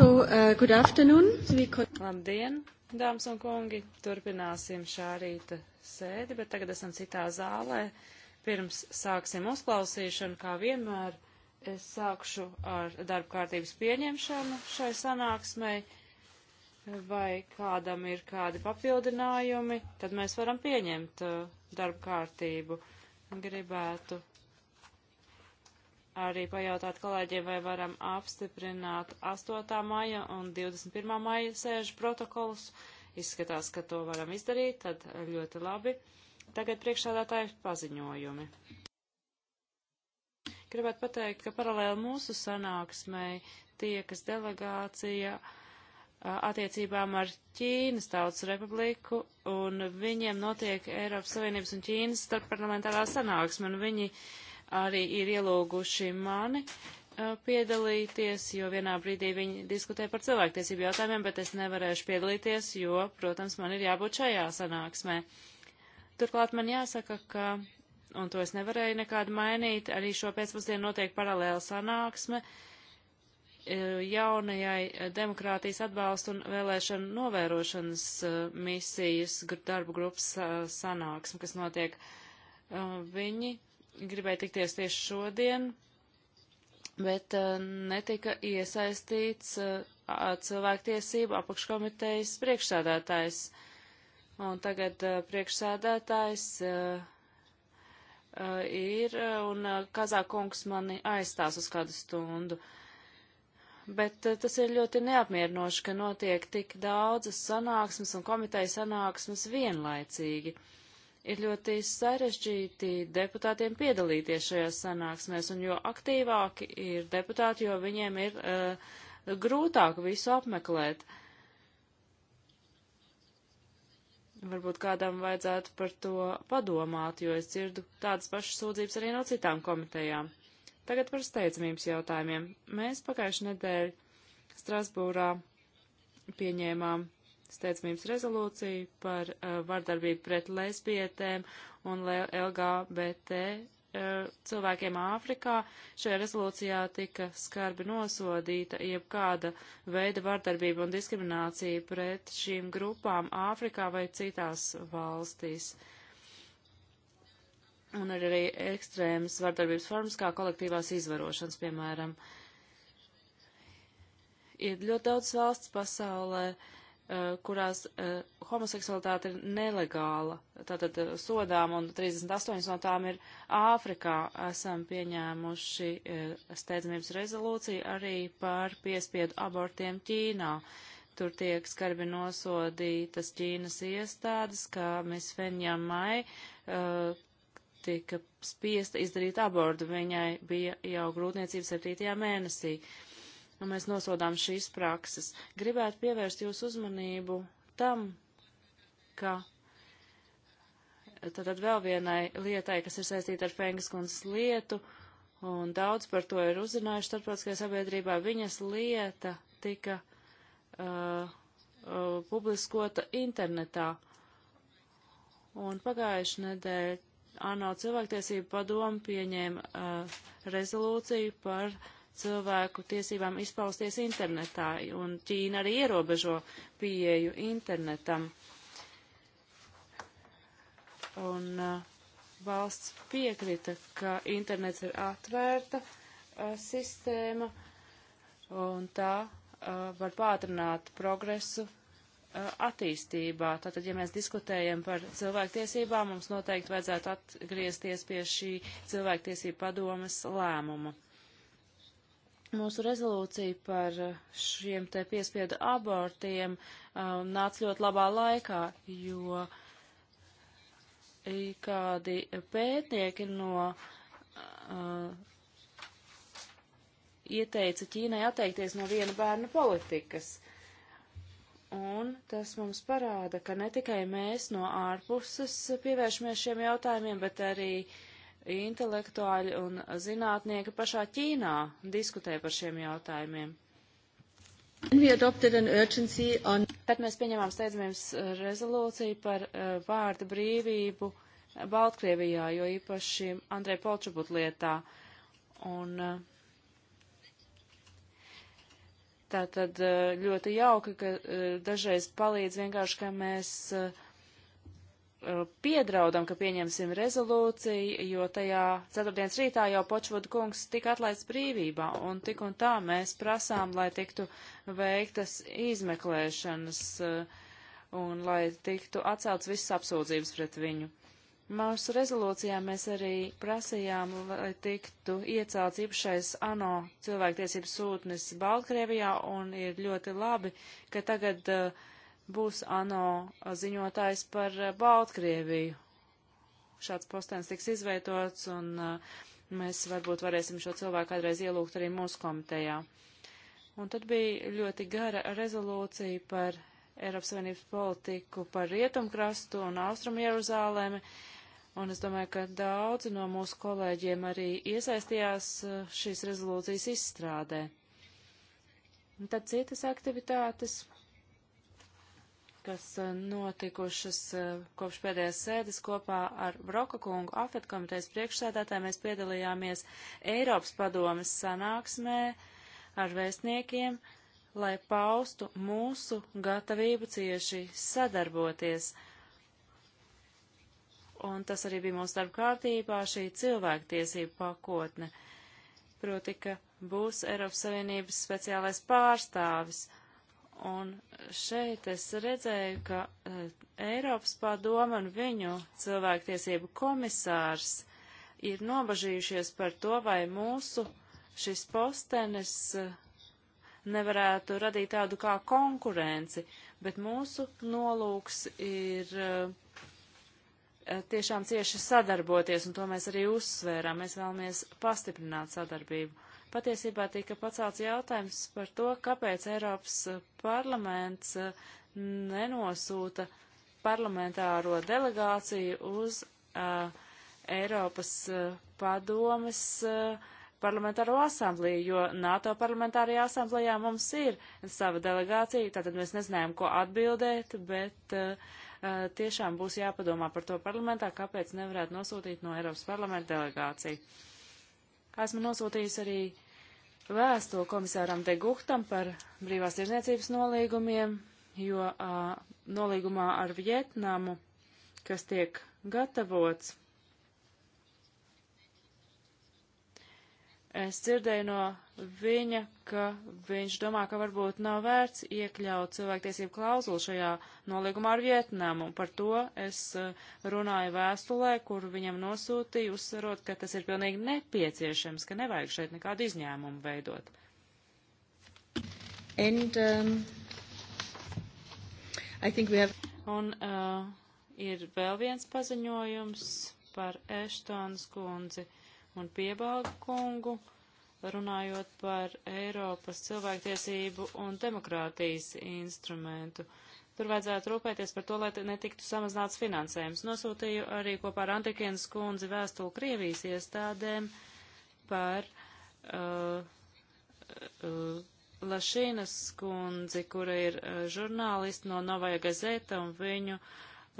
So, uh, good afternoon. So we could... Labdien, dāmas un kungi. Turpināsim šā rīta sēdi, bet tagad esam citā zālē. Pirms sāksim uzklausīšanu, kā vienmēr, es sākšu ar darba kārtības pieņemšanu šai sanāksmei. Vai kādam ir kādi papildinājumi, tad mēs varam pieņemt uh, darba kārtību. Gribētu arī pajautāt kolēģiem, vai varam apstiprināt 8. maija un 21. maija sēžu protokolus. Izskatās, ka to varam izdarīt, tad ļoti labi. Tagad priekšādātāji paziņojumi. Gribētu pateikt, ka paralēli mūsu sanāksmei tiekas delegācija attiecībām ar Ķīnas Tautas Republiku, un viņiem notiek Eiropas Savienības un Ķīnas starpparlamentārā sanāksme, un viņi uh, arī ir ielūguši mani uh, piedalīties, jo vienā brīdī viņi diskutē par cilvēktiesību jautājumiem, bet es nevarēšu piedalīties, jo, protams, man ir jābūt šajā sanāksmē. Turklāt man jāsaka, ka, un to es nevarēju nekādu mainīt, arī šo pēcpusdienu notiek paralēla sanāksme jaunajai demokrātijas atbalstu un vēlēšanu novērošanas misijas darbu grupas sanāksme, kas notiek viņi gribēja tikties tieši šodien, bet uh, netika iesaistīts uh, cilvēktiesību apakškomitejas priekšsēdētājs. Un tagad uh, priekšsēdētājs ir, un Kazākungs mani aizstās uz kādu stundu. Bet tas ir ļoti neapmierinoši, ka notiek tik daudzas sanāksmes un komiteja sanāksmes vienlaicīgi. Uh, ir ļoti sarežģīti deputātiem piedalīties šajās sanāksmēs, un jo aktīvāki ir deputāti, jo viņiem ir uh, grūtāk visu apmeklēt. Varbūt kādam vajadzētu par to padomāt, jo es dzirdu tādas pašas sūdzības arī no citām komitejām. Tagad par steidzamības jautājumiem. Mēs pagājuši nedēļu Strasbūrā pieņēmām steidzamības rezolūciju par uh, vardarbību pret lesbietēm un LGBT uh, eh, cilvēkiem Āfrikā. Šajā rezolūcijā tika skarbi nosodīta jebkāda veida vardarbība un diskriminācija pret šīm grupām Āfrikā vai citās valstīs. Un ir arī ekstrēmas vardarbības formas, kā kolektīvās izvarošanas, piemēram. Ir ļoti daudz valsts pasaulē, uh, Eh, kurās eh, homoseksualitāte ir nelegāla, tātad eh, sodām, un 38 no tām ir Āfrikā. Esam pieņēmuši steidzamības rezolūciju arī par piespiedu abortiem Ķīnā. Tur tiek skarbi nosodītas Ķīnas iestādes, kā mēs Fenjam Mai tika spiesta izdarīt abortu. Viņai bija jau grūtniecība 7. mēnesī. Uh, un nu, mēs nosodām šīs prakses. Gribētu pievērst jūsu uzmanību tam, ka tad vēl vienai lietai, kas ir saistīta ar Fengaskundas lietu, un daudz par to ir uzzinājuši starptautiskajā sabiedrībā, viņas lieta tika uh, uh, publiskota internetā. Un pagājuši nedēļ ANO cilvēktiesību padomu pieņēma uh, rezolūciju par uh, cilvēku tiesībām izpausties internetā, un Ķīna arī ierobežo pieeju internetam. Un uh, valsts piekrita, ka internets ir atvērta uh, sistēma, un tā uh, var pātrināt progresu uh, attīstībā. Tātad, ja mēs diskutējam par cilvēktiesībām, mums noteikti vajadzētu atgriezties pie šī cilvēktiesība padomas lēmuma. Mūsu rezolūcija par šiem te piespiedu abortiem uh, nāca ļoti labā laikā, jo kādi pētnieki no uh, ieteica Ķīnai atteikties no viena bērna politikas. Un tas mums parāda, ka ne tikai mēs no ārpuses pievēršamies šiem jautājumiem, bet arī uh, intelektuāļi un zinātnieki pašā Ķīnā diskutē par šiem jautājumiem. On... Tad mēs pieņemām steidzamības rezolūciju par uh, eh, vārdu brīvību Baltkrievijā, jo īpaši Andrei Polčubut lietā. Un uh, tā tad uh, ļoti jauki, ka dažreiz palīdz vienkārši, ka mēs uh, Uh, piedraudam, ka pieņemsim rezolūciju, jo tajā ceturtdienas rītā jau Počvuda kungs tika atlaists brīvībā, un tik un tā mēs prasām, lai tiktu veiktas izmeklēšanas uh, un lai tiktu atcelts visas apsūdzības pret viņu. Mūsu rezolūcijā mēs arī prasījām, lai tiktu iecelts īpašais ANO cilvēktiesības sūtnis Baltkrievijā, un ir ļoti labi, ka tagad uh, būs ANO ziņotājs par eh, Baltkrieviju. Šāds postens tiks izveidots, un eh, mēs varbūt varēsim šo cilvēku kādreiz ielūgt arī mūsu komitejā. Un tad bija ļoti gara rezolūcija par Eiropas Savienības politiku par Rietumkrastu un Austrumu Jeruzālēmi. Un es domāju, ka daudzi no mūsu kolēģiem arī iesaistījās eh, šīs rezolūcijas izstrādē. Un tad citas aktivitātes kas eh, notikušas eh, kopš pēdējās sēdes kopā ar Broka kungu Afet komitejas priekšsēdētāju. Mēs piedalījāmies Eiropas padomas sanāksmē ar vēstniekiem, lai paustu mūsu gatavību cieši sadarboties. Un tas arī bija mūsu darba kārtībā šī cilvēktiesība pakotne. Proti, ka būs Eiropas Savienības speciālais pārstāvis – Un šeit es redzēju, ka uh, Eiropas padoma un viņu cilvēktiesību komisārs ir nobažījušies par to, vai mūsu šis postenis uh, nevarētu radīt tādu kā konkurenci, bet mūsu nolūks ir uh, tiešām cieši sadarboties, un to mēs arī uzsvērām. Mēs vēlamies pastiprināt sadarbību patiesībā tika pacelts jautājums par to, kāpēc Eiropas eh, parlaments eh, nenosūta parlamentāro delegāciju uz uh, Eiropas uh, padomes uh, parlamentāro asamblēju, jo NATO parlamentārajā asamblējā mums ir sava delegācija, tātad mēs nezinājām, ko atbildēt, bet uh, tiešām būs jāpadomā par to parlamentā, kāpēc nevarētu nosūtīt no Eiropas parlamenta delegāciju. Esmu nosūtījis arī vēstuli komisāram Deguktam par brīvās tirzniecības nolīgumiem, jo a, nolīgumā ar Vietnamu, kas tiek gatavots, Es dzirdēju no viņa, ka viņš domā, ka varbūt nav vērts iekļaut cilvēktiesību klauzulu šajā nolīgumā ar Vietnamu. Par to es eh, runāju vēstulē, kur viņam nosūtīju, uzsverot, ka tas ir pilnīgi nepieciešams, ka nevajag šeit nekādu izņēmumu veidot. And, um, have... Un uh, ir vēl viens paziņojums par Eštonas kundzi. Uh, un piebalgu kungu, runājot par Eiropas cilvēktiesību un demokrātijas instrumentu. Tur vajadzētu rūpēties par to, lai netiktu samazināts finansējums. Nosūtīju arī kopā ar Antikienas kundzi vēstuli Krievijas iestādēm par uh, uh, Lašīnas kundzi, kura ir uh, žurnālisti no Novaja Gazeta un viņu uh,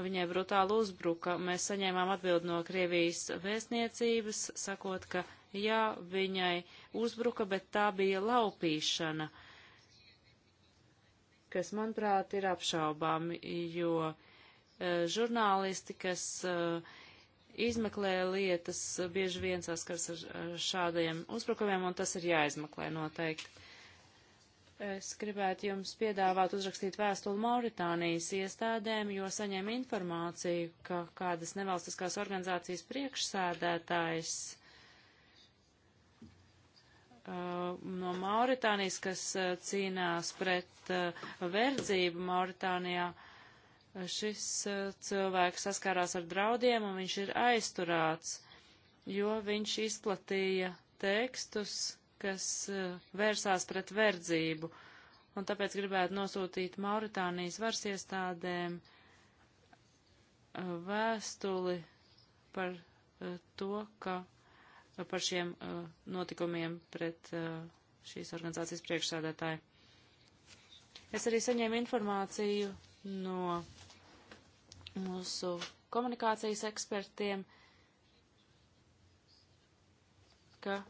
viņai brutāli uzbruka. Mēs saņēmām atbildi no Krievijas vēstniecības, sakot, ka jā, viņai uzbruka, bet tā bija laupīšana, kas, manuprāt, ir apšaubāmi, jo e, žurnālisti, kas e, izmeklē lietas, bieži vien saskars ar šādiem uzbrukumiem, un tas ir jāizmeklē noteikti. Es gribētu jums piedāvāt uzrakstīt vēstuli Mauritānijas iestādēm, jo saņēmu informāciju, ka kādas nevalstiskās organizācijas priekšsēdētājs uh, no Mauritānijas, kas uh, cīnās pret uh, verdzību Mauritānijā, šis cilvēks saskārās ar draudiem un viņš ir aizturēts, jo viņš izplatīja tekstus, kas eh, vērsās pret verdzību, un tāpēc gribētu nosūtīt Mauritānijas varas iestādēm eh, vēstuli par eh, to, ka par šiem notikumiem pret šīs organizācijas priekšsēdētāju. Es arī saņēmu informāciju no mūsu komunikācijas ekspertiem, ka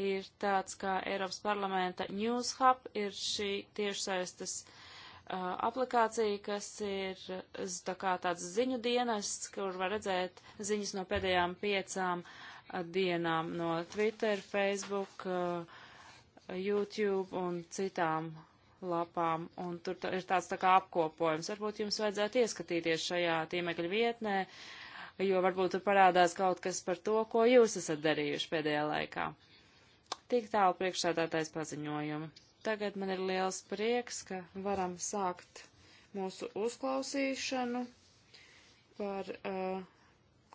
ir tāds, kā Eiropas parlamenta News Hub, ir šī tiešsaistes uh, aplikācija, kas ir tā kā tāds ziņu dienests, kur var redzēt ziņas no pēdējām piecām uh, dienām no Twitter, Facebook, uh, YouTube un citām lapām, un tur tā, ir tāds tā kā apkopojums. Varbūt jums vajadzētu ieskatīties šajā tiemekļa vietnē, jo varbūt tur parādās kaut kas par to, ko jūs esat darījuši pēdējā laikā. Tik tālu priekšsādātais paziņojumu. Tagad man ir liels prieks, ka varam sākt mūsu uzklausīšanu par uh,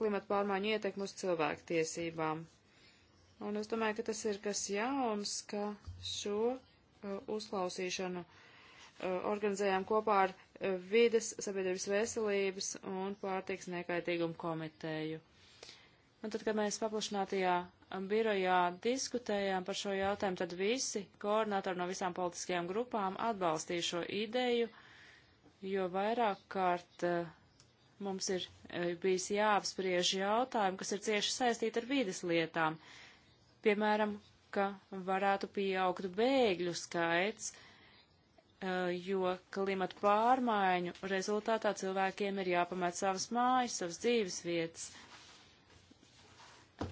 klimatu pārmaiņu ietekmu uz cilvēku tiesībām. Un es domāju, ka tas ir kas jauns, ka šo uh, uzklausīšanu uh, organizējām kopā ar uh, vides, sabiedrības veselības un pārtiks nekaitīgumu komiteju. Un tad, kad mēs paplašinātajā Um, birojā diskutējām par šo jautājumu, tad visi koordinātori no visām politiskajām grupām atbalstīja šo ideju, jo vairāk kārt uh, mums ir uh, bijis jāapspriež jautājumi, kas ir cieši saistīti ar vīdes lietām. Piemēram, ka varētu pieaugt bēgļu skaits, uh, jo klimata pārmaiņu rezultātā cilvēkiem ir jāpamet savas mājas, savas dzīves vietas.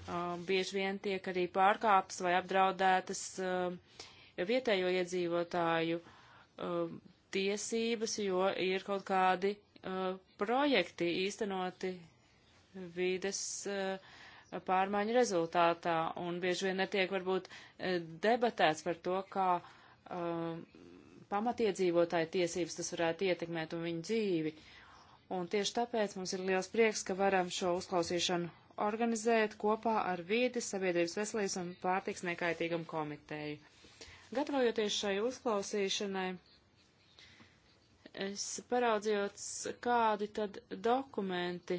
Uh, bieži vien tiek arī pārkāptas vai apdraudētas uh, vietējo iedzīvotāju uh, tiesības, jo ir kaut kādi projekti īstenoti vides pārmaiņu rezultātā, un bieži vien netiek varbūt debatēts par to, kā pamatiedzīvotāju tiesības tas varētu ietekmēt un viņu dzīvi. Un tieši tāpēc mums ir liels prieks, ka varam šo uzklausīšanu organizēt kopā ar vīdes, sabiedrības veselības un pārtiks nekaitīgumu komiteju. Gatavojoties šai uzklausīšanai, es paraudzījos, kādi tad dokumenti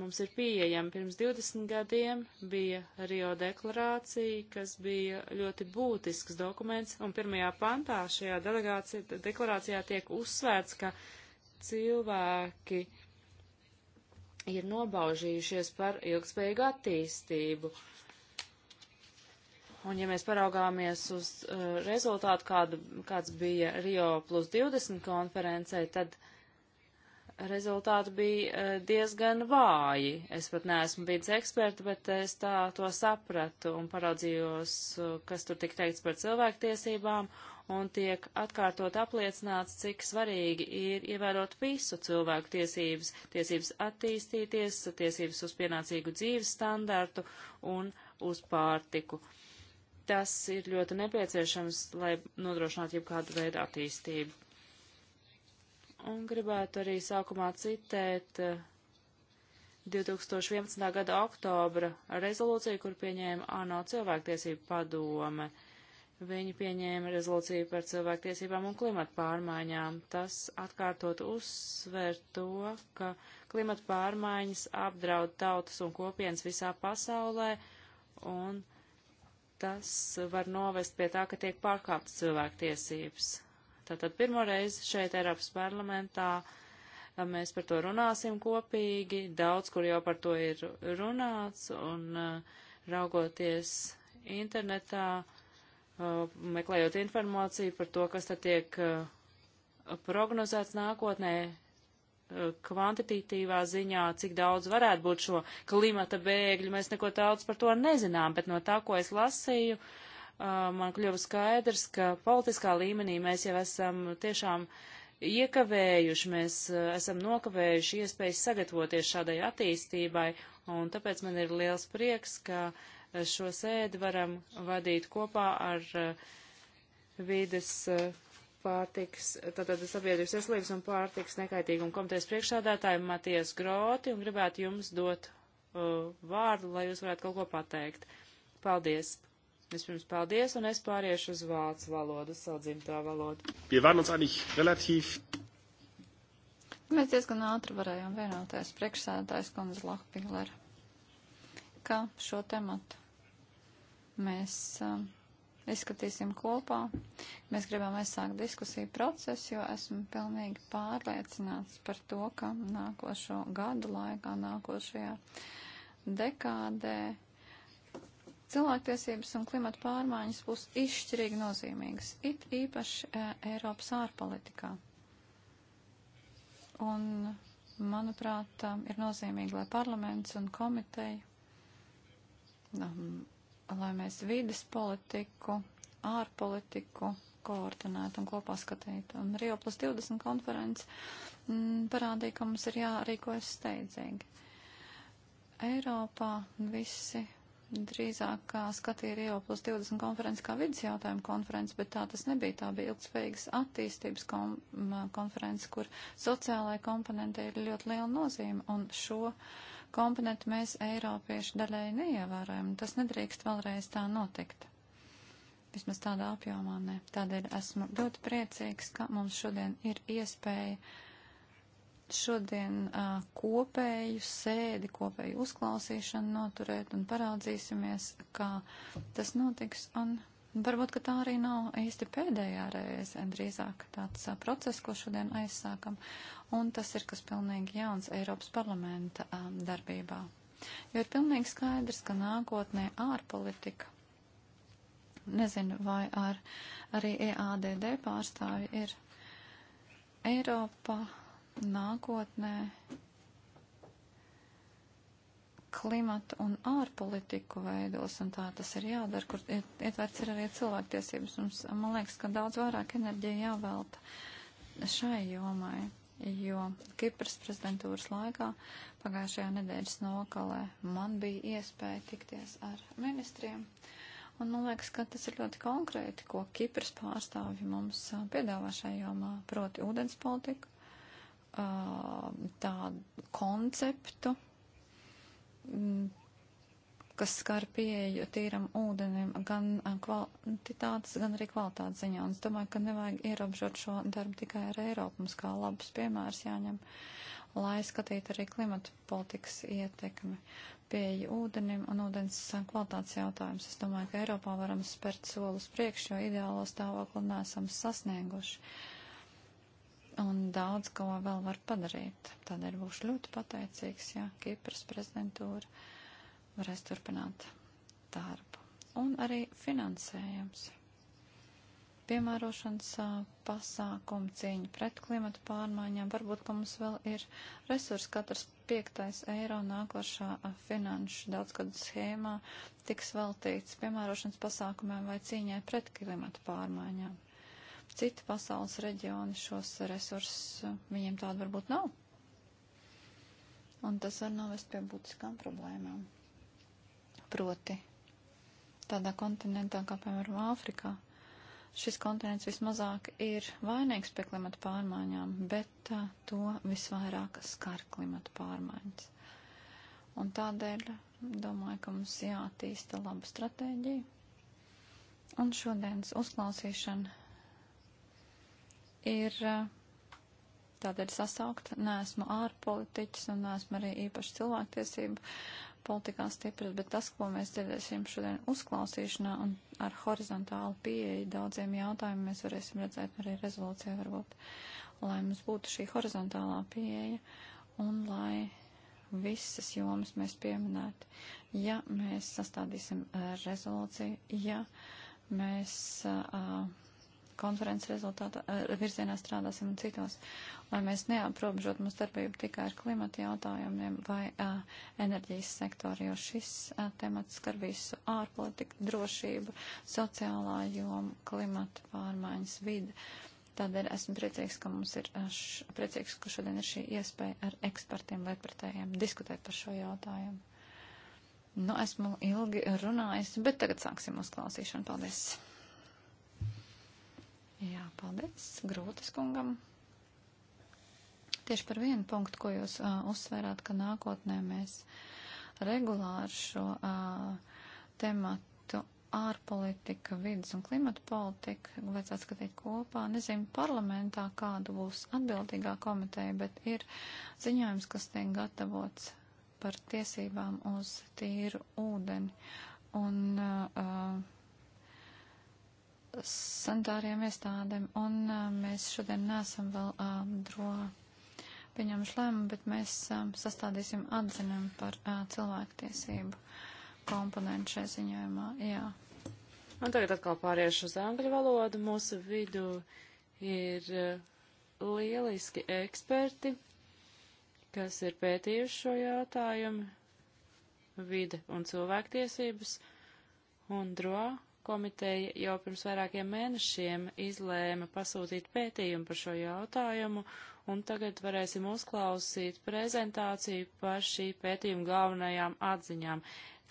mums ir pieejami. Pirms 20 gadiem bija Rio deklarācija, kas bija ļoti būtisks dokuments, un pirmajā pantā šajā deklarācijā tiek uzsvērts, ka cilvēki uh, ir nobaužījušies par ilgspējīgu attīstību. Un ja mēs paraugāmies uz uh, rezultātu, kādu, kāds bija Rio plus 20 konferencē, tad rezultāti bija uh, diezgan vāji. Es pat neesmu bijis eksperta, bet es tā to sapratu un paraudzījos, uh, kas tur tik teikts par cilvēktiesībām un tiek atkārtot apliecināts, cik svarīgi ir ievērot visu cilvēku tiesības, tiesības attīstīties, tiesības uz pienācīgu dzīves standartu un uz pārtiku. Tas ir ļoti nepieciešams, lai nodrošinātu jebkādu veidu attīstību. Un gribētu arī sākumā citēt 2011. Eh, gada oktobra rezolūciju, kur pieņēma ANO cilvēktiesību padome. Viņi pieņēma rezolūciju par cilvēktiesībām un klimatu pārmaiņām. Tas atkārtot uzsver to, ka klimatu pārmaiņas apdraud tautas un kopienas visā pasaulē, un tas var novest pie tā, ka tiek pārkāptas cilvēktiesības. Tātad pirmo reizi šeit Eiropas parlamentā mēs par to runāsim kopīgi, daudz, kur jau par to ir runāts, un raugoties internetā, Uh, meklējot informāciju par to, kas tad tiek uh, prognozēts nākotnē, uh, kvantitīvā ziņā, cik daudz varētu būt šo klimata bēgļu. Mēs neko daudz par to nezinām, bet no tā, ko es lasīju, man kļuva skaidrs, ka politiskā līmenī mēs jau esam tiešām iekavējuši, mēs esam nokavējuši iespējas sagatavoties šādai attīstībai, un tāpēc man ir liels prieks, ka uh, šo sēdi varam vadīt kopā ar eh, vides eh, pārtiks, tātad sabiedrības veselības un pārtiks nekaitīguma komitejas priekšsādātāju Matijas Groti un gribētu jums dot uh, vārdu, lai jūs varētu kaut ko pateikt. Paldies! Vispirms paldies, un es pāriešu uz vācu valodu, savu dzimtā valodu. Wir waren uns eigentlich relativ. Mēs diezgan ātri varējām vienoties priekšsēdātājs kundze Lahpīlera, ka šo tematu mēs uh, izskatīsim kopā. Mēs gribam aizsākt diskusiju procesu, jo esmu pilnīgi pārliecināts par to, ka nākošo gadu laikā, nākošajā dekādē cilvēktiesības un klimata pārmaiņas būs izšķirīgi nozīmīgas, it īpaši e, Eiropas ārpolitikā. Un, manuprāt, e, ir nozīmīgi, lai parlaments un komiteja um, lai mēs vides politiku, ārpolitiku koordinētu un kopā skatītu. Un Rio plus 20 konference m, mm, parādīja, ka mums ir jārīkojas steidzīgi. Eiropā visi drīzāk skatīja Rio plus 20 konferenci kā vidas jautājumu konferenci, bet tā tas nebija. Tā bija ilgspējīgas attīstības kom, konference, kur sociālajai komponentei ir ļoti liela nozīme. Un šo uh, komponentu mēs Eiropieši daļai neievērojam. Tas nedrīkst vēlreiz tā notikt. Vismaz tādā apjomā ne. Tādēļ esmu ļoti priecīgs, ka mums šodien ir iespēja šodien uh, kopēju sēdi, kopēju uzklausīšanu noturēt un paraudzīsimies, kā tas notiks. Un Varbūt, ka tā arī nav īsti pēdējā reize, drīzāk tāds a, process, ko šodien aizsākam, un tas ir kas pilnīgi jauns Eiropas parlamenta a, darbībā. Jo ir pilnīgi skaidrs, ka nākotnē ārpolitika, nezinu, vai ar, arī EADD pārstāvi ir Eiropa nākotnē klimatu un ārpolitiku veidos, un tā tas ir jādara, kur ietverts ir arī cilvēktiesības. Mums, man liekas, ka daudz vairāk enerģija jāvelta šai jomai, jo Kipras prezidentūras laikā pagājušajā nedēļas nokalē man bija iespēja tikties ar ministriem. Un man liekas, ka tas ir ļoti konkrēti, ko Kipras pārstāvji mums piedāvā šajā jomā, proti ūdens politiku, tādu konceptu, Mm, kas skar pieeju tīram ūdenim gan eh, kvantitātes, gan arī kvalitātes ziņā. Un es domāju, ka nevajag ierobežot šo darbu tikai ar Eiropu. Mums kā labs piemērs jāņem, lai skatītu arī klimata politikas ietekmi, pieeju ūdenim un ūdens eh, kvalitātes jautājums. Es domāju, ka Eiropā varam spērt solus priekš, jo ideālo stāvokli nesam sasnieguši. Uh, un daudz ko vēl var padarīt. Tādēļ būšu ļoti pateicīgs, ja Kipras prezidentūra varēs turpināt darbu. Un arī finansējums. Piemērošanas pasākumu cīņa pret klimatu pārmaiņām. Varbūt, ka mums vēl ir resursi. Katrs piektais eiro nākošā finanšu daudzgadu schēmā tiks veltīts piemērošanas pasākumiem vai cīņai pret klimatu pārmaiņām Citi pasaules reģioni šos resursus, viņiem tādu varbūt nav. Un tas var novest pie būtiskām problēmām. Proti, tādā kontinentā kā, piemēram, Āfrikā, šis kontinents vismazāk ir vainīgs pie klimata pārmaiņām, bet uh, to visvairāk skar klimata pārmaiņas. Un tādēļ domāju, ka mums jātīsta laba stratēģija. Un šodienas uzklausīšana ir eh, tādēļ sasaukt. Neesmu ārpolitiķis un neesmu arī īpaši cilvēktiesību politikā stiprs, bet tas, ko mēs dzirdēsim šodien uzklausīšanā un ar horizontālu pieeju daudziem jautājumiem, mēs varēsim redzēt arī rezolūcijā varbūt, lai mums būtu šī horizontālā pieeja un lai visas jomas mēs pieminētu. Ja mēs sastādīsim eh, rezolūciju, ja mēs. Uh, konferences rezultātā eh, virzienā strādāsim un citos, lai mēs neaprobežot mūsu darbību tikai ar klimata jautājumiem vai uh, enerģijas sektoru, jo šis uh, temats skar visu ārpolitiku, drošību, sociālā joma, klimata pārmaiņas, vidi. Tādēļ esmu priecīgs, ka mums ir š, priecīgs, ka šodien ir šī iespēja ar ekspertiem vai pretējiem diskutēt par šo jautājumu. Nu, esmu ilgi runājis, bet tagad sāksim uzklausīšanu. Paldies! Jā, paldies Grūtas kungam. Tieši par vienu punktu, ko jūs uh, uzsvērāt, ka nākotnē mēs regulāri šo uh, tematu ārpolitika, vidas un klimata politika vajadzētu skatīt kopā. Nezinu parlamentā, kāda būs atbildīgā komiteja, bet ir ziņojums, kas tiek gatavots par tiesībām uz tīru ūdeni. Un, uh, sanitāriem iestādēm, un mēs šodien nesam vēl dro pieņemšu lēmumu, bet mēs sastādīsim atzinumu par cilvēktiesību komponentu šajā ziņojumā. Jā. Un tagad atkal pāriešu uz angļu valodu. Mūsu vidū ir lieliski eksperti, kas ir pētījuši šo jautājumu, vide un cilvēktiesības, un droā komiteja jau pirms vairākiem mēnešiem izlēma pasūtīt pētījumu par šo jautājumu, un tagad varēsim uzklausīt prezentāciju par šī pētījuma galvenajām atziņām.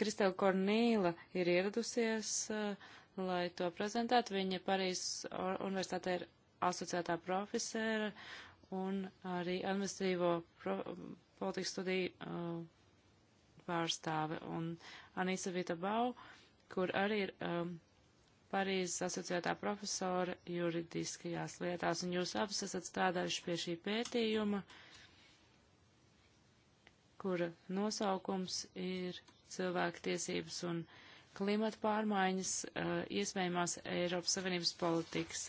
Kristela Kornīla ir ieradusies, eh, lai to prezentētu. Viņa Parīzes universitātē ir asociētā profesēra un arī administrīvo politikas studiju eh, pārstāve. Un Anisa Vita Bau kur arī ir um, Parīzes asociētā profesora juridiskajās lietās, un jūs abas esat strādājuši pie šī pētījuma, kura nosaukums ir cilvēku tiesības un klimata pārmaiņas uh, iespējamās Eiropas Savienības politikas.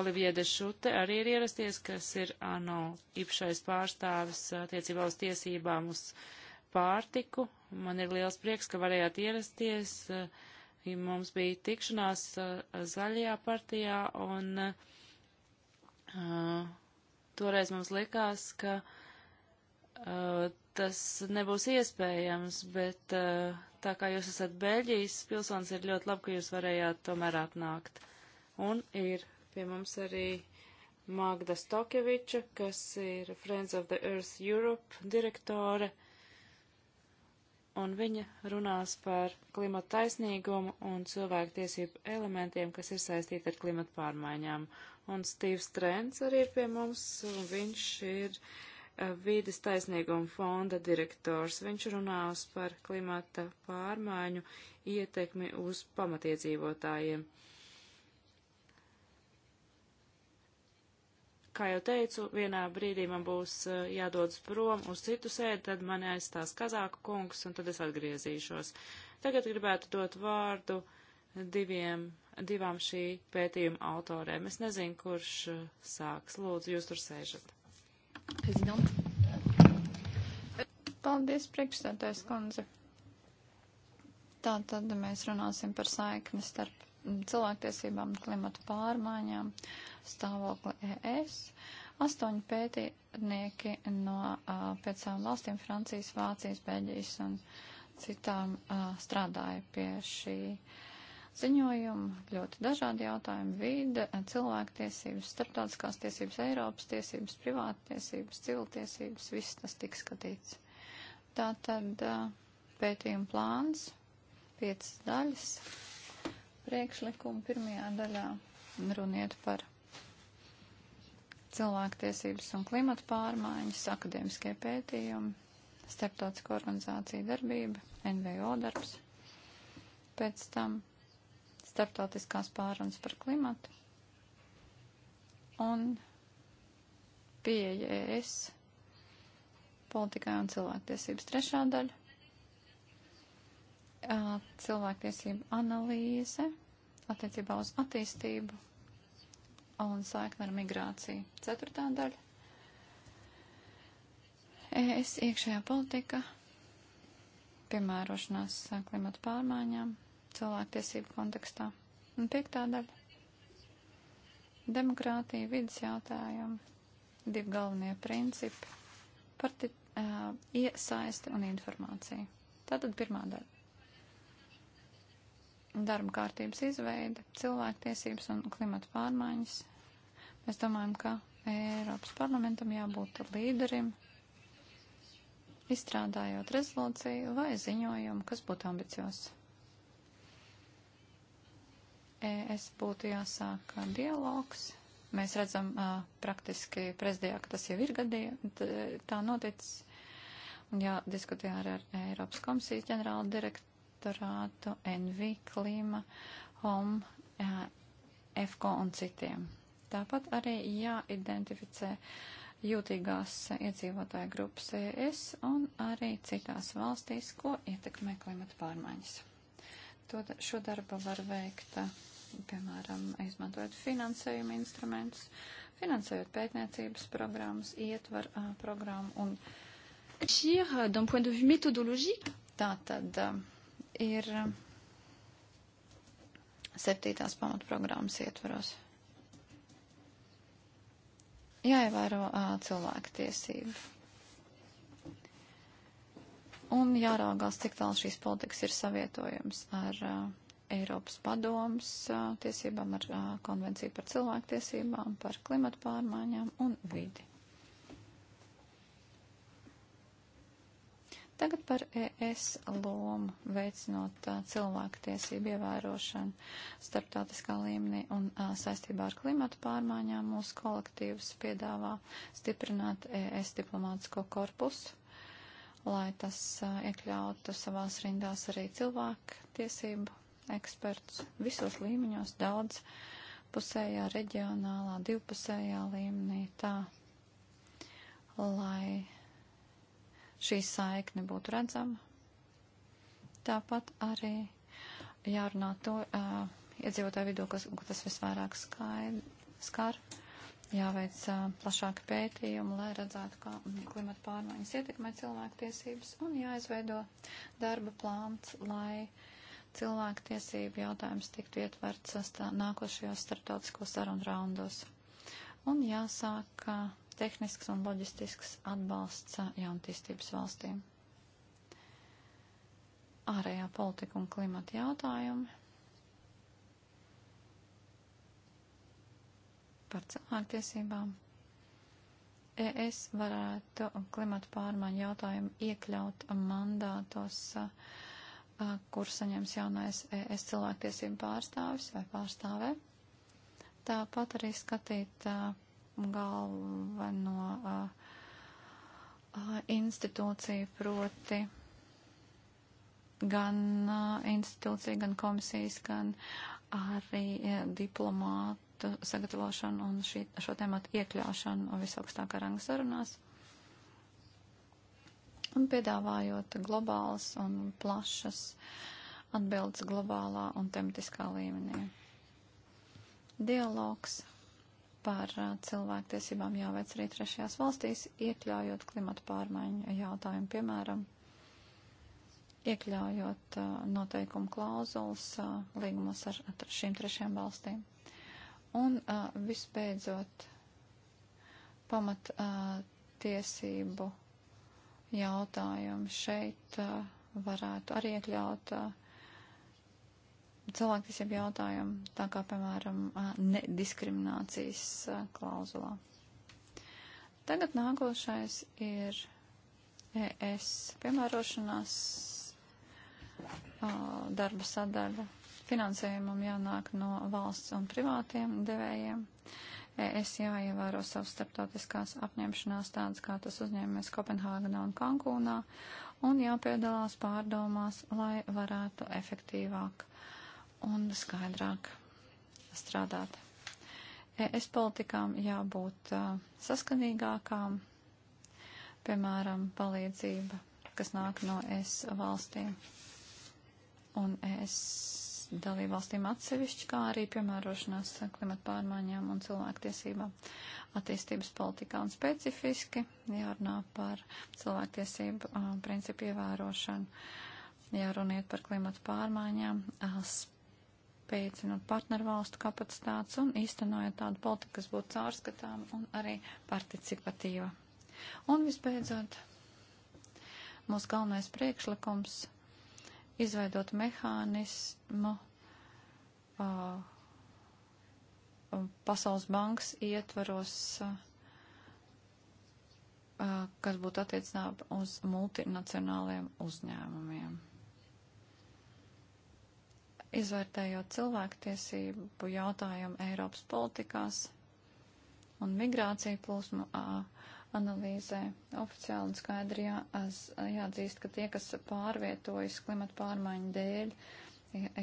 Olivier de Šute arī ir ierasties, kas ir ANO īpašais pārstāvis uh, attiecībā uz tiesībām uz uh, pārtiku. Man ir liels prieks, ka varējāt ierasties. Eh, mums bija tikšanās eh, zaļajā partijā, un uh, toreiz mums likās, ka uh, tas nebūs iespējams, bet uh, tā kā jūs esat Beļģijas pilsonis, ir ļoti labi, ka jūs varējāt tomēr atnākt. Un ir pie mums arī Magda Stokjeviča, kas ir Friends of the Earth Europe direktore. Uh, un viņa runās par klimatu taisnīgumu un cilvēku tiesību elementiem, kas ir saistīti ar klimatu pārmaiņām. Un Stīvs Trents arī ir pie mums, un viņš ir uh, vīdes taisnīguma fonda direktors. Viņš runās par klimata pārmaiņu ietekmi uz pamatiedzīvotājiem. Uh, kā jau teicu, vienā brīdī man būs eh, jādodas prom uz citu sēdi, tad mani aizstās Kazāku kungs, un tad es atgriezīšos. Tagad gribētu dot vārdu diviem, divām šī pētījuma autorēm. Es nezinu, kurš eh, sāks. Lūdzu, jūs tur sēžat. Paldies, priekšstādājs kundze. Tātad mēs runāsim par saikni starp cilvēktiesībām un klimatu pārmaiņām stāvokli ES. Astoņi pētnieki no uh, piecām valstīm - Francijas, Vācijas, Beļģijas un citām uh, strādāja pie šī ziņojuma. Ļoti dažādi jautājumi - vide, cilvēktiesības, starptautiskās tiesības, Eiropas tiesības, privātiesības, civiltiesības - viss tas tika skatīts. Tātad uh, pētījuma plāns - piecas daļas priekšlikumu pirmajā daļā runiet par cilvēktiesības un klimata pārmaiņas, akadēmiskie pētījumi, starptautisko organizāciju darbība, NVO darbs, pēc tam starptautiskās pārunas par klimatu un pieeja ES politikai un cilvēktiesības trešā daļa cilvēktiesību analīze attiecībā uz attīstību un saikni ar migrāciju. Ceturtā daļa. ES iekšējā politika, piemērošanās klimata pārmaiņām, cilvēktiesību kontekstā. Un piektā daļa. Demokrātija, vidas jautājumi, divi galvenie principi, parti, uh, iesaisti un informācija. Tātad pirmā daļa darba kārtības izveide, cilvēktiesības un klimata pārmaiņas. Mēs domājam, ka Eiropas parlamentam jābūt līderim, izstrādājot rezolūciju vai ziņojumu, kas būtu ambiciozs. Es būtu jāsāk dialogs. Mēs redzam uh, praktiski prezidijā, ka tas jau ir gadījums, tā noticis. Un jādiskutē ar, ar Eiropas komisijas ģenerāla direktoru direktorātu, NV, klima, HOM, FCO un citiem. Tāpat arī jāidentificē jūtīgās iedzīvotāju grupas ES un arī citās valstīs, ko ietekmē klimata pārmaiņas. To, šo darbu var veikt, piemēram, izmantojot finansējuma instrumentus, finansējot pētniecības programmas, ietvar uh, programmu un. D'un point de vue méthodologique. Tātad. Uh, ir um, septītās pamatprogrammas ietvaros. Jāievēro uh, cilvēku tiesību. Un jāraugās, cik tālu šīs politikas ir savietojams ar uh, Eiropas padomas uh, tiesībām, ar uh, konvenciju par cilvēku tiesībām, par klimatu pārmaiņām un vidi. Tagad par ES lomu veicinot cilvēku tiesību ievērošanu starptautiskā līmenī un a, saistībā ar klimatu pārmaiņām mūsu kolektīvs piedāvā stiprināt ES diplomātisko korpusu lai tas a, iekļautu savās rindās arī cilvēku tiesību ekspertus visos līmeņos, daudz pusējā, reģionālā, divpusējā līmenī, tā, lai šī saikne būtu redzama. Tāpat arī jārunā to uh, iedzīvotāju vidū, kas, ko tas visvairāk skaid, skar. Jāveic uh, plašāki pētījumi, lai redzētu, kā klimata pārmaiņas ietekmē cilvēktiesības un jāizveido darba plāns, lai cilvēktiesību jautājums tiktu ietverts nākošajos starptautiskos sarunu raundos. Un jāsāk uh, tehnisks un loģistisks atbalsts jaunatīstības valstīm. Ārējā politika un klimata jautājumi. Par cilvēktiesībām. ES varētu klimata pārmaiņu jautājumu iekļaut mandātos, kur saņems jaunais ES cilvēktiesību pārstāvis vai pārstāvē. Tāpat arī skatīt galveno uh, uh, institūciju, proti gan uh, institūciju, gan komisijas, gan arī diplomātu sagatavošanu un šī, šo tēmatu iekļaušanu visaugstākā ranga sarunās un piedāvājot globālas un plašas atbildes globālā un tematiskā līmenī. Dialogs par uh, cilvēktiesībām jāveic arī trešajās valstīs, iekļaujot klimatu pārmaiņu jautājumu, piemēram, iekļaujot uh, noteikumu klauzulas uh, līgumos ar šīm trešajām valstīm. Un visbeidzot, pamat tiesību jautājumu šeit varētu arī iekļaut uh, cilvēktiesību jautājumu, tā kā, piemēram, nediskriminācijas klauzulā. Tagad nākošais ir ES piemērošanās darba sadaļa. Finansējumam jānāk no valsts un privātiem devējiem. ES jāievēro savas starptautiskās apņemšanās tādas, kā tas uzņēmies Kopenhāgenā un Kankūnā, un jāpiedalās pārdomās, lai varētu efektīvāk uh, un skaidrāk strādāt. ES politikām jābūt uh, saskanīgākām, piemēram, palīdzība, kas nāk no ES valstīm un ES dalībvalstīm atsevišķi, kā arī piemērošanās klimata pārmaiņām un cilvēktiesībām attīstības politikā un specifiski jārunā par cilvēktiesību uh, principu ievērošanu, jāruniet par klimata pārmaiņām, uh, veicinot partnervalstu kapacitātes un īstenojot tādu politiku, kas būtu caurskatām un arī participatīva. Un visbeidzot, mūsu galvenais priekšlikums - izveidot mehānismu uh, Pasaules bankas ietvaros, uh, kas būtu attiecināta uz multinacionāliem uzņēmumiem izvērtējot cilvēktiesību jautājumu Eiropas politikās un migrāciju plūsmu analīzē. Oficiāli un skaidri jā, jāatzīst, ka tie, kas pārvietojas klimata pārmaiņu dēļ,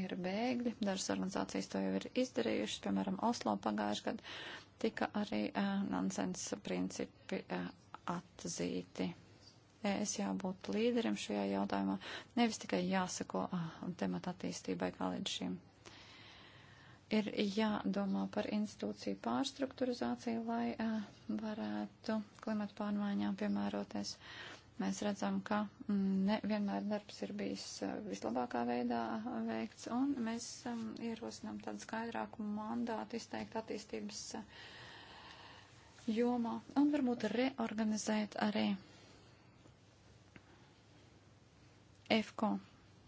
ir bēgļi. Dažas organizācijas to jau ir izdarījušas, piemēram, Oslo pagājušajā gadā tika arī uh, nonsens principi uh, atzīti es jābūt līderim šajā jautājumā, nevis tikai jāsako ah, temata attīstībai kā līdz šim. Ir jādomā par institūciju pārstruktūrizāciju, lai eh, varētu klimatu pārmaiņām piemēroties. Mēs redzam, ka mm, nevienmēr darbs ir bijis eh, vislabākā veidā eh, veikts, un mēs mm, ierosinām tādu skaidrāku mandātu izteikt attīstības jomā, un varbūt reorganizēt arī EFCO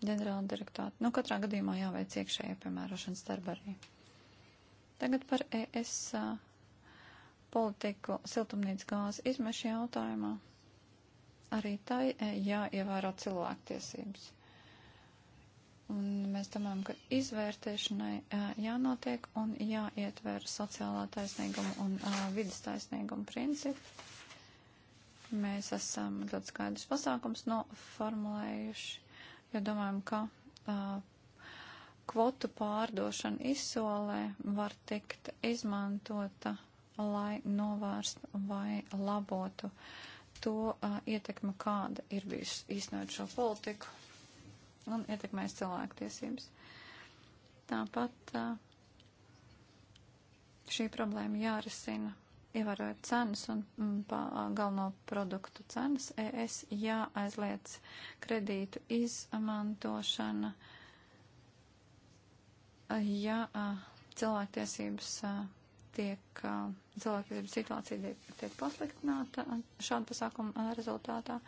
ģenerāla direktāta. Nu, katrā gadījumā jāveic iekšējā piemērošanas darba arī. Tagad par ES politiku siltumnīcas gāzi izmešu jautājumā. Arī tai jāievēro cilvēktiesības. Un mēs domājam, ka izvērtēšanai jānotiek un jāietver sociālā taisnīguma un vidas taisnīguma principi Mēs esam ļoti skaidrs pasākums noformulējuši, jo domājam, ka uh, kvotu pārdošana izsolē var tikt izmantota, lai novērstu vai labotu to uh, ietekmi, kāda ir bijusi īstenot šo politiku un ietekmēs cilvēktiesības. Tāpat uh, šī problēma jārisina ievērojot cenas un mm, galveno produktu cenas, ES jāaizliec kredītu izmantošana, ja cilvēktiesības tiek, cilvēktiesības situācija tiek, tiek pasliktināta šāda pasākuma rezultātā.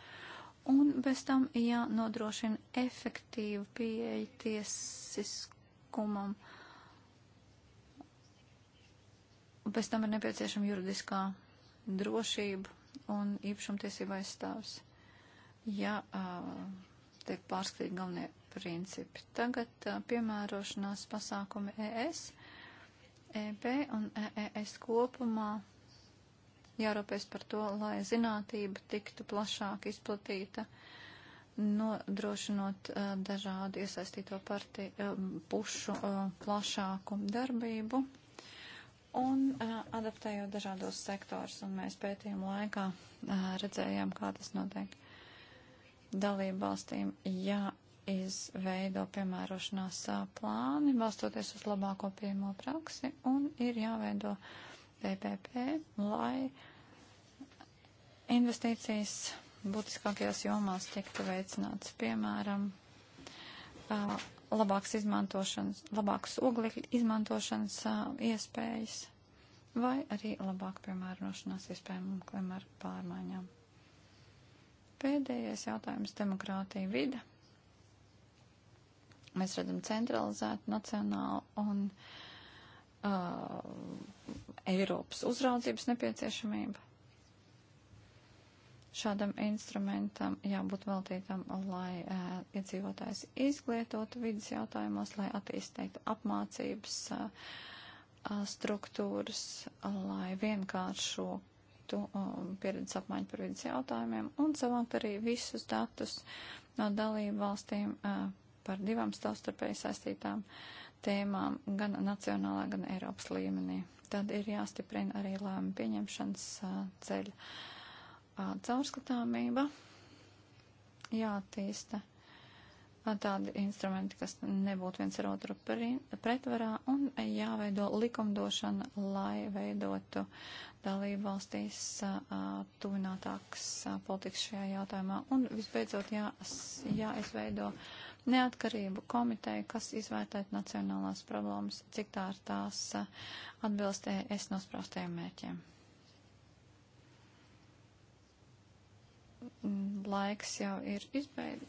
Un bez tam jānodrošina efektīva pieeja tiesiskumam. Uh, un pēc tam ir nepieciešama juridiskā drošība un īpašumtiesība aizstāvs, ja uh, tiek pārskatīti galvenie principi. Tagad uh, piemērošanās pasākumi ES, EB un EES kopumā jārūpēs par to, lai zinātība tiktu plašāk izplatīta, nodrošinot uh, dažādu iesaistīto partiju uh, pušu uh, plašāku darbību un uh, adaptējot dažādos sektors. Un mēs pētījumu laikā uh, redzējām, kā tas notiek. Dalību valstīm jāizveido piemērošanās uh, plāni, balstoties uz labāko pieejamo praksi, un ir jāveido PPP, lai investīcijas būtiskākajās jomās tiktu veicināts, piemēram, uh, labāks izmantošanas, labāks oglekļa izmantošanas uh, iespējas vai arī labāk piemērošanās iespējām klimata pārmaiņām. Pēdējais jautājums - demokrātija vide. Mēs redzam centralizētu nacionālu un uh, Eiropas uzraudzības nepieciešamību. Šādam instrumentam jābūt veltītam, lai uh, iedzīvotājs izglītotu vidas jautājumos, lai attīstītu apmācības uh, struktūras, lai vienkāršotu um, pieredzes apmaiņu par vidas jautājumiem un savākt arī visus datus no dalību valstīm uh, par divām savstarpēji saistītām tēmām gan nacionālā, gan Eiropas līmenī. Tad ir jāstiprina arī lēma pieņemšanas ceļa caurskatāmība, jātīsta tādi instrumenti, kas nebūtu viens ar otru pretvarā, un jāveido likumdošana, lai veidotu dalību valstīs tuvinātāks politikas šajā jautājumā. Un visbeidzot, jā, jāizveido neatkarību komiteju, kas izvērtētu nacionālās problēmas, cik tā ir tās atbilstē es nosprāstējiem mērķiem. Mm, laiks jau ir izbeid,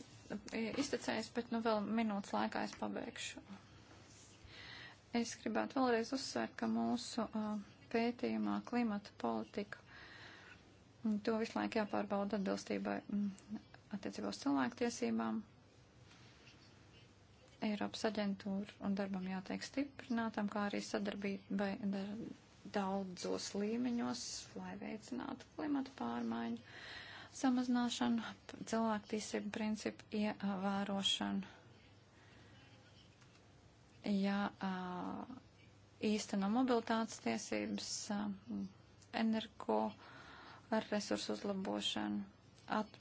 iztecējis, bet nu vēl minūtes laikā es pabeigšu. Es gribētu vēlreiz uzsvērt, ka mūsu uh, pētījumā klimata politika, to visu laiku jāpārbauda atbilstībai mm, attiecībā uz cilvēktiesībām. Eiropas aģentūra un darbam jātiek stiprinātam, kā arī sadarbībai daudzos līmeņos, lai veicinātu klimata pārmaiņu samazināšanu, cilvēktiesību principu ievērošanu. Jā, īsteno mobilitātes tiesības, energo resursu uzlabošanu, at,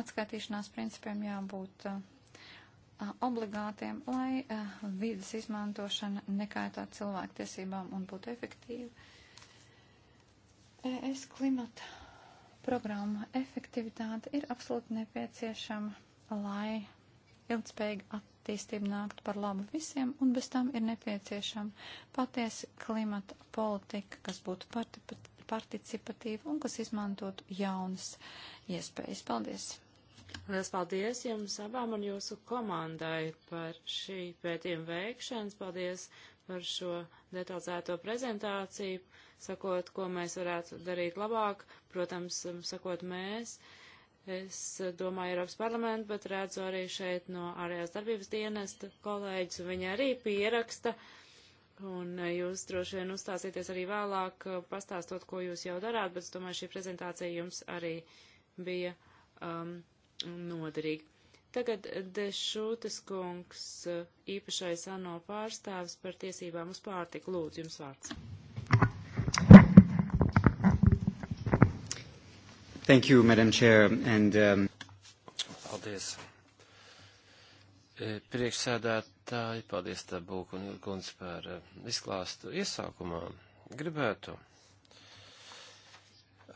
atskaitīšanās principiem jābūt a, obligātiem, lai a, vidas izmantošana nekaitā cilvēktiesībām un būtu efektīva. ES klimata programma efektivitāte ir absolūti nepieciešama, lai ilgspējīga attīstība nāktu par labu visiem, un bez tam ir nepieciešama patiesa klimata politika, kas būtu participatīva un kas izmantotu jaunas iespējas. Paldies! Liels paldies jums abām un jūsu komandai par šī pētījuma veikšanas. Paldies par šo detalizēto prezentāciju sakot, ko mēs varētu darīt labāk, protams, sakot mēs. Es domāju Eiropas parlamentu, bet redzu arī šeit no ārējās darbības dienesta kolēģis, un viņi arī pieraksta, un jūs droši vien uzstāsieties arī vēlāk, pastāstot, ko jūs jau darāt, bet es domāju, šī prezentācija jums arī bija um, noderīga. Tagad Dešūtes kungs, īpašais ANO pārstāvis par tiesībām uz pārtiku. Lūdzu, jums vārds. Thank you, Madam Chair. And, um... Paldies. Eh, priekšsēdētāji, paldies Tabūku un Ilguns par eh, izklāstu iesākumā. Gribētu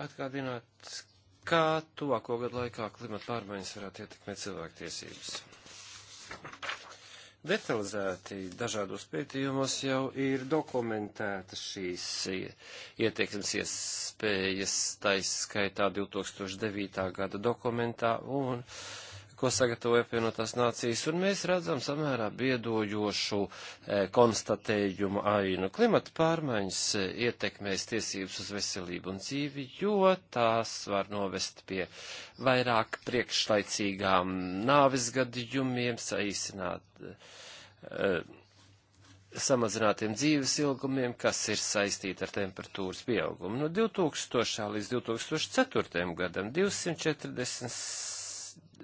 atgādināt, kā tuvāko gadu laikā klimata pārmaiņas varētu ietekmēt cilvēku tiesības detalizēti dažādos pētījumos jau ir dokumentētas šīs ietekmes iespējas, taiskaitā 2009. gada dokumentā, un uh, ko sagatavoja apvienotās nācijas, un mēs redzam samērā biedojošu e, konstatējumu ainu. Klimata pārmaiņas eh, ietekmēs tiesības uz veselību un dzīvi, jo tās var novest pie vairāk priekšlaicīgām nāves gadījumiem, saīsināt. E, samazinātiem dzīves ilgumiem, kas ir saistīti ar temperatūras pieaugumu. No 2000. līdz 2004. gadam 247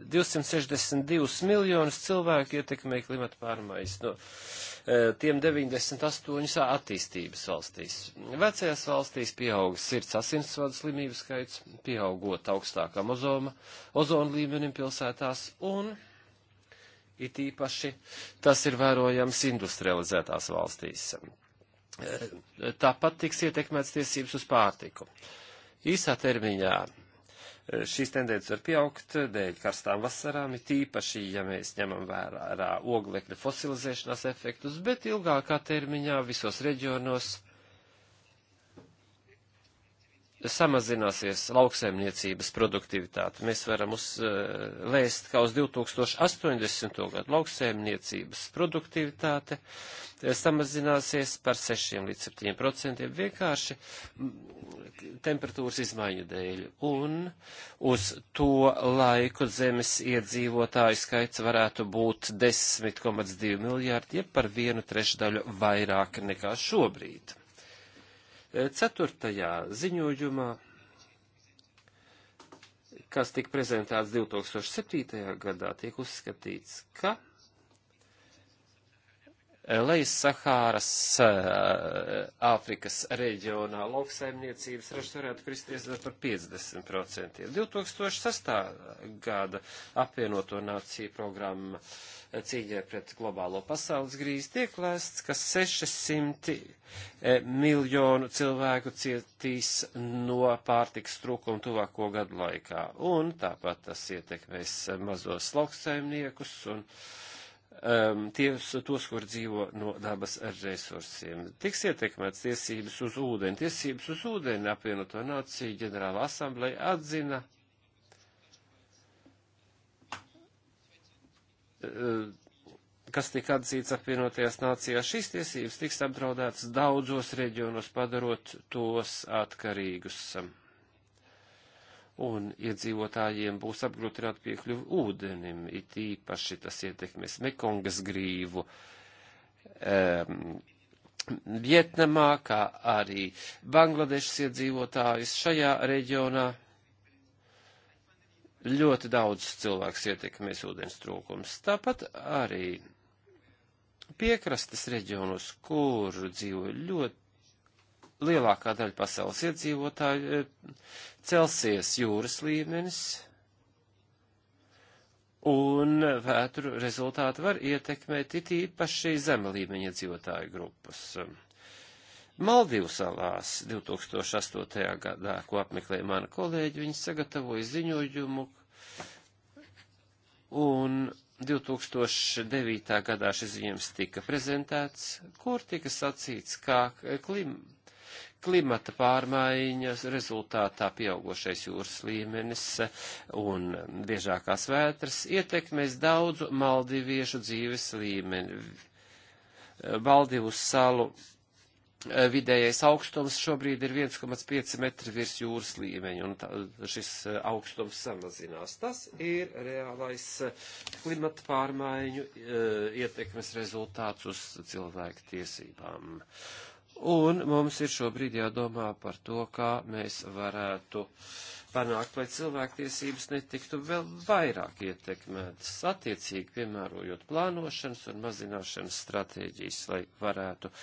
262 miljonus cilvēku ietekmē klimata pārmaiņas. No, e, tiem 98 attīstības valstīs. Vecajās valstīs pieaug sirds asinsvadu slimību skaits, pieaugot augstākam ozoma, ozona līmenim pilsētās un it īpaši tas ir vērojams industrializētās valstīs. E, tāpat tiks ietekmēts tiesības uz pārtiku. Īsā termiņā šīs tendences var pieaugt dēļ karstām vasarām, it īpaši, ja mēs ņemam vērā oglekļa fosilizēšanās efektus, bet ilgākā termiņā visos reģionos samazināsies lauksaimniecības produktivitāte. Mēs varam uzlēst, ka uz 2080. Eh, gadu lauksaimniecības produktivitāte eh, samazināsies par 6 līdz 7 procentiem vienkārši temperatūras izmaiņu dēļ. Un uz to laiku zemes iedzīvotāju skaits varētu būt 10,2 miljārdi, jeb par vienu trešdaļu vairāk nekā šobrīd Ceturtajā ziņojumā, kas tika prezentēts 2007. gadā, tiek uzskatīts, ka Lejas Sahāras eh, Āfrikas reģionā lauksaimniecības ražas varētu kristies par 50%. 2006. gada apvienoto nāciju programma uh, cīņai pret globālo pasaules grīzi tiek lēsts, ka 600 e, miljonu cilvēku cietīs no pārtiks trūkuma tuvāko gadu laikā. Un tāpat tas ietekmēs mazos lauksaimniekus un um, ties, tos, kur dzīvo no dabas resursiem. Tiks ietekmēts tiesības uz ūdeni. Tiesības uz ūdeni apvienoto nāciju ģenerāla asambleja atzina Eh, kas tika atzīts apvienotajās nācijās, šīs tiesības tiks apdraudētas daudzos reģionos, padarot tos atkarīgus. Un iedzīvotājiem būs apgrūtināt piekļuvi ūdenim, it īpaši tas ietekmēs Mekongas grīvu. Um, Vietnamā, kā arī Bangladešas iedzīvotājus šajā reģionā ļoti daudz cilvēks ietekmēs ūdens trūkums. Tāpat arī piekrastes reģionus, kur dzīvo ļoti lielākā daļa pasaules iedzīvotāju, eh, celsies jūras līmenis, un vētru rezultāti var ietekmēt it īpaši zema līmeņa iedzīvotāju grupas. Maldīvu salās 2008. gadā, ko apmeklēja mana kolēģi, viņi sagatavoja ziņojumu, un 2009. gadā šis ziņojums tika prezentēts, kur tika sacīts, kā klim, klimata pārmaiņas rezultātā pieaugošais jūras līmenis un biežākās vētras ietekmēs daudzu maldiviešu dzīves līmeni. Maldivus salu Eh, vidējais augstums šobrīd ir 1,5 metri virs jūras līmeņa, un tā, šis eh, augstums samazinās. Tas ir reālais eh, klimata pārmaiņu ietekmes rezultāts uz cilvēku tiesībām. Un mums ir šobrīd jādomā par to, kā mēs varētu panākt, lai cilvēktiesības netiktu vēl vairāk ietekmētas, attiecīgi piemērojot plānošanas un mazināšanas stratēģijas, lai varētu uh,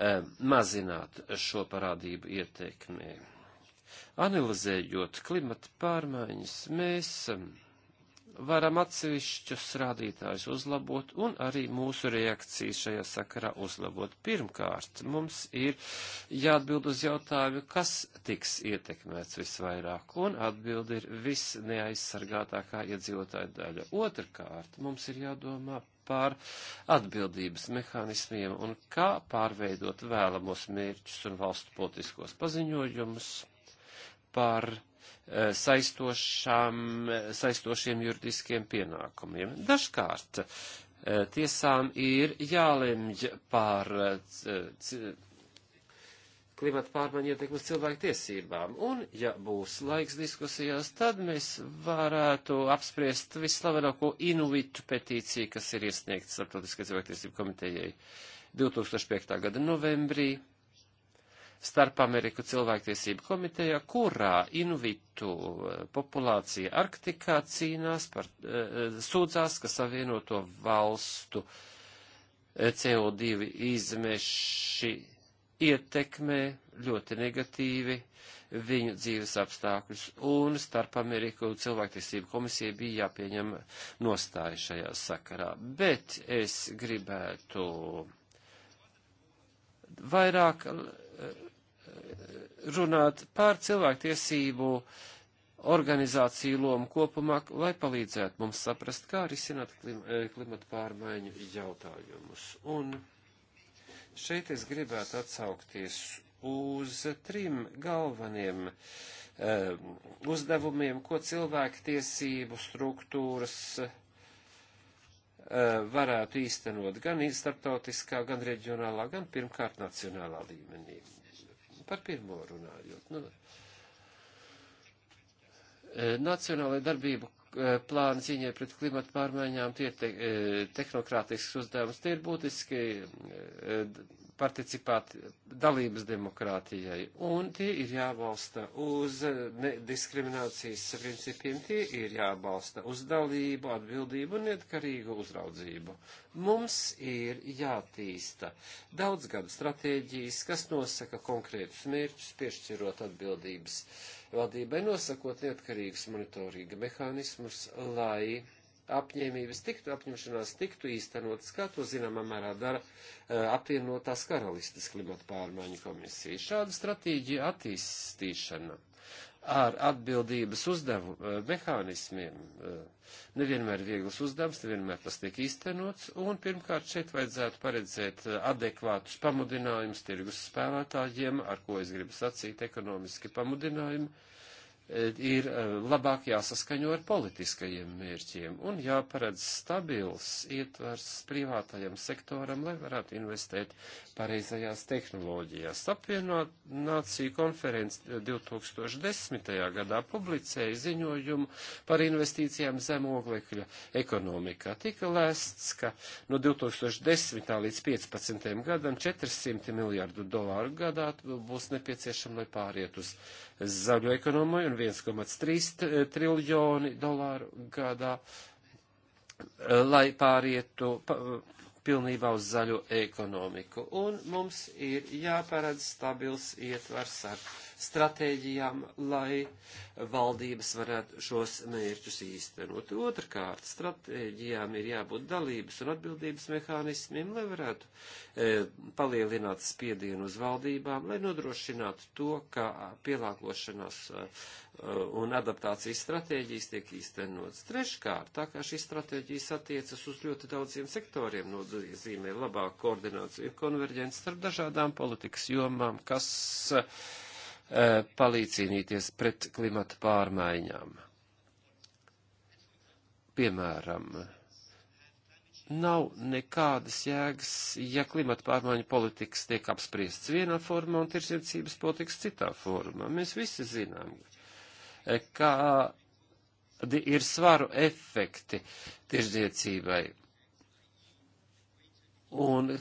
Eh, mazināt šo parādību ietekmē. Analizējot klimata pārmaiņas, mēs eh, varam atsevišķus rādītājus uzlabot un arī mūsu reakciju šajā sakarā uzlabot. Pirmkārt, mums ir jāatbild uz jautājumu, kas tiks ietekmēts visvairāk, un atbild ir visneaizsargātākā iedzīvotāja daļa. Otrkārt, mums ir jādomā par atbildības mehānismiem un kā pārveidot vēlamos mērķus un valstu politiskos paziņojumus par eh, saistošām, saistošiem juridiskiem pienākumiem. Dažkārt eh, tiesām ir jālemj par eh, klimata pārmaiņu ietekmi uz cilvēku tiesībām. Un, ja būs laiks diskusijās, tad mēs varētu apspriest vislavenāko inuitu petīciju, kas ir iesniegta Startautiskajai cilvēktiesību komitejai 2005. gada novembrī starp Ameriku cilvēktiesību komitejā, kurā inuitu eh, populācija Arktikā cīnās par, eh, eh, sūdzās, ka savienoto valstu CO2 izmeši ietekmē ļoti negatīvi viņu dzīves apstākļus, un starp Ameriku cilvēktiesību komisija bija jāpieņem nostāja šajā sakarā. Bet es gribētu vairāk eh, runāt par cilvēktiesību organizāciju lomu kopumā, lai palīdzētu mums saprast, kā risināt klim, eh, klimata pārmaiņu jautājumus. Un Šeit es gribētu atsaukties uz trim galveniem um, uzdevumiem, ko cilvēku tiesību struktūras uh, varētu īstenot gan starptautiskā, gan reģionālā, gan pirmkārt nacionālā līmenī. Par pirmo runājot. Nu, eh, Nacionālajai darbību Eh, plāni cīņai pret klimatu pārmaiņām, tie ir te, eh, tehnokrātisks uzdevums, tie ir būtiski eh, participāt dalības demokrātijai, un tie ir jābalsta uz diskriminācijas principiem, tie ir jābalsta uz dalību, atbildību un neatkarīgu uzraudzību. Mums ir jātīsta daudz gadu stratēģijas, kas nosaka konkrētus mērķus, piešķirot atbildības uh, valdībai nosakot neatkarīgus monitoringa mehānismus, lai apņēmības tiktu, apņemšanās tiktu īstenotas, kā to zināmā mērā dara e, apvienotās karalistas klimata pārmaiņu komisija. Šāda stratēģija attīstīšana ar atbildības uzdevu eh, mehānismiem. Eh, nevienmēr viegls uzdevums, nevienmēr tas tiek īstenots, un pirmkārt šeit vajadzētu paredzēt eh, adekvātus pamudinājumus tirgus spēlētājiem, ar ko es gribu sacīt ekonomiski pamudinājumi ir eh, labāk jāsaskaņo ar politiskajiem mērķiem un jāparedz stabils ietvers privātajam sektoram, lai varētu investēt pareizajās tehnoloģijās. Apvienot nāciju konferenci 2010. Eh, gadā publicēja ziņojumu par investīcijām zemoglekļa ekonomikā. Tika lēsts, ka no 2010. līdz 2015. gadam 400 miljārdu dolāru gadā būs nepieciešama, lai pāriet uz zaļo ekonomiju un 1,3 triljoni dolāru gadā, lai pārietu pa, pilnībā uz zaļo ekonomiku. Un mums ir jāparedz stabils ietvars ar stratēģijām, lai valdības varētu šos mērķus īstenot. Otrkārt, stratēģijām ir jābūt dalības un atbildības mehānismiem, lai varētu e, palielināt spiedienu uz valdībām, lai nodrošinātu to, ka pielāgošanās e, un adaptācijas stratēģijas tiek īstenotas. Treškārt, tā kā šīs stratēģijas attiecas uz ļoti daudziem sektoriem, nozīmē labāku koordināciju un konverģenci starp dažādām politikas jomām, kas Eh, palīdz cīnīties pret klimata pārmaiņām. Piemēram, nav nekādas jēgas, ja klimata pārmaiņu politikas tiek apspriests vienā formā un tirsniecības politikas citā formā. Mēs visi zinām, eh, kādi ir svaru efekti tirsniecībai un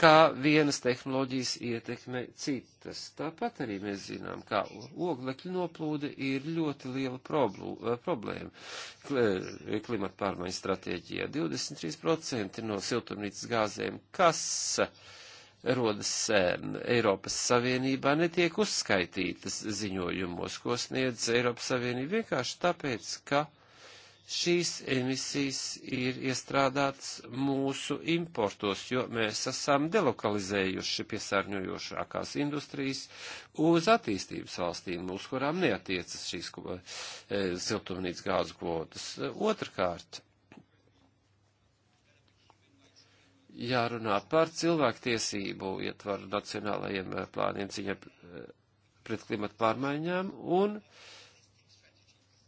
kā vienas tehnoloģijas ietekmē citas. Tāpat arī mēs zinām, ka oglekļa noplūde ir ļoti liela eh, problēma eh, klimata pārmaiņu stratēģijā. 23% no siltumnīcas gāzēm, kas rodas eh, Eiropas Savienībā, netiek uzskaitītas ziņojumos, ko sniedz Eiropas Savienība vienkārši tāpēc, ka šīs emisijas ir iestrādātas mūsu importos, jo mēs esam delokalizējuši piesārņojošākās industrijas uz attīstības valstīm, uz kurām neatiecas šīs e, siltumnīcas gāzu kvotas. Otrakārt, jārunā par cilvēktiesību ietvaru nacionālajiem e, plāniem ciņā e, pret klimatu pārmaiņām un uh,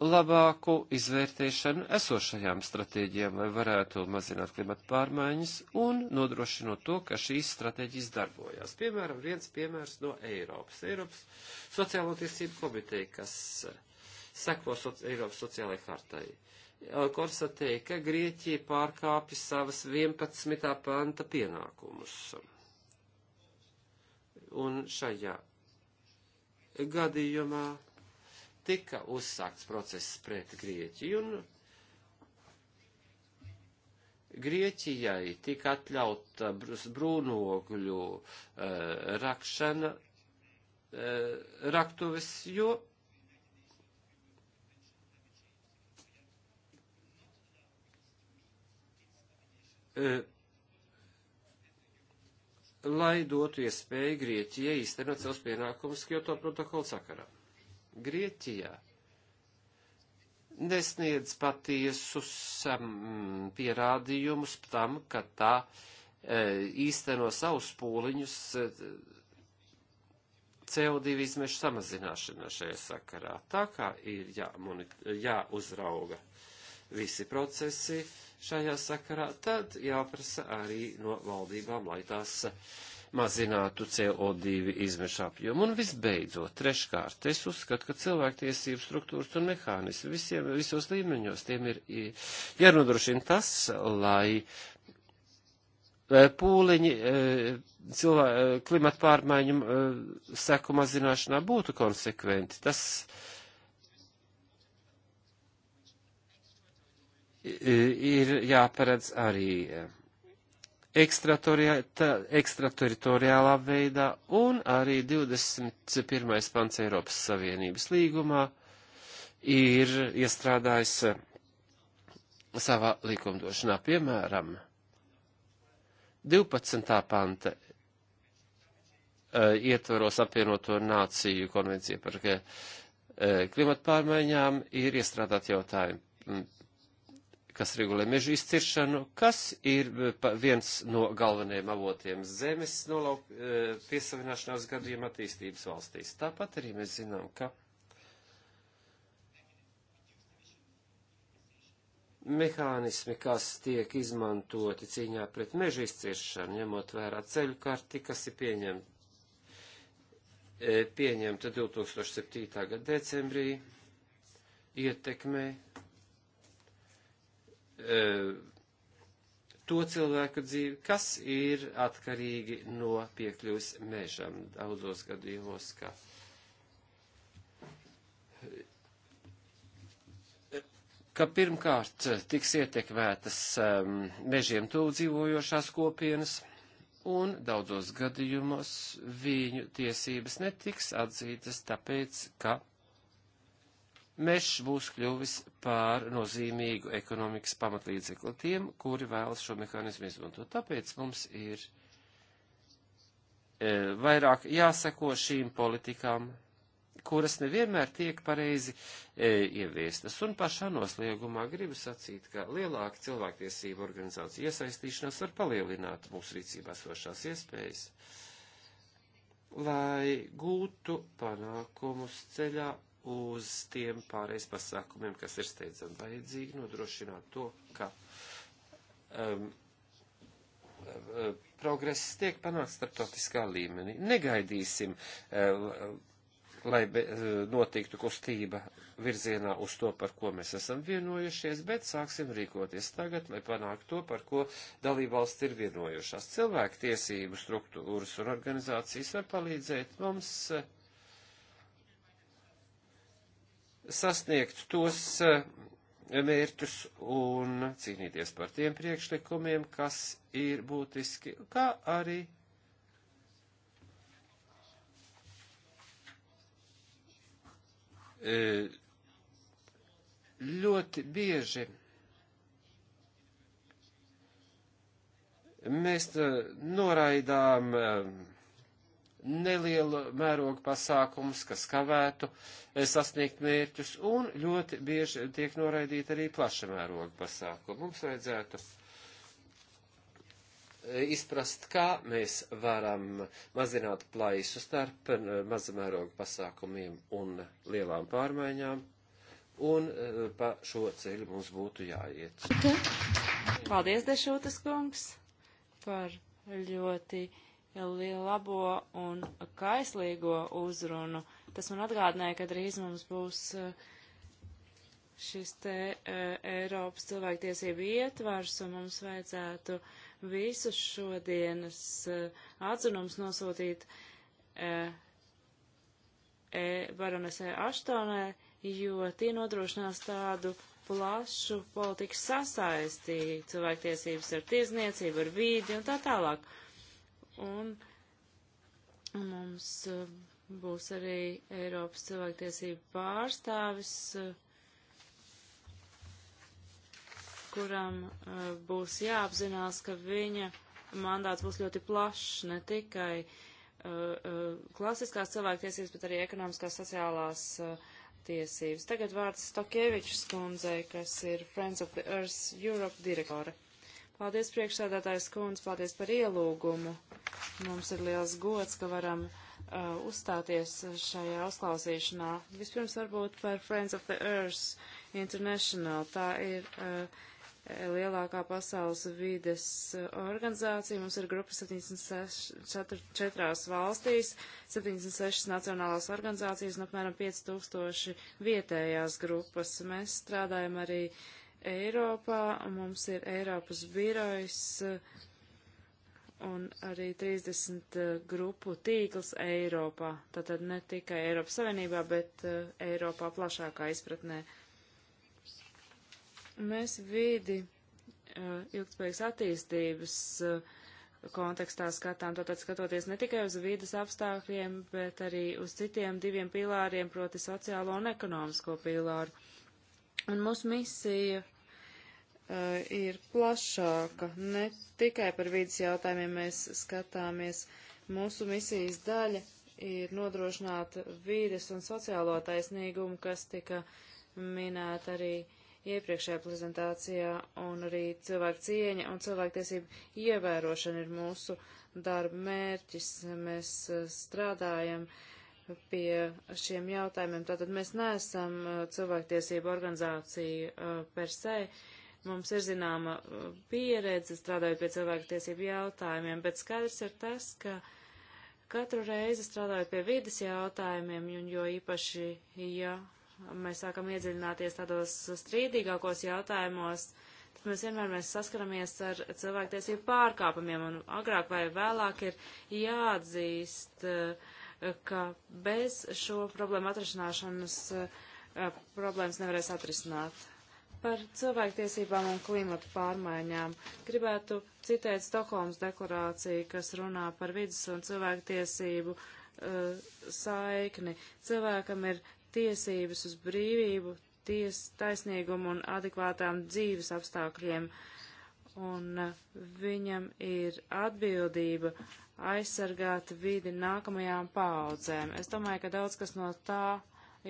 labāku izvērtēšanu esošajām stratēģijām, lai varētu mazināt klimata pārmaiņas un nodrošinot to, ka šīs stratēģijas darbojās. Piemēram, viens piemērs no Eiropas. Eiropas sociālo tiesību komiteja, kas seko soci Eiropas sociālajai hartai. Konstatēja, ka Grieķija pārkāpja savas 11. panta pienākumus. Un šajā gadījumā tika uzsākts process pret Grieķiju, un Grieķijai tika atļauta brūnogļu uh, rakšana uh, raktuves, jo uh, lai dotu iespēju Grieķijai īstenot savus pienākumus Kyoto protokola sakarā. Grieķijā nesniedz patiesus um, pierādījumus tam, ka tā e, īsteno savus pūliņus e, CO2 izmešu samazināšanā šajā sakarā. Tā kā ir jāuzrauga visi procesi šajā sakarā, tad jāprasa arī no valdībām, lai tās uh, mazinātu CO2 izmešu apjomu. Un visbeidzot, treškārt, es uzskatu, ka cilvēktiesību struktūras un mehānismi visiem, visos līmeņos tiem ir jānodrošina tas, lai e, pūliņi e, cilvē, e, klimata pārmaiņu seku mazināšanā būtu konsekventi. Tas, ir jāparedz arī ekstrateritoriālā veidā un arī 21. pants Eiropas Savienības līgumā ir iestrādājis eh, savā likumdošanā, piemēram, 12. panta eh, ietvaros apvienoto nāciju konvenciju par eh, klimatu pārmaiņām ir iestrādāt jautājumi kas regulē mežu izciršanu, kas ir eh, viens no galvenajiem avotiem zemes nolauk eh, piesavināšanās gadījuma attīstības valstīs. Tāpat arī mēs zinām, ka mehānismi, kas tiek izmantoti cīņā pret mežu izciršanu, ņemot vērā ceļu karti, kas ir pieņemta eh, pieņemta 2007. gada decembrī, ietekmē Eh, to cilvēku dzīvi, kas ir atkarīgi no piekļuvis mežam daudzos gadījumos, ka ka pirmkārt tiks ietekvētas um, ehm, mežiem tuvu dzīvojošās kopienas, un daudzos gadījumos viņu tiesības netiks atzītas, tāpēc, ka Mešs būs kļuvis pār nozīmīgu ekonomikas pamatlīdzekli tiem, kuri vēlas šo mehānismu izmantot. Tāpēc mums ir e, vairāk jāseko šīm politikām, kuras nevienmēr tiek pareizi e, ieviestas. Un pašā noslēgumā gribu sacīt, ka lielāka cilvēktiesība organizācija iesaistīšanās var palielināt mūsu rīcībā sošās iespējas, lai gūtu panākumus ceļā uz tiem pāreiz pasākumiem, kas ir steidzami vajadzīgi, nodrošināt to, ka um, uh, progress tiek panāks starptautiskā līmenī. Negaidīsim, um, lai be, uh, notiktu kustība virzienā uz to, par ko mēs esam vienojušies, bet sāksim rīkoties tagad, lai panāktu to, par ko dalībvalsts ir vienojušās. Cilvēku tiesību struktūras un organizācijas var palīdzēt mums. Uh, sasniegt tos eh, mērķus un cīnīties par tiem priekšlikumiem, kas ir būtiski, kā arī eh, ļoti bieži mēs eh, noraidām nelielu mērogu pasākumus, kas kavētu eh, sasniegt mērķus, un ļoti bieži tiek noraidīti arī plaša mēroga pasākumi. Mums vajadzētu eh, izprast, kā mēs varam mazināt plaisu starp eh, mazamēroga pasākumiem un lielām pārmaiņām, un pa šo ceļu mums būtu jāiet. Paldies, Dešūtas kungs, par ļoti labo un kaislīgo uzrunu. Tas man atgādināja, ka drīz mums būs eh, šis te uh, Eiropas cilvēktiesību ietvars, un mums vajadzētu visus šodienas uh, eh, atzinums nosūtīt uh, e, baronesē Aštonē, jo tie nodrošinās tādu plašu politikas sasaistību, cilvēktiesības ar tiesniecību, ar vīdi un tā tālāk. Uh, un mums eh, būs arī Eiropas cilvēktiesību pārstāvis, eh, kuram eh, būs jāapzinās, ka viņa mandāts būs ļoti plašs, ne tikai klasiskās cilvēktiesības, bet arī ekonomiskās sociālās uh, tiesības. Tagad vārds Stokievičs kundzei, kas ir Friends of the Earth Europe direktore. Paldies, priekšsēdētājs kundz, paldies par ielūgumu. Mums ir liels gods, ka varam uh, uzstāties šajā uzklausīšanā. Vispirms varbūt par Friends of the Earth International. Tā ir uh, lielākā pasaules vides uh, organizācija. Mums ir grupa 74 valstīs, 76 nacionālās organizācijas un apmēram 5000 vietējās grupas. Mēs strādājam arī Eiropā. Mums ir Eiropas birojs eh, un arī 30 eh, grupu tīkls Eiropā. Tātad ne tikai Eiropas Savienībā, bet eh, Eiropā plašākā izpratnē. Mēs vidi ilgspējīgas attīstības kontekstā skatām, tātad skatoties ne tikai uz vīdas apstākļiem, bet arī uz citiem diviem pilāriem, proti sociālo un ekonomisko pilāru. Un mūsu misija Uh, ir plašāka. Ne tikai par vīdes jautājumiem mēs skatāmies. Mūsu misijas daļa ir nodrošināt vīdes un sociālo taisnīgumu, kas tika minēta arī iepriekšējā prezentācijā, un arī cilvēku cieņa un cilvēktiesību ievērošana ir mūsu darba mērķis. Mēs uh, strādājam pie šiem jautājumiem. Tātad mēs neesam uh, cilvēktiesību organizācija per se, Mums ir zināma uh, pieredze strādājot pie cilvēku tiesību jautājumiem, bet skaidrs ir tas, ka katru reizi strādājot pie vidas jautājumiem, un jo īpaši, ja mēs sākam iedziļināties tādos strīdīgākos jautājumos, tad mēs vienmēr mēs saskaramies ar cilvēktiesību pārkāpumiem, un agrāk vai vēlāk ir jāatzīst, uh, ka bez šo problēmu atrašanāšanas uh, problēmas nevarēs atrisināt. Par cilvēktiesībām un klimatu pārmaiņām gribētu citēt Stokholmas deklarāciju, kas runā par vidas un cilvēktiesību uh, saikni. Cilvēkam ir tiesības uz brīvību, ties, taisnīgumu un adekvātām dzīves apstākļiem. Un uh, viņam ir atbildība aizsargāt vidi nākamajām paaudzēm. Es domāju, ka daudz kas no tā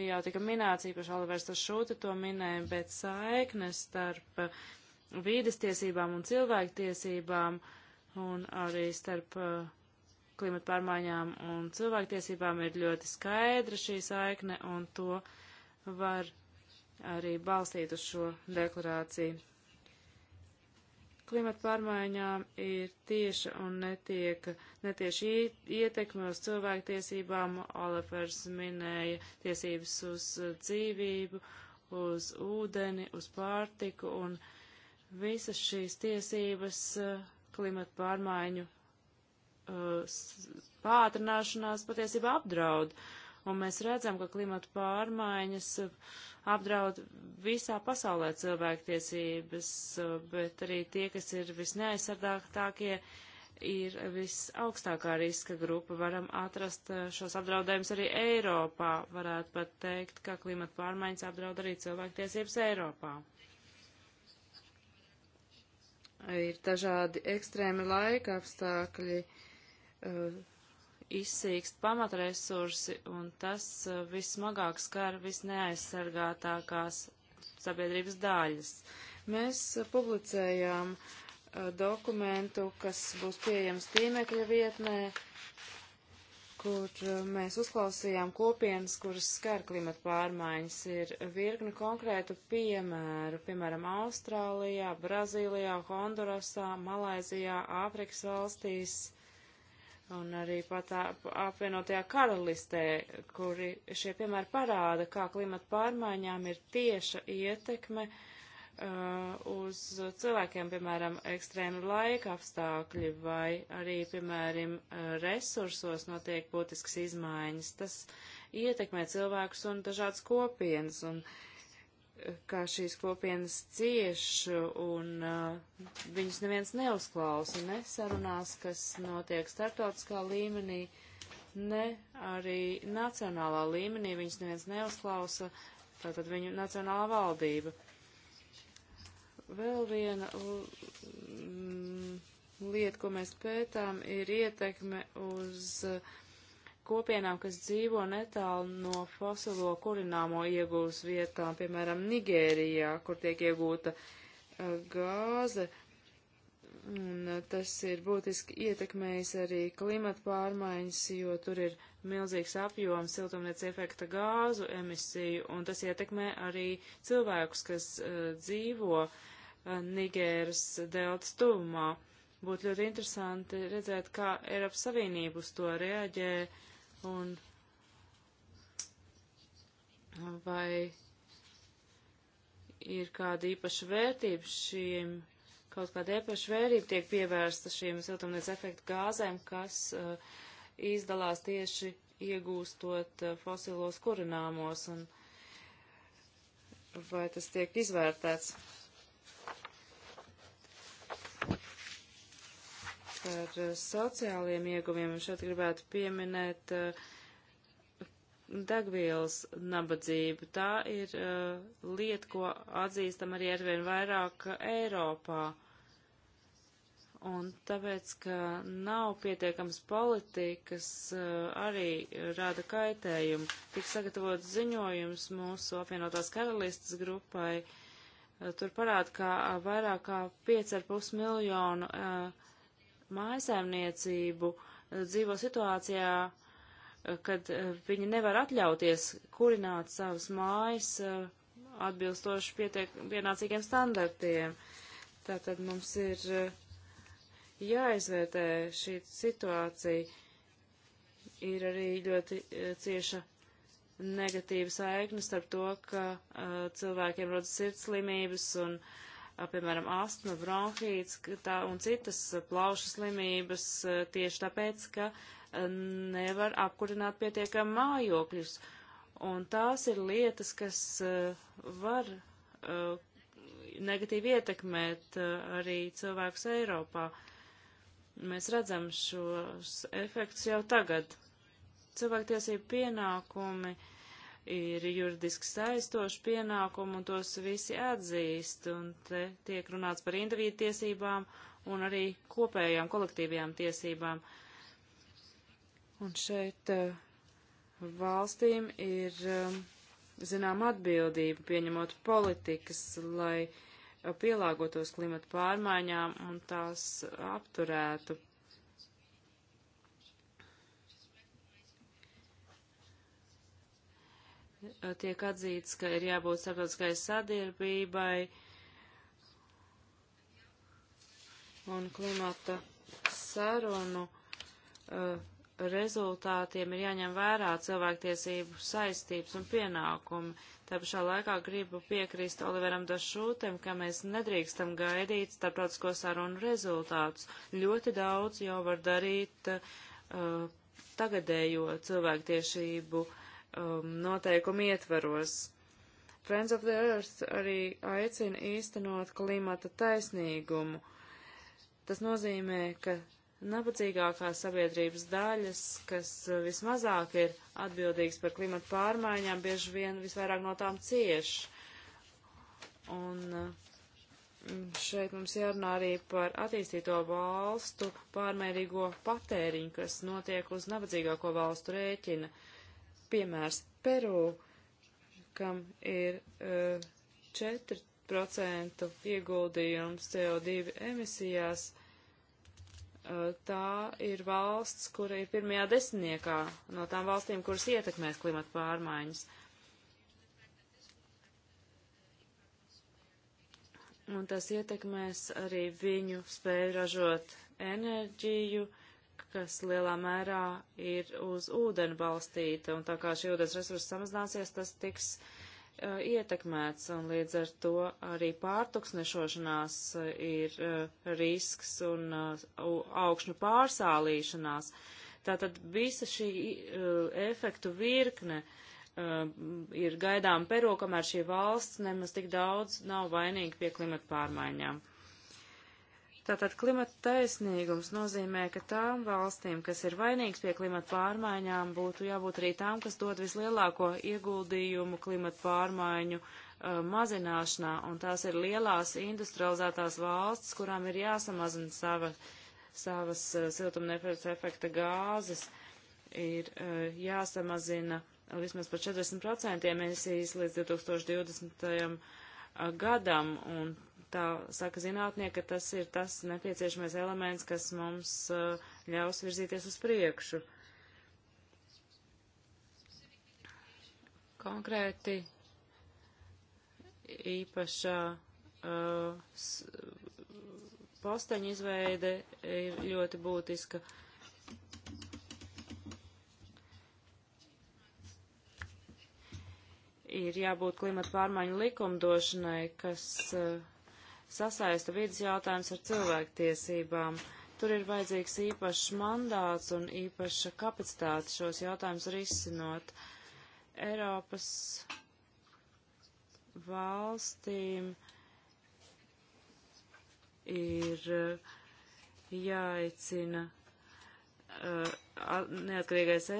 jau tika minēts, īpaši Olivers Šūte to minēja, bet saiknes starp vīdes tiesībām un cilvēku tiesībām un arī starp eh, klimata pārmaiņām un cilvēktiesībām ir ļoti skaidra šī saikne, un to var arī balstīt uz šo deklarāciju klimata pārmaiņām ir tieša un netiek, netieši ietekme uz cilvēktiesībām. Olefers minēja tiesības uz dzīvību, uz ūdeni, uz pārtiku un visas šīs tiesības eh, klimata pārmaiņu eh, pātrināšanās patiesībā apdraud. Uh, un mēs redzam, ka klimata pārmaiņas eh, apdraud visā pasaulē cilvēktiesības, eh, bet arī tie, kas ir visneaizsardātākie, ir visaugstākā riska grupa. Varam atrast eh, šos apdraudējumus arī Eiropā. Varētu pat teikt, ka klimata pārmaiņas apdraud arī cilvēktiesības Eiropā ir dažādi ekstrēmi laika apstākļi, uh, izsīkst pamatresursi, un tas eh, vismagāk skar visneaizsargātākās sabiedrības daļas. Mēs eh, publicējām eh, dokumentu, kas būs pieejams tīmekļa vietnē, kur mēs uzklausījām kopienas, kuras skar klimata pārmaiņas, ir virkni konkrētu piemēru, piemēram, Austrālijā, Brazīlijā, Hondurasā, Malaizijā, Āfrikas valstīs, un arī pat apvienotajā karalistē, kuri šie piemēri parāda, kā klimata pārmaiņām ir tieša ietekme uh, uz cilvēkiem, piemēram, ekstrēmu laika apstākļi vai arī, piemēram, resursos notiek būtisks izmaiņas. Tas ietekmē cilvēkus un dažādas kopienas. Un, uh, kā šīs kopienas cieš un uh, viņus neviens neuzklausa, ne sarunās, kas notiek startautiskā līmenī, ne arī nacionālā līmenī, viņus neviens neuzklausa, tātad viņu nacionālā valdība. Vēl viena mm, lieta, ko mēs pētām, ir ietekme uz uh, kopienām, kas dzīvo netālu no fosilo kurināmo iegūs vietām, piemēram, Nigērijā, kur tiek iegūta uh, gāze. Un uh, tas ir būtiski ietekmējis arī klimata pārmaiņas, jo tur ir milzīgs apjoms siltumnīca efekta gāzu emisiju, un tas ietekmē arī cilvēkus, kas uh, dzīvo Nigēras deltas tuvumā. Būtu ļoti interesanti redzēt, kā Eiropas Savienība uz to reaģē, uh, Un vai ir kāda īpaša vērtība šīm, kaut kāda īpaša vērtība tiek pievērsta šīm siltumnīca efektu gāzēm, kas uh, izdalās tieši iegūstot uh, fosilos kurināmos, un vai tas tiek izvērtēts? par eh, sociāliem ieguviem, un šeit gribētu pieminēt eh, degvielas nabadzību. Tā ir eh, lieta, ko atzīstam arī arvien vairāk Eiropā un tāpēc, ka nav pietiekams politikas, arī rāda kaitējumu. Tik sagatavots ziņojums mūsu apvienotās karalistas grupai, tur parāda, ka vairāk kā 5,5 miljonu uh, mājasēmniecību eh, dzīvo situācijā, eh, kad eh, viņi nevar atļauties kurināt savas mājas atbilstoši pietiek, pienācīgiem standartiem. Tātad mums ir jāizvērtē šī situācija. Ir arī ļoti cieša negatīva saikne starp to, ka uh, cilvēkiem rodas sirdslimības un uh, piemēram, astma, bronhīts tā, un citas plaušu slimības tieši tāpēc, ka nevar apkurināt pietiekam mājokļus. Un tās ir lietas, kas var negatīvi ietekmēt arī cilvēkus Eiropā. Mēs redzam šos efektus jau tagad. Cilvēktiesību pienākumi uh, ir juridiski saistoši pienākumi, un tos visi atzīst, un te tiek runāts par individu tiesībām un arī kopējām kolektīvajām tiesībām. Un šeit uh, valstīm ir, um, zinām, atbildība pieņemot politikas, lai pielāgotos klimata pārmaiņām un tās apturētu tiek atzīts, ka ir jābūt starptautiskai sadarbībai un klimata sarunu uh, rezultātiem ir jāņem vērā cilvēktiesību saistības un pienākumi. Tā pašā laikā gribu piekrist Oliveram Dašūtem, ka mēs nedrīkstam gaidīt starptautisko sarunu rezultātus. Ļoti daudz jau var darīt uh, tagadējo cilvēktiesību uh, um, noteikumu ietvaros. Friends of the Earth arī aicina īstenot klimata taisnīgumu. Tas nozīmē, ka nabadzīgākās sabiedrības daļas, kas vismazāk ir atbildīgas par klimatu pārmaiņām, bieži vien visvairāk no tām cieš. Un mm, šeit mums jārunā arī par attīstīto valstu pārmērīgo patēriņu, kas notiek uz nabadzīgāko valstu rēķina. Uh, piemērs Peru, kam ir uh, eh, 4% ieguldījums CO2 emisijās. Uh, tā ir valsts, kura ir pirmajā desmitniekā no tām valstīm, kuras ietekmēs klimata pārmaiņas. Un tas ietekmēs arī viņu spēju ražot enerģiju, uh, kas lielā mērā ir uz ūdeni balstīta, un tā kā šī ūdens resursa samazināsies, tas tiks uh, ietekmēts, un līdz ar to arī pārtuksnešošanās ir uh, risks un uh, augšņu pārsālīšanās. Tātad visa šī efektu virkne ir gaidām pero, kamēr šī valsts nemaz tik daudz nav vainīga pie klimata pārmaiņām. Tātad klimata taisnīgums nozīmē, ka tām valstīm, kas ir vainīgas pie klimata pārmaiņām, būtu jābūt arī tām, kas dod vislielāko ieguldījumu klimata pārmaiņu uh, mazināšanā, un tās ir lielās industrializētās valsts, kurām ir jāsamazina sava, savas uh, siltumnefekta efekta gāzes, ir uh, jāsamazina vismaz par 40% emisijas līdz 2020. Uh, gadam, un tā saka zinātnieki, ka tas ir tas nepieciešamais elements, kas mums uh, ļaus virzīties uz priekšu. Konkrēti īpašā uh, posteņa izveide ir ļoti būtiska. Ir jābūt klimata pārmaiņu likumdošanai, kas uh, sasaista vidas jautājums ar cilvēktiesībām. Tur ir vajadzīgs īpašs mandāts un īpaša kapacitāte šos jautājumus risinot. Eiropas valstīm ir uh, jāicina uh, neatkarīgais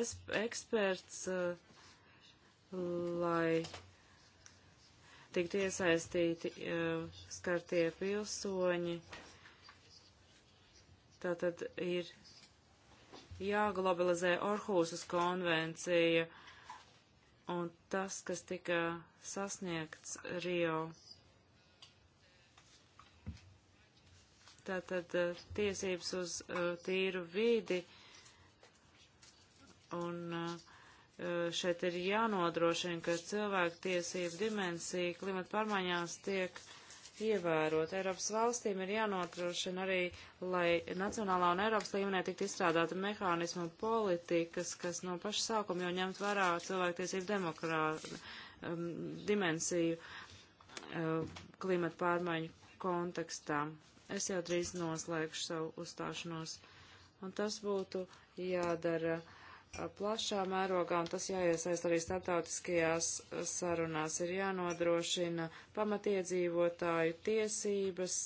eksperts, uh, lai tiktu iesaistīti uh, skartie pilsoņi. Tātad ir jāglobalizē Orhūsas konvencija un tas, kas tika sasniegts Rio. Tātad uh, tiesības uz uh, tīru vidi un uh, Eh, šeit ir jānodrošina, ka cilvēku tiesību dimensija klimata pārmaiņās tiek ievērot. Eiropas valstīm ir jānodrošina arī, lai nacionālā un Eiropas līmenī tiktu izstrādāta mehānismu politikas, kas no paša sākuma jau ņemt vērā cilvēktiesību demokrā, um, dimensiju um, klimata pārmaiņu kontekstā. Es jau drīz noslēgšu savu uzstāšanos. Un tas būtu jādara. Uh, plašā mērogā, un tas jāiesaist arī starptautiskajās sarunās, ir jānodrošina pamatiedzīvotāju tiesības,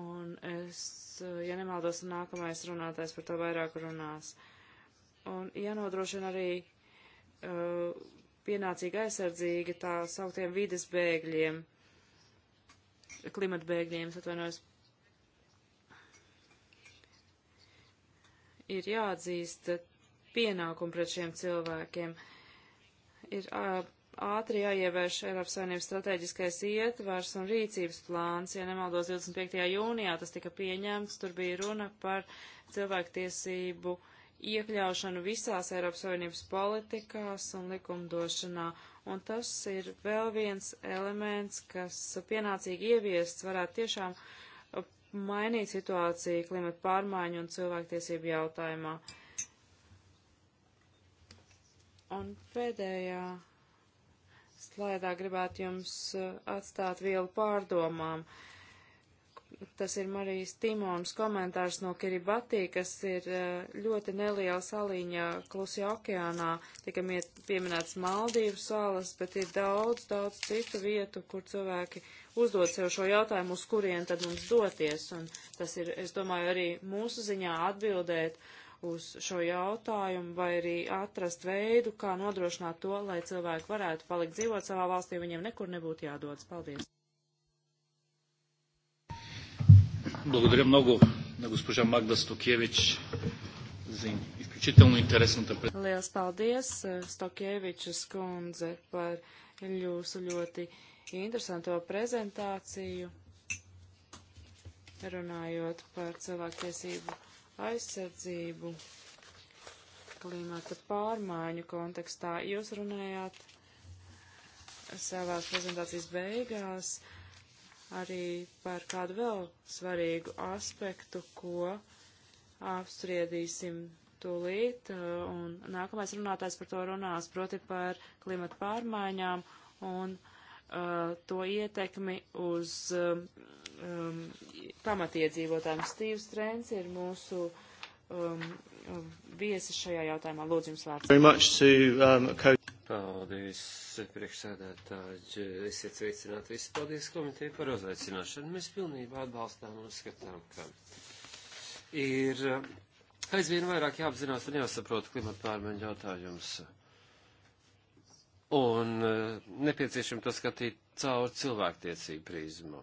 un es, ja nemaldos, nākamais runātājs par to vairāk runās. Un jānodrošina arī uh, pienācīgi aizsardzīgi tā sauktiem vides bēgļiem, klimata bēgļiem, atvainojos, ir jāatzīst pienākumu pret šiem cilvēkiem. Ir ātri jāievērš Eiropas Savienības strateģiskais ietvars un rīcības plāns. Ja nemaldos, 25. jūnijā tas tika pieņemts, tur bija runa par cilvēktiesību iekļaušanu visās Eiropas Savienības politikās un likumdošanā. Un tas ir vēl viens elements, kas pienācīgi ieviests varētu tiešām uh, mainīt situāciju klimata pārmaiņu un cilvēktiesību jautājumā. Un pēdējā slaidā gribētu jums uh, atstāt vielu pārdomām. Uh, Tas ir Marijas Timons komentārs no Kiribati, kas ir eh, ļoti neliela saliņa klusajā okeānā. Tika pieminēts Maldīvu salas, bet ir daudz, daudz citu vietu, kur cilvēki uzdod sev šo jautājumu, uz kurien tad mums doties. Un tas ir, es domāju, arī mūsu ziņā atbildēt uz šo jautājumu vai arī atrast veidu, kā nodrošināt to, lai cilvēki varētu palikt dzīvot savā valstī, viņiem nekur nebūtu jādodas. Paldies! Благодаря много на госпожа Магда Стокевич за изключително интересната презентация. Lielas paldies, Stokievičas kundze, par jūsu ļoti interesanto prezentāciju, runājot par cilvēktiesību aizsardzību klimata pārmaiņu kontekstā. Jūs runājāt savās prezentācijas beigās arī par kādu vēl svarīgu aspektu, ko apspriedīsim tūlīt, uh, un nākamais runātājs par to runās, proti par klimatu pārmaiņām un uh, to ietekmi uz um, um, pamatiedzīvotājiem. Stīvs Trends ir mūsu um, um, viesi šajā jautājumā. Lūdzu jums vārds. Paldies, priekšsēdētāji. Esiet sveicināti visi. Paldies komiteju par uzaicināšanu. Mēs pilnībā atbalstām un skatām, ka ir aizvien vairāk jāapzinās un jāsaprot klimata pārmaiņu jautājums. Un eh, nepieciešam to skatīt caur cilvēktiecību prizmu.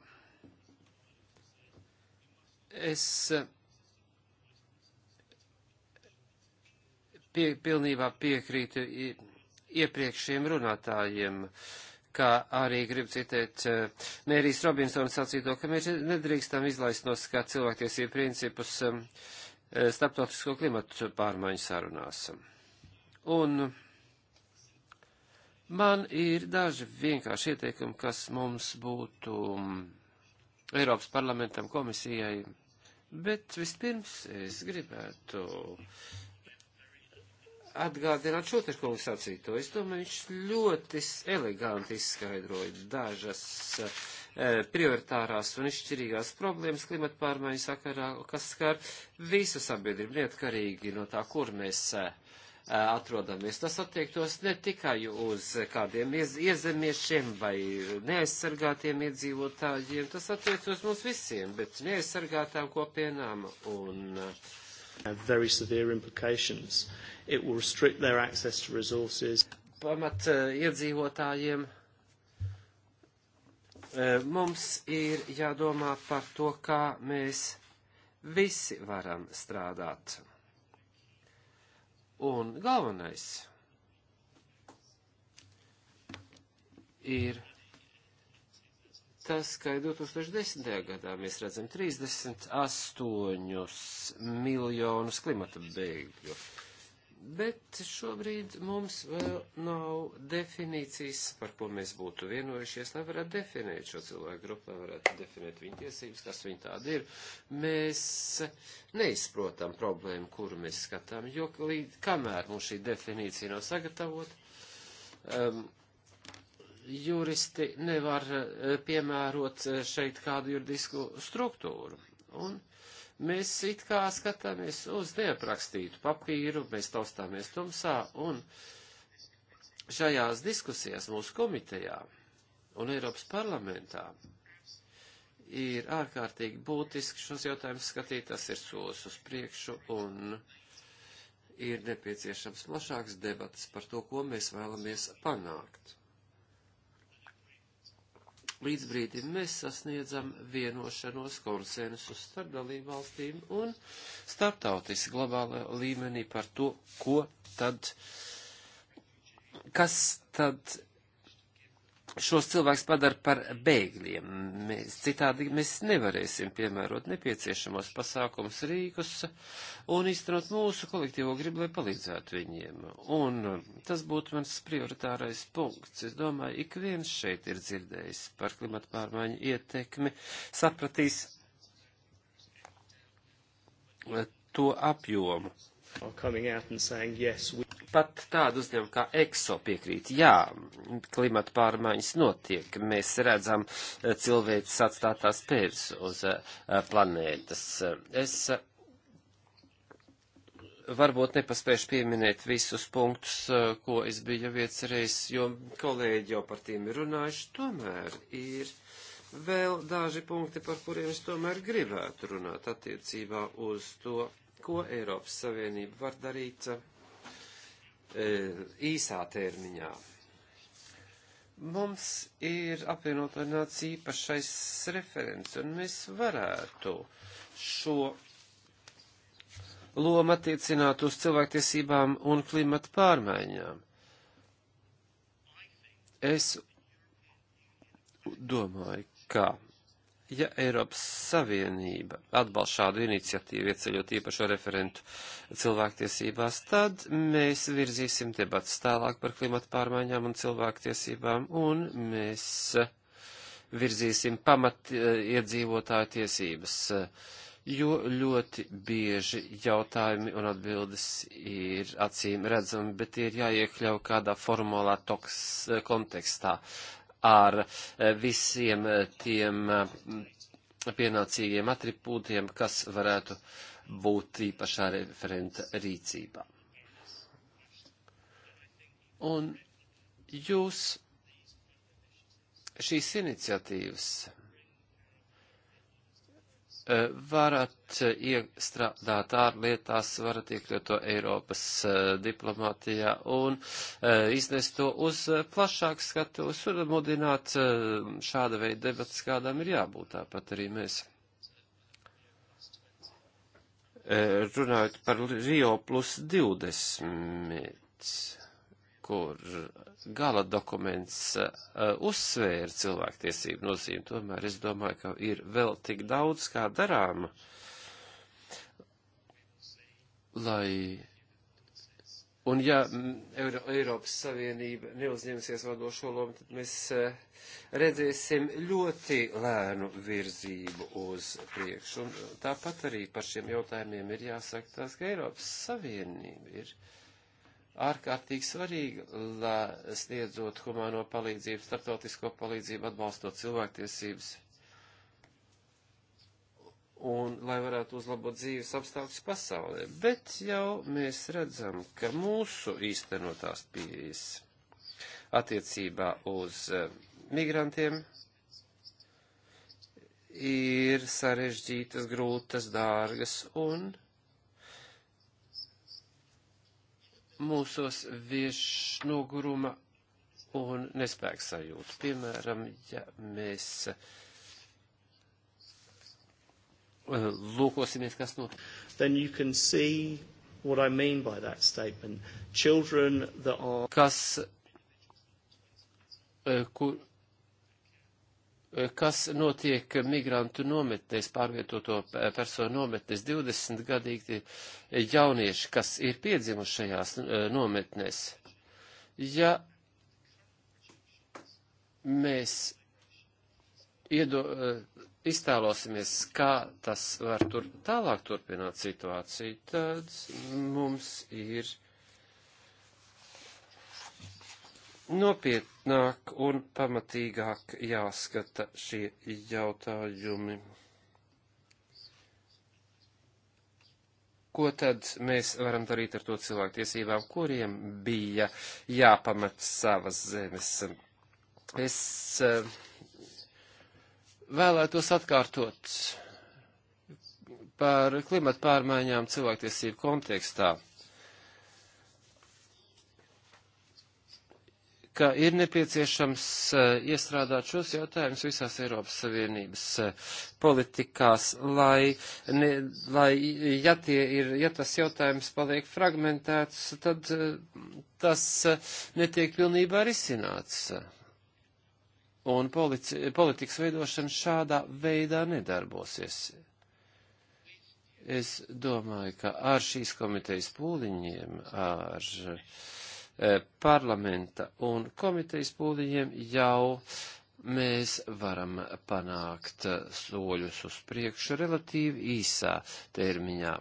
Es eh, pie, pilnībā piekrītu iepriekšējiem runātājiem, kā arī grib citēt eh, Mērijas Robinsona sacīto, ka mēs nedrīkstam izlaist no skatu cilvēktiesību principus eh, starptautisko klimatu pārmaiņu sarunās. Un man ir daži vienkārši ieteikumi, kas mums būtu mm, Eiropas parlamentam komisijai, bet vispirms es gribētu atgādināt šo te kungu sacīto. Es domāju, viņš ļoti eleganti izskaidroja dažas e, prioritārās un izšķirīgās problēmas klimata pārmaiņu sakarā, kas skar visu sabiedrību, neatkarīgi no tā, kur mēs e, e, atrodamies. Tas attiektos ne tikai uz kādiem iez, iezemiešiem vai neaizsargātiem iedzīvotājiem, tas attiektos mums visiem, bet neaizsargātām kopienām un uh, have very severe implications. It will restrict their access to resources. Pamat eh, iedzīvotājiem eh, mums ir jādomā par to, kā mēs visi varam strādāt. Un galvenais ir tas, ka 2010. gadā mēs redzam 38 miljonus klimata bēgļu. Bet šobrīd mums vēl nav definīcijas, par ko mēs būtu vienojušies, lai varētu definēt šo cilvēku grupu, lai varētu definēt viņu tiesības, kas viņi tādi ir. Mēs neizprotam problēmu, kuru mēs skatām, jo līdz kamēr mums šī definīcija nav sagatavota, um, juristi nevar eh, piemērot eh, šeit kādu juridisku struktūru. Un mēs it kā skatāmies uz neaprakstītu papīru, mēs taustāmies tumsā, un šajās diskusijās mūsu komitejā un Eiropas parlamentā ir ārkārtīgi būtiski šos jautājumus skatīt, tas ir solis uz priekšu, un ir nepieciešams plašāks debats par to, ko mēs vēlamies panākt līdz brīdim mēs sasniedzam vienošanos konsensus starp dalību valstīm un starptautiski globālā līmenī par to, ko tad, kas tad šos cilvēkus padara par bēgļiem. Mēs, citādi mēs nevarēsim piemērot nepieciešamos pasākums rīkus un iztenot mūsu kolektīvo gribu, lai palīdzētu viņiem. Un tas būtu mans prioritārais punkts. Es domāju, ik viens šeit ir dzirdējis par klimatu pārmaiņu ietekmi, sapratīs to apjomu. Saying, yes, we... Pat tādu uzņēmumu kā EXO piekrīt. Jā, klimata pārmaiņas notiek. Mēs redzam eh, cilvēces atstātās pēdas uz eh, planētas. Es eh, varbūt nepaspēšu pieminēt visus punktus, ko es biju jau iecerējis, jo kolēģi jau par tiem ir runājuši. Tomēr ir vēl daži punkti, par kuriem es tomēr gribētu runāt attiecībā uz to, ko Eiropas Savienība var darīt E, īsā termiņā. Mums ir apvienoto nāciju īpašais referents, un mēs varētu šo lomu attiecināt uz cilvēktiesībām un klimata pārmaiņām. Es domāju, ka ja Eiropas Savienība atbalsta šādu iniciatīvu, ieceļot īpašo referentu cilvēktiesībās, tad mēs virzīsim debats tālāk par klimatu pārmaiņām un cilvēktiesībām, un mēs virzīsim pamat eh, iedzīvotāju tiesības, eh, jo ļoti bieži jautājumi un atbildes ir acīm redzami, bet ir jāiekļau kādā formālā toks kontekstā ar eh, visiem eh, tiem eh, pienācīgiem atribūtiem, kas varētu būt īpašā referenta rīcībā. Un jūs šīs iniciatīvas Eh, varat eh, iestrādāt ārlietās, varat iekļūt to Eiropas eh, diplomātijā un iznest to uz plašāku skatos un mudināt šāda veida debats, kādām ir jābūt tāpat arī mēs. Runājot par Rio plus 20, kur gala dokuments uh, uzsvēra cilvēktiesību nozīmi, tomēr es domāju, ka ir vēl tik daudz kā darāma, lai. Un ja Euro Eiropas Savienība neuzņemsies vadošo lomu, tad mēs uh, redzēsim ļoti lēnu virzību uz priekšu. Un eh, tāpat arī par šiem jautājumiem ir jāsaka tās, ka Eiropas Savienība ir. Uh, ārkārtīgi svarīga, lai sniedzot humāno palīdzību, startautisko palīdzību, atbalstot cilvēktiesības. Un lai varētu uzlabot dzīves apstākļus pasaulē. Bet jau mēs redzam, ka mūsu īstenotās pieejas attiecībā uz eh, migrantiem ir sarežģītas, grūtas, dārgas un mūsos vieš noguruma un nespēks sajūta. Piemēram, ja mēs eh, lūkosimies, kas notiek. Then you can see what I mean by that statement. Children that are. Kas, eh, kur, kas notiek migrantu nometnēs, pārvietoto personu nometnēs, 20 gadīgi jaunieši, kas ir piedzimuši šajās e, nometnēs. Ja mēs iedo, e, iztēlosimies, kā tas var tur tālāk turpināt situāciju, tad mums ir nopietnāk un pamatīgāk jāskata šie jautājumi. Ko tad mēs varam darīt ar to cilvēktiesībām, kuriem bija jāpamat savas zemes? Es eh, vēlētos atkārtot par klimatu pārmaiņām cilvēktiesību kontekstā. ka ir nepieciešams eh, iestrādāt šos jautājumus visās Eiropas Savienības eh, politikās, lai, ne, lai ja, ir, ja tas jautājums paliek fragmentēts, tad eh, tas netiek pilnībā risināts. Un polici, politikas veidošana šādā veidā nedarbosies. Es domāju, ka ar šīs komitejas pūliņiem, ar uh, E, parlamenta un komitejas pūliņiem jau mēs varam panākt soļus uz priekšu relatīvi īsā termiņā.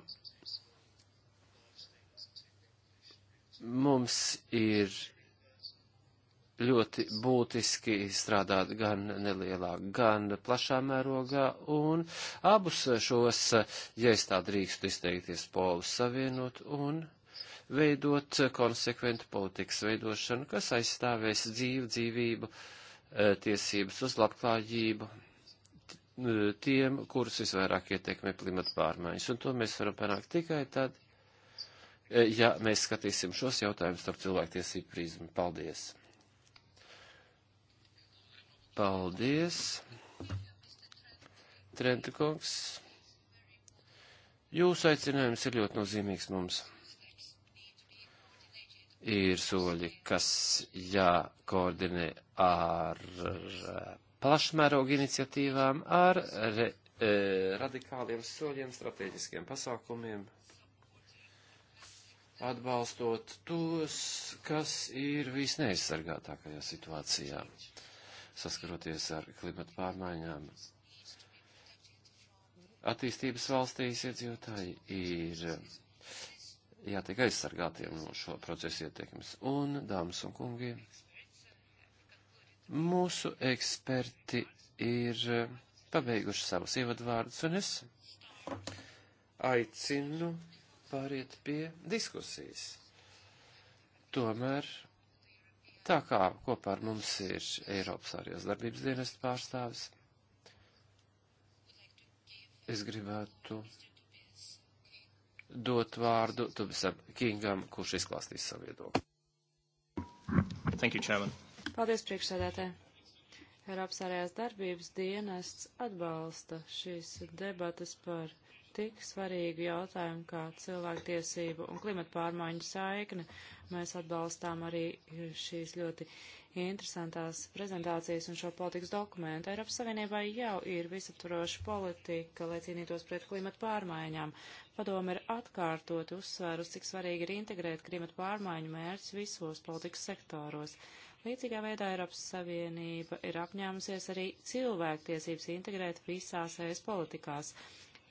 Mums ir ļoti būtiski strādāt gan nelielā, gan plašā mērogā, un abus šos, ja es tā drīkstu izteikties, polus savienot, un veidot konsekventu politikas veidošanu, kas aizstāvēs dzīvu dzīvību, eh, tiesības uz labklājību eh, tiem, kurus visvairāk ietekmē klimata pārmaiņas. Un to mēs varam panākt tikai tad, eh, ja mēs skatīsim šos jautājumus starp cilvēktiesību prizmu. Paldies! Paldies! Trenta kungs, jūsu aicinājums ir ļoti nozīmīgs mums ir soļi, kas jākoordinē ar eh, plašmērogu iniciatīvām, ar re, e, radikāliem soļiem, strateģiskiem pasākumiem, atbalstot tos, kas ir visneaizsargātākajā situācijā, saskaroties ar klimatu pārmaiņām. Attīstības valstīs iedzīvotāji ir jātiek aizsargātiem no šo procesu ietekmes. Un, dāmas un kungi, mūsu eksperti ir pabeiguši savus ievadvārdus, un es aicinu pāriet pie diskusijas. Tomēr, tā kā kopā ar mums ir Eiropas ārējās darbības dienesta pārstāvis, es gribētu dot vārdu Tubisam Kingam, kurš izklāstīs savu viedokli. Thank you, Chairman. Paldies, priekšsēdētāji. Eiropas ārējās darbības dienests atbalsta šīs debatas par tik svarīgu jautājumu kā cilvēktiesību un klimata pārmaiņu saikne. Mēs atbalstām arī šīs ļoti interesantās prezentācijas un šo politikas dokumentu. Eiropas Savienībai jau ir visaptvaroša politika, lai cīnītos pret klimata pārmaiņām. Padoma ir atkārtot uzsvērus, cik svarīgi ir integrēt klimata pārmaiņu mērķus visos politikas sektoros. Līdzīgā veidā Eiropas Savienība ir apņēmusies arī cilvēktiesības integrēt visās ES politikās.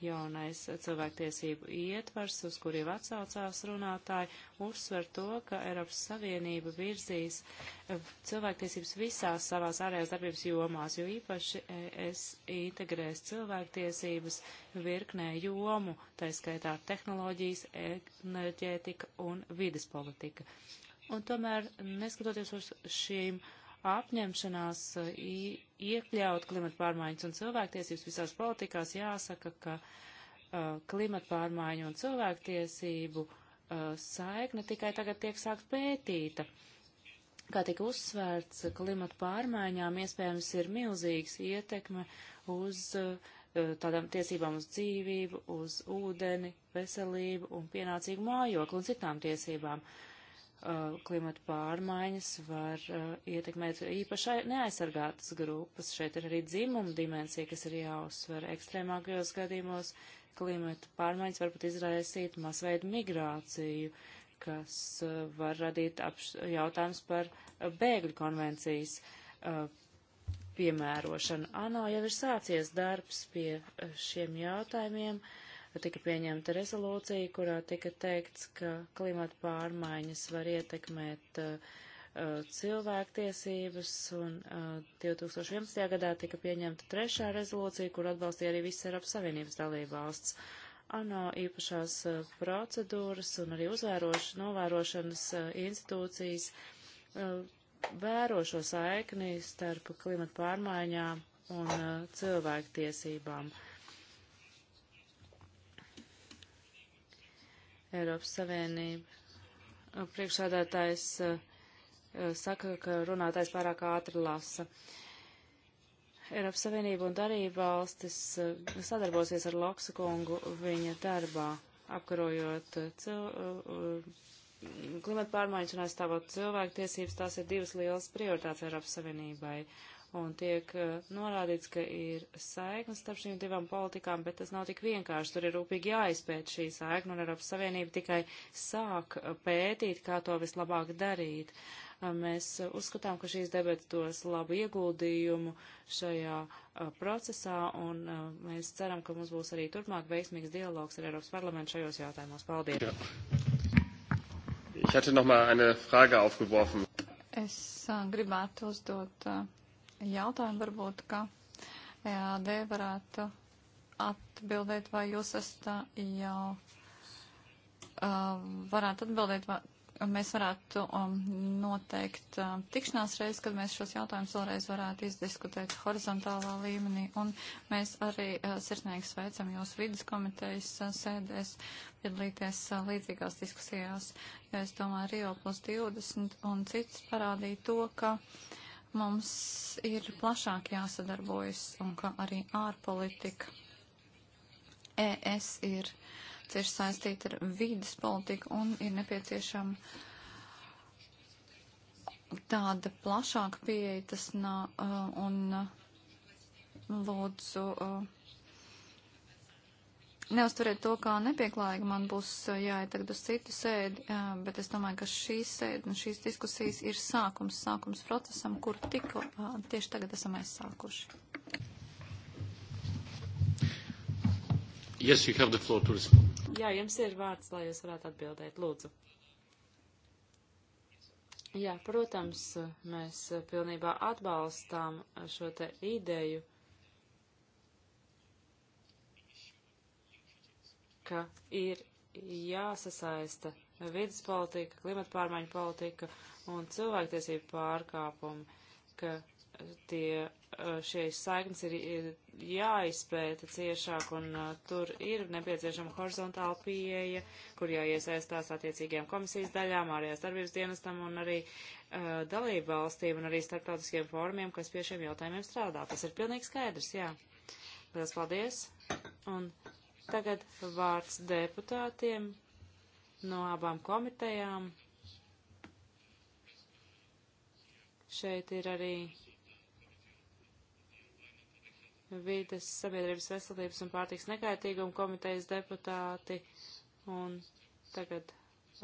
Jaunais cilvēktiesību ietvars, uz kuriem atsaucās runātāji, uzsver to, ka Eiropas Savienība virzīs eh, cilvēktiesības visās savās ārējās darbības jomās, jo īpaši eh, es integrēs cilvēktiesības virknē jomu, tā skaitā tehnoloģijas, enerģētika un vides politika. Un tomēr, neskatoties uz šīm apņemšanās, iekļaut klimata pārmaiņas un cilvēktiesības visās politikās, jāsaka, ka uh, klimata pārmaiņu un cilvēktiesību uh, saikne tikai tagad tiek sākt pētīta. Kā tika uzsvērts, klimata pārmaiņām iespējams ir milzīgs ietekme uz uh, tādām tiesībām uz dzīvību, uz ūdeni, veselību un pienācīgu mājokli un citām tiesībām. Uh, Uh, klimata pārmaiņas var uh, ietekmēt īpaši neaizsargātas grupas. Šeit ir arī dzimuma dimensija, kas ir jāuzsver ekstrēmākajos gadījumos. Klimata pārmaiņas var pat izraisīt masveidu migrāciju, kas uh, var radīt jautājums par bēgļu konvencijas piemērošanu. ANO jau ir sācies darbs pie šiem jautājumiem. Uh, tika pieņemta rezolūcija, kurā tika teikts, ka klimata pārmaiņas var ietekmēt uh, uh cilvēktiesības, un uh, 2011. gadā tika pieņemta trešā rezolūcija, kur atbalstīja arī visas Eiropas Savienības dalībvalsts. ANO īpašās uh, procedūras un arī uzvēroš, novērošanas uh, institūcijas uh, vēro šo saikni starp klimata pārmaiņām un cilvēktiesībām. tiesībām Eiropas Savienība. Priekšsādātājs eh, saka, ka runātājs pārāk ātri lasa. Eiropas Savienība un darība valstis eh, sadarbosies ar Loksakungu viņa darbā, apkarojot eh, klimata pārmaiņas un aizstāvot cilvēku tiesības. Tās ir divas lielas prioritātes Eiropas Savienībai. Uh, un tiek uh, norādīts, ka ir saiknes starp šīm divām politikām, bet tas nav tik vienkārši. Tur ir rūpīgi jāizpēt šī saikna, un Eiropas Savienība tikai sāk eh, pētīt, kā to vislabāk darīt. Uh, mēs uh, uzskatām, ka šīs debatas dos labu ieguldījumu šajā procesā, un mēs ceram, ka mums būs arī turpmāk veiksmīgs dialogs ar Eiropas parlamentu šajos jautājumos. Paldies! Ich hatte noch mal eine Frage aufgeworfen. Es äh, gribētu uzdot äh, jautājumu varbūt, ka EAD varētu atbildēt, vai jūs esat jau uh, varētu atbildēt, vai mēs varētu um, noteikt um, tikšanās reizi, kad mēs šos jautājumus vēlreiz varētu izdiskutēt horizontālā līmenī. Un mēs arī uh, sirsnīgi sveicam jūs vidas komitejas uh, sēdēs piedalīties uh, līdzīgās diskusijās, jo es domāju, Rio plus 20 un cits parādīja to, ka uh, mums ir plašāk jāsadarbojas un ka arī ārpolitika ES ir cieši saistīta ar vīdas politiku un ir nepieciešama tāda plašāka pieeja, tas nā, uh, un uh, lūdzu. Uh, neuzturiet to kā nepieklājīgi, man būs jāiet tagad uz citu sēdi, bet es domāju, ka šīs sēdi un šīs diskusijas ir sākums, sākums procesam, kur tikko tieši tagad esam aizsākuši. Yes, you have the floor to respond. Jā, jums ir vārds, lai jūs varētu atbildēt. Lūdzu. Jā, protams, mēs pilnībā atbalstām šo te ideju ka ir jāsasaista vidas politika, klimata pārmaiņu politika un cilvēktiesību pārkāpumi, ka tie, šie saiknes ir jāizpēta ciešāk un tur ir nepieciešama horizontāla pieeja, kur jāiesaistās attiecīgajām komisijas daļām, ārējās darbības dienestam un arī uh, dalību valstīm un arī starptautiskiem fórumiem, kas pie šiem jautājumiem strādā. Tas ir pilnīgi skaidrs, jā. Liels paldies! Un Tagad vārds deputātiem no abām komitejām. Šeit ir arī vides sabiedrības veselības un pārtiks nekaitīguma komitejas deputāti. Un tagad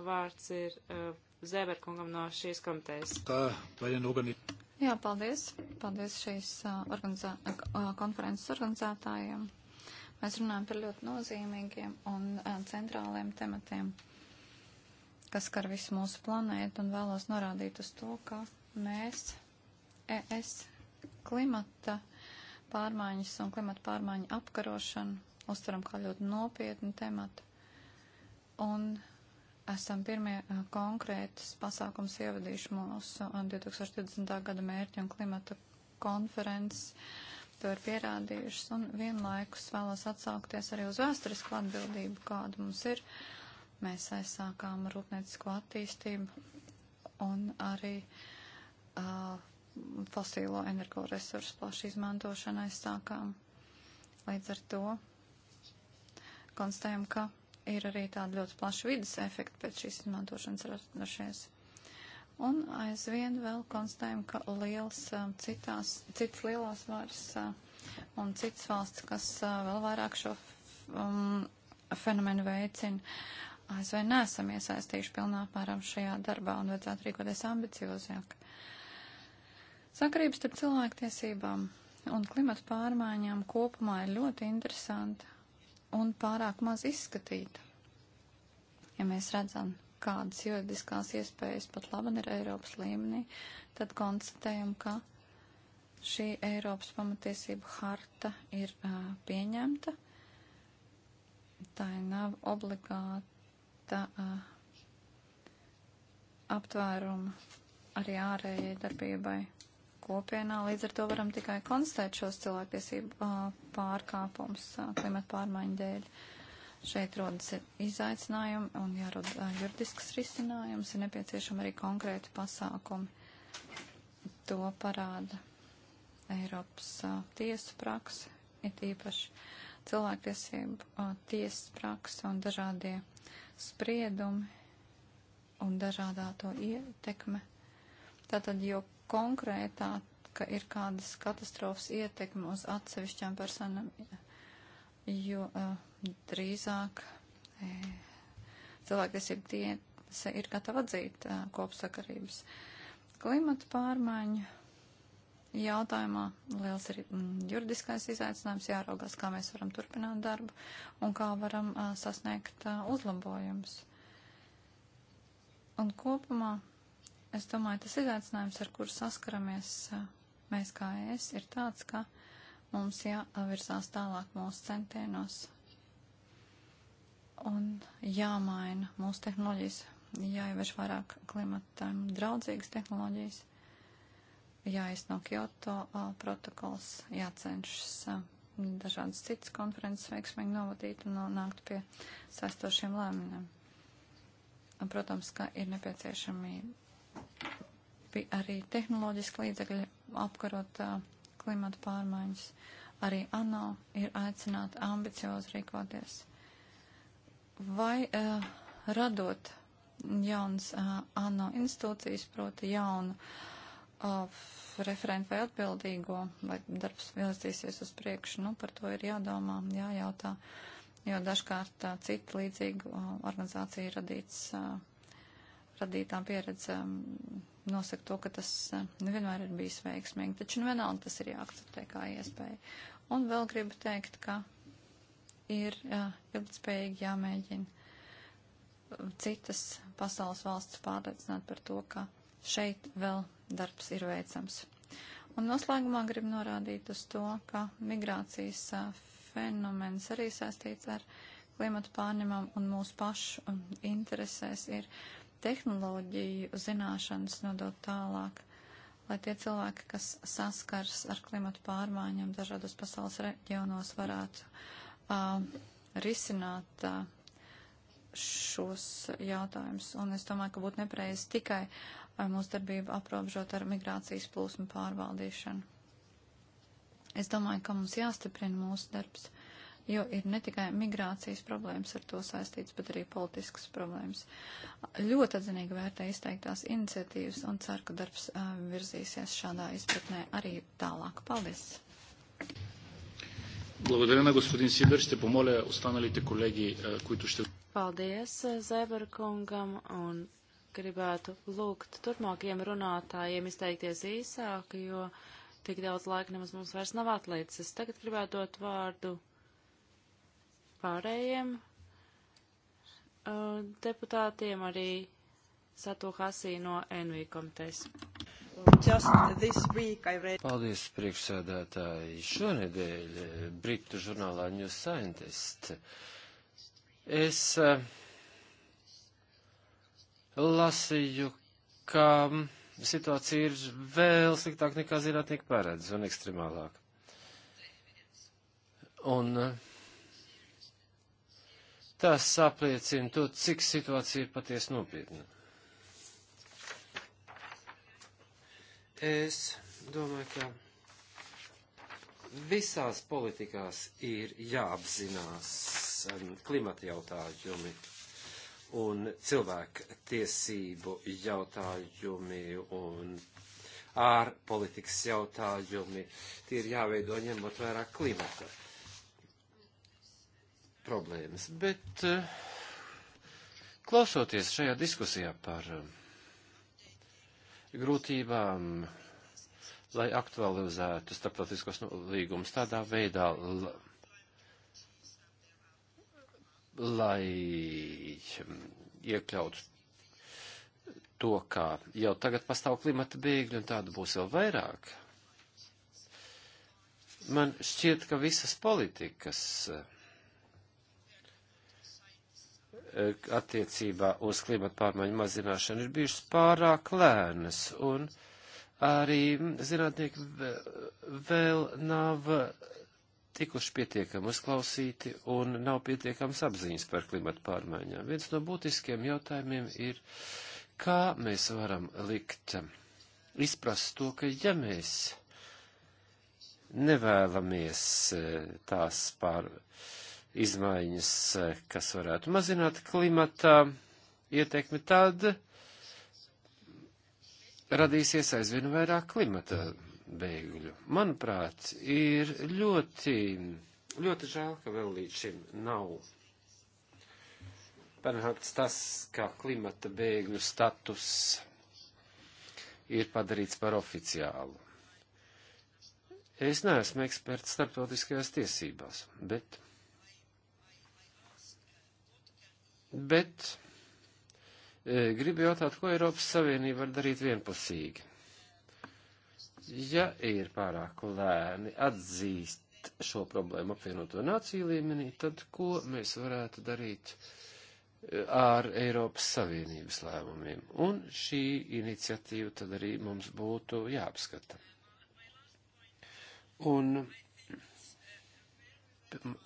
vārds ir uh, Zēberkungam no šīs komitejas. Tā, vai ir noganīt? Jā, paldies. Paldies šīs uh, organizā, uh, konferences organizētājiem. Mēs runājam par ļoti nozīmīgiem un eh, centrāliem tematiem, kas skar visu mūsu planētu un vēlos norādīt uz to, ka mēs ES klimata pārmaiņas un klimata pārmaiņu apkarošanu uztveram kā ļoti nopietnu tematu un esam pirmie eh, konkrētas pasākums ievadījuši mūsu 2020. Eh, gada mērķi un klimata konferences to ir pierādījušas, un vienlaikus vēlos atsaukties arī uz vēsturisku atbildību, kāda mums ir. Mēs aizsākām rūpniecisko attīstību un arī uh, fosīlo energoresursu plašu izmantošanu aizsākām. Līdz ar to konstatējam, ka ir arī tāda ļoti plaša vidas efekta pēc šīs izmantošanas radušies. Ar Un aizvien vēl konstatējam, ka liels, um, citās, citas lielās varas um, un citas valsts, kas uh, vēl vairāk šo um, fenomenu veicina, ASV nesam iesaistījuši pilnā apmēram šajā darbā un vajadzētu rīkoties ambiciozāk. Sakarības starp cilvēktiesībām un klimatu pārmaiņām kopumā ir ļoti interesanta un pārāk maz izskatīta. Ja mēs redzam kādas juridiskās iespējas pat laban ir Eiropas līmenī, tad konstatējam, ka šī Eiropas pamatiesību harta ir uh, pieņemta. Tā nav obligāta uh, aptvēruma arī ārējai darbībai kopienā. Līdz ar to varam tikai konstatēt šos cilvēktiesību uh, pārkāpumus uh, klimata pārmaiņu dēļ. Uh, Šeit rodas izaicinājumi un jārod juridisks risinājums, ir nepieciešama arī konkrēti pasākumi. To parāda Eiropas uh, tiesu praksa, it īpaši cilvēktiesību uh, tiesas praksa un dažādie spriedumi un dažādā to ietekme. Tātad, jo konkrētāk ka ir kādas katastrofas ietekme uz atsevišķām personām, jo uh, drīzāk e, cilvēki, kas ir tie, kas ir gatavi atzīt e, kopsakarības. Klimata pārmaiņu jautājumā liels ir mm, juridiskais izaicinājums, jāraugās, kā mēs varam turpināt darbu un kā varam a, e, sasniegt a, uzlabojums. Un kopumā, es domāju, tas izaicinājums, ar kur saskaramies a, mēs kā es, ir tāds, ka mums jāvirzās tālāk mūsu centienos un jāmaina mūsu tehnoloģijas, jāievērš vairāk klimatam draudzīgas tehnoloģijas, jāizno Kyoto uh, protokols, jācenšas uh, dažādas citas konferences veiksmīgi novadīt un nonākt pie saistošiem lēmumiem. Protams, ka ir nepieciešami arī tehnoloģiski līdzekļi apkarot uh, klimata pārmaiņas. Arī ANO ir aicināta ambiciozi rīkoties. Vai uh, radot jaunas uh, ANO institūcijas, proti jaunu uh, referentu vai atbildīgo, vai darbs vilstīsies uz priekšu, nu par to ir jādomā, jājautā, jo dažkārt uh, cita līdzīga uh, organizācija radīts, uh, radītā pieredze um, nosaka to, ka tas uh, nevienmēr ir bijis veiksmīgi, taču nu vienalga tas ir jāakceptē kā iespēja. Un vēl gribu teikt, ka ir jā, ilgtspējīgi jāmēģina citas pasaules valsts pārliecināt par to, ka šeit vēl darbs ir veicams. Un noslēgumā gribu norādīt uz to, ka migrācijas a, fenomens arī saistīts ar klimatu pārņemam un mūsu pašu un interesēs ir tehnoloģiju zināšanas nodot tālāk lai tie cilvēki, kas saskars ar klimatu pārmaiņām dažādos pasaules reģionos, varētu uh, risināt uh, šos jautājumus. Un es domāju, ka būtu nepreiz tikai ar mūsu darbību aprobežot ar migrācijas plūsmu pārvaldīšanu. Es domāju, ka mums jāstiprina mūsu darbs, jo ir ne tikai migrācijas problēmas ar to saistīts, bet arī politiskas problēmas. Ļoti atzinīgi vērtē izteiktās iniciatīvas un ceru, ka darbs uh, virzīsies šādā izpratnē arī tālāk. Paldies! Благодаря на господин Сибир. Ще помоля останалите колеги, които ще... Paldies Zēberkungam un gribētu lūgt turpmākajiem runātājiem izteikties īsāk, jo tik daudz laika nemaz mums vairs nav atlicis. Tagad gribētu dot vārdu pārējiem uh, deputātiem arī Satu Hasī no NV komitejas. Read... Paldies, priekšsēdētāji. Šonedēļ eh, Britu žurnālā New Scientist es eh, lasīju, ka mm, situācija ir vēl sliktāk nekā zinātnieki paredz un ekstremālāk. Un eh, tas apliecina to, cik situācija ir patiesi nopietna. Es domāju, ka visās politikās ir jāapzinās um, klimata jautājumi un cilvēku tiesību jautājumi un ārpolitikas jautājumi. Tie ir jāveido ņemot vērā klimata problēmas. Bet uh, klausoties šajā diskusijā par um, grūtībām, lai aktualizētu starptautiskos nu, līgumus tādā veidā, lai hm, iekļautu to, kā jau tagad pastāv klimata bēgļi, un tādu būs vēl vairāk. Man šķiet, ka visas politikas uh, E, attiecībā uz klimatu pārmaiņu mazināšanu ir bijušas pārāk lēnas, un arī zinātnieki vēl nav tikuši pietiekami uzklausīti un nav pietiekams apziņas par klimatu pārmaiņām. Viens no būtiskiem jautājumiem ir, kā mēs varam likt izprast to, ka ja mēs nevēlamies e, tās pārmaiņas, izmaiņas, eh, kas varētu mazināt klimata ietekmi, tad radīsies aizvien vairāk klimata bēgļu. Manuprāt, ir ļoti, ļoti žēl, ka vēl līdz šim nav panākts tas, ka klimata bēgļu status ir padarīts par oficiālu. Es neesmu eksperts starptautiskajās tiesībās, bet bet e, gribu jautāt, ko Eiropas Savienība var darīt vienpusīgi. Ja ir pārāk lēni atzīst šo problēmu apvienoto nāciju līmenī, tad ko mēs varētu darīt e, ar Eiropas Savienības lēmumiem? Un šī iniciatīva tad arī mums būtu jāapskata. Un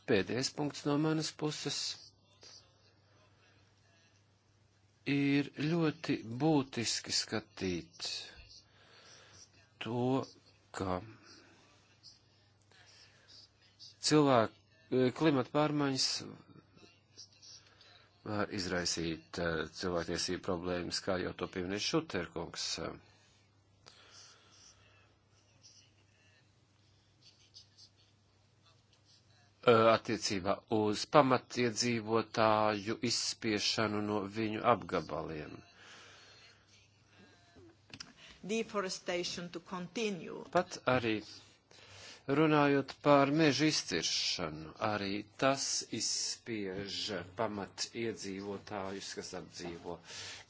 pēdējais punkts no manas puses ir ļoti būtiski skatīt to, ka cilvēku eh, klimata pārmaiņas var izraisīt eh, cilvēktiesību problēmas, kā jau to pieminēja Šuterkungs. Uh, Uh, attiecībā uz pamatiedzīvotāju izspiešanu no viņu apgabaliem. Pat arī runājot par mežu izciršanu, arī tas izspiež pamatiedzīvotājus, kas apdzīvo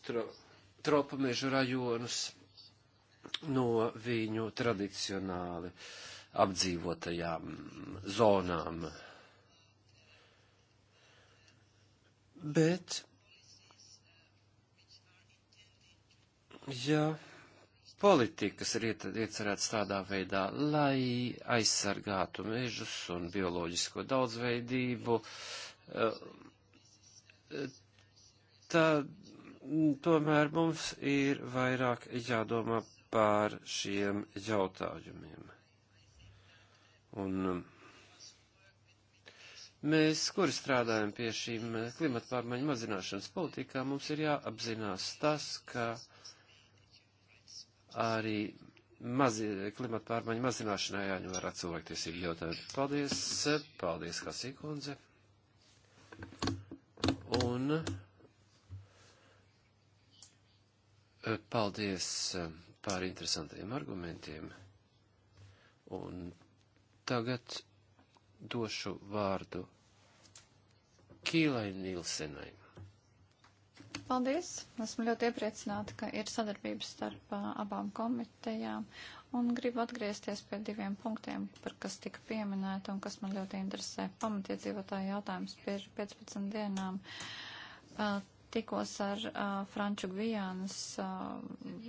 tro, tropu mežu rajonus no viņu tradicionāli uh, apdzīvotajām zonām. Bet, ja politikas ir iecerētas tādā veidā, lai aizsargātu mežus un bioloģisko daudzveidību, tad tomēr mums ir vairāk jādomā pār šiem jautājumiem. Un um, mēs, kuri strādājam pie šīm uh, klimata pārmaiņu mazināšanas politikām, mums ir jāapzinās tas, ka arī mazi, klimata pārmaiņu mazināšanā jāņem vērā cilvēktiesību jautājumi. Paldies, uh, paldies, Kasīkundze. Un uh, paldies par interesantajiem argumentiem un Tagad došu vārdu Kīlai Nilsenai. Paldies! Esmu ļoti iepriecināta, ka ir sadarbības starp uh, abām komitejām un gribu atgriezties pie diviem punktiem, par kas tika pieminēta un kas man ļoti interesē. Pamatiedzīvotāja jautājums pēc 15 dienām. Uh, tikos ar uh, Franču Gvijānas uh,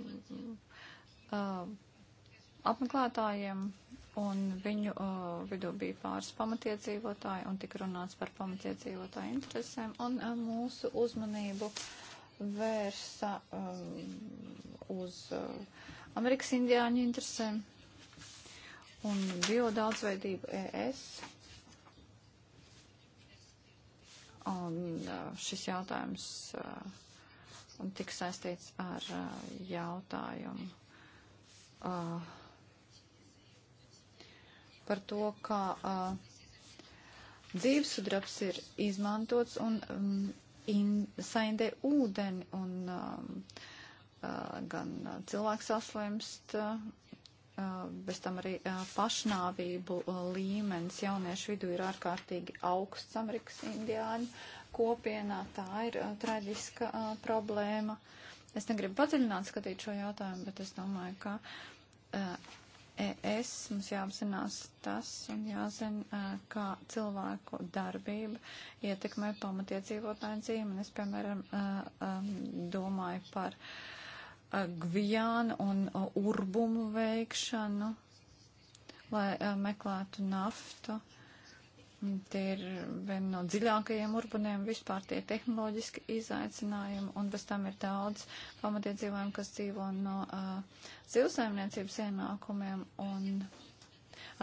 uh, apmeklētājiem, un viņu uh, vidū bija pāris pamatiedzīvotāji, un tika runāts par pamatiedzīvotāju interesēm, un uh, mūsu uzmanību vērsa um, uz uh, Amerikas indiāņu interesēm un biodaudzveidību ES. Un uh, šis jautājums uh, un tik saistīts ar uh, jautājumu. Uh, par to, kā dzīvesudraps ir izmantots un um, in, saindē ūdeni un um, uh, gan cilvēks saslimst, uh, bez tam arī uh, pašnāvību līmenis jauniešu vidū ir ārkārtīgi augsts Amerikas indiāņu kopienā. Tā ir uh, traģiska uh, problēma. Es negribu padziļināt skatīt šo jautājumu, bet es domāju, ka uh, ES mums jāapzinās tas un jāzina, kā cilvēku darbība ietekmē pamatiedzīvotāju dzīvi. Un es, piemēram, domāju par Gvijānu un urbumu veikšanu, lai meklētu naftu. Uh, Tie ir viena no dziļākajiem urbaniem, vispār tie tehnoloģiski izaicinājumi, un bez tam ir daudz pamatiedzīvojumu, kas dzīvo no uh, zivsaimniecības ienākumiem, un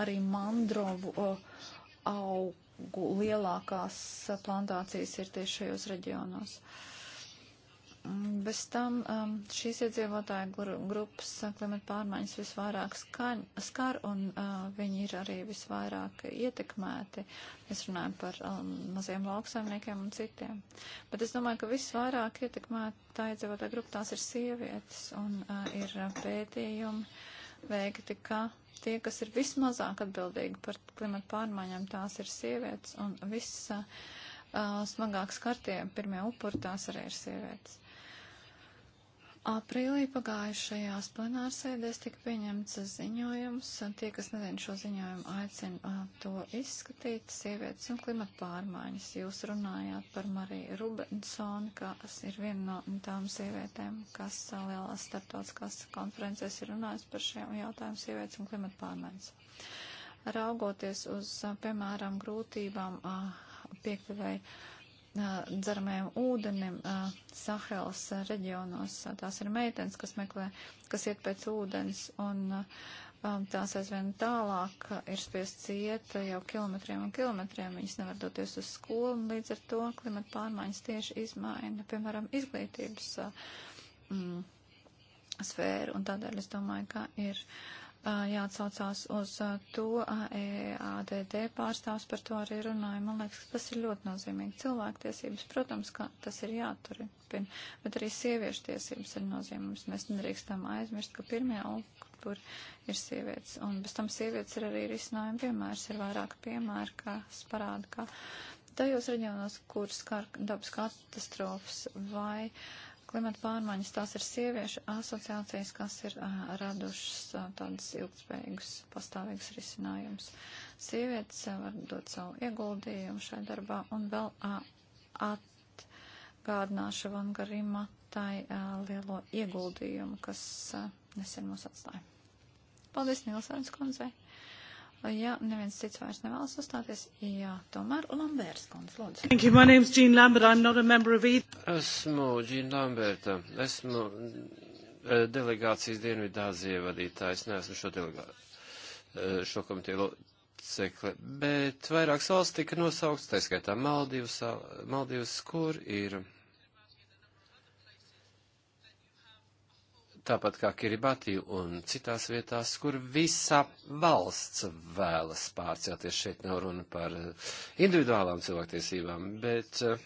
arī mandrovu uh, augu lielākās plantācijas ir tieši šajos reģionos. Uh, Mm, bez tam um, šīs iedzīvotāja grupas uh, klimata pārmaiņas visvairāk skaņ, skar un uh, viņi ir arī visvairāk ietekmēti. Mēs runājam par um, maziem lauksaimniekiem un citiem. Bet es domāju, ka visvairāk ietekmēta iedzīvotāja grupa tās ir sievietes un uh, ir uh, pētījumi veikti, ka tie, kas ir vismazāk atbildīgi par klimata pārmaiņām, tās ir sievietes un viss. Uh, uh smagāk skartie pirmie upuri tās arī ir sievietes. Aprīlī pagājušajās plenārsēdēs tika pieņemts ziņojums. Tie, kas nezin šo ziņojumu, aicina to izskatīt. Sievietes un klimata pārmaiņas. Jūs runājāt par Mariju Rubensoni, kas ir viena no tām sievietēm, kas lielās starptautiskās konferencēs ir runājusi par šiem jautājumiem sievietes un klimata pārmaiņas. Raugoties uz, piemēram, grūtībām piekļuvēju dzeramajam ūdenim Sahels reģionos. Tās ir meitenes, kas meklē, kas iet pēc ūdens, un tās aizvien tālāk ir spiestas iet jau kilometriem un kilometriem. Viņas nevar doties uz skolu, un līdz ar to klimata pārmaiņas tieši izmaina, piemēram, izglītības mm, sfēru, un tādēļ es domāju, ka ir. Uh, jāatsaucās uz to, e ADD pārstāvs par to arī runāja. Man liekas, tas ir ļoti nozīmīgi. Cilvēktiesības, protams, ka tas ir jāturpina, bet arī sieviešu tiesības ir nozīmīgas. Mēs nedrīkstam aizmirst, ka pirmie upuri ir sievietes, un bez tam sievietes ir arī risinājumi piemērs, ir vairāk piemēri, kas parāda, ka tajos reģionos, kur skar dabas katastrofas vai uh, Klimata pārmaiņas tās ir sieviešu asociācijas, kas ir uh, radušas uh, tādas ilgspējīgas, pastāvīgas risinājumus. Sievietes uh, var dot savu ieguldījumu šai darbā un vēl uh, atgādināšu Vangarima tai uh, lielo ieguldījumu, kas uh, nesen mūs atstāja. Paldies Nilsēnas kundzei! Ja neviens cits vairs nevēlas uzstāties, jā, tomēr Lambērs kundze, lūdzu. Thank you, my name's Jean Lambert, I'm not a member of either. Esmu Jean Lamberta, esmu eh, delegācijas Dienvidāzija vadītājs, neesmu šo delegā, eh, šo komiteju locekle, bet vairākas valsts tika nosauktas, tā skaitā Maldivas, Maldivas, kur ir tāpat kā Kiribati un citās vietās, kur visa valsts vēlas pārcelties. Šeit nav runa par eh, individuālām cilvēktiesībām, bet eh,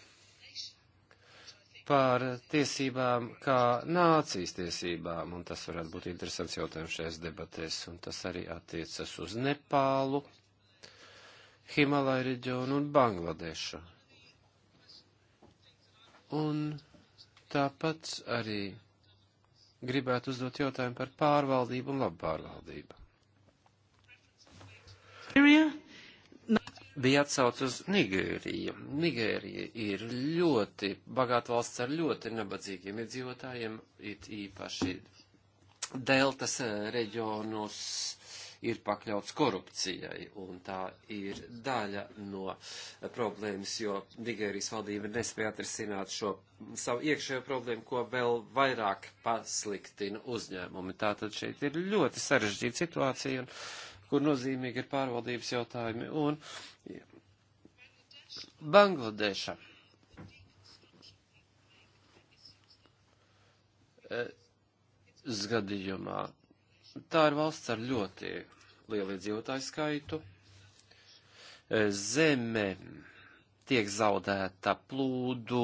par tiesībām kā nācijas tiesībām, un tas varētu būt interesants jautājums šajās debatēs, un tas arī attiecas uz Nepālu, Himalai reģionu un Bangladešu. Un tāpat arī gribētu uzdot jautājumu par pārvaldību un labu pārvaldību. Bija atsauc uz Nigēriju. Nigērija ir ļoti bagāta valsts ar ļoti nabadzīgiem iedzīvotājiem, it īpaši deltas eh, reģionos ir pakļauts korupcijai, un tā ir daļa no problēmas, jo Nigērijas valdība nespēja atrisināt šo savu iekšējo problēmu, ko vēl vairāk pasliktina uzņēmumi. Tātad šeit ir ļoti sarežģīta situācija, un, kur nozīmīgi ir pārvaldības jautājumi. Un Bangladeša. Eh, gadījumā. Tā ir valsts ar ļoti lielu iedzīvotāju skaitu. E, Zeme tiek zaudēta plūdu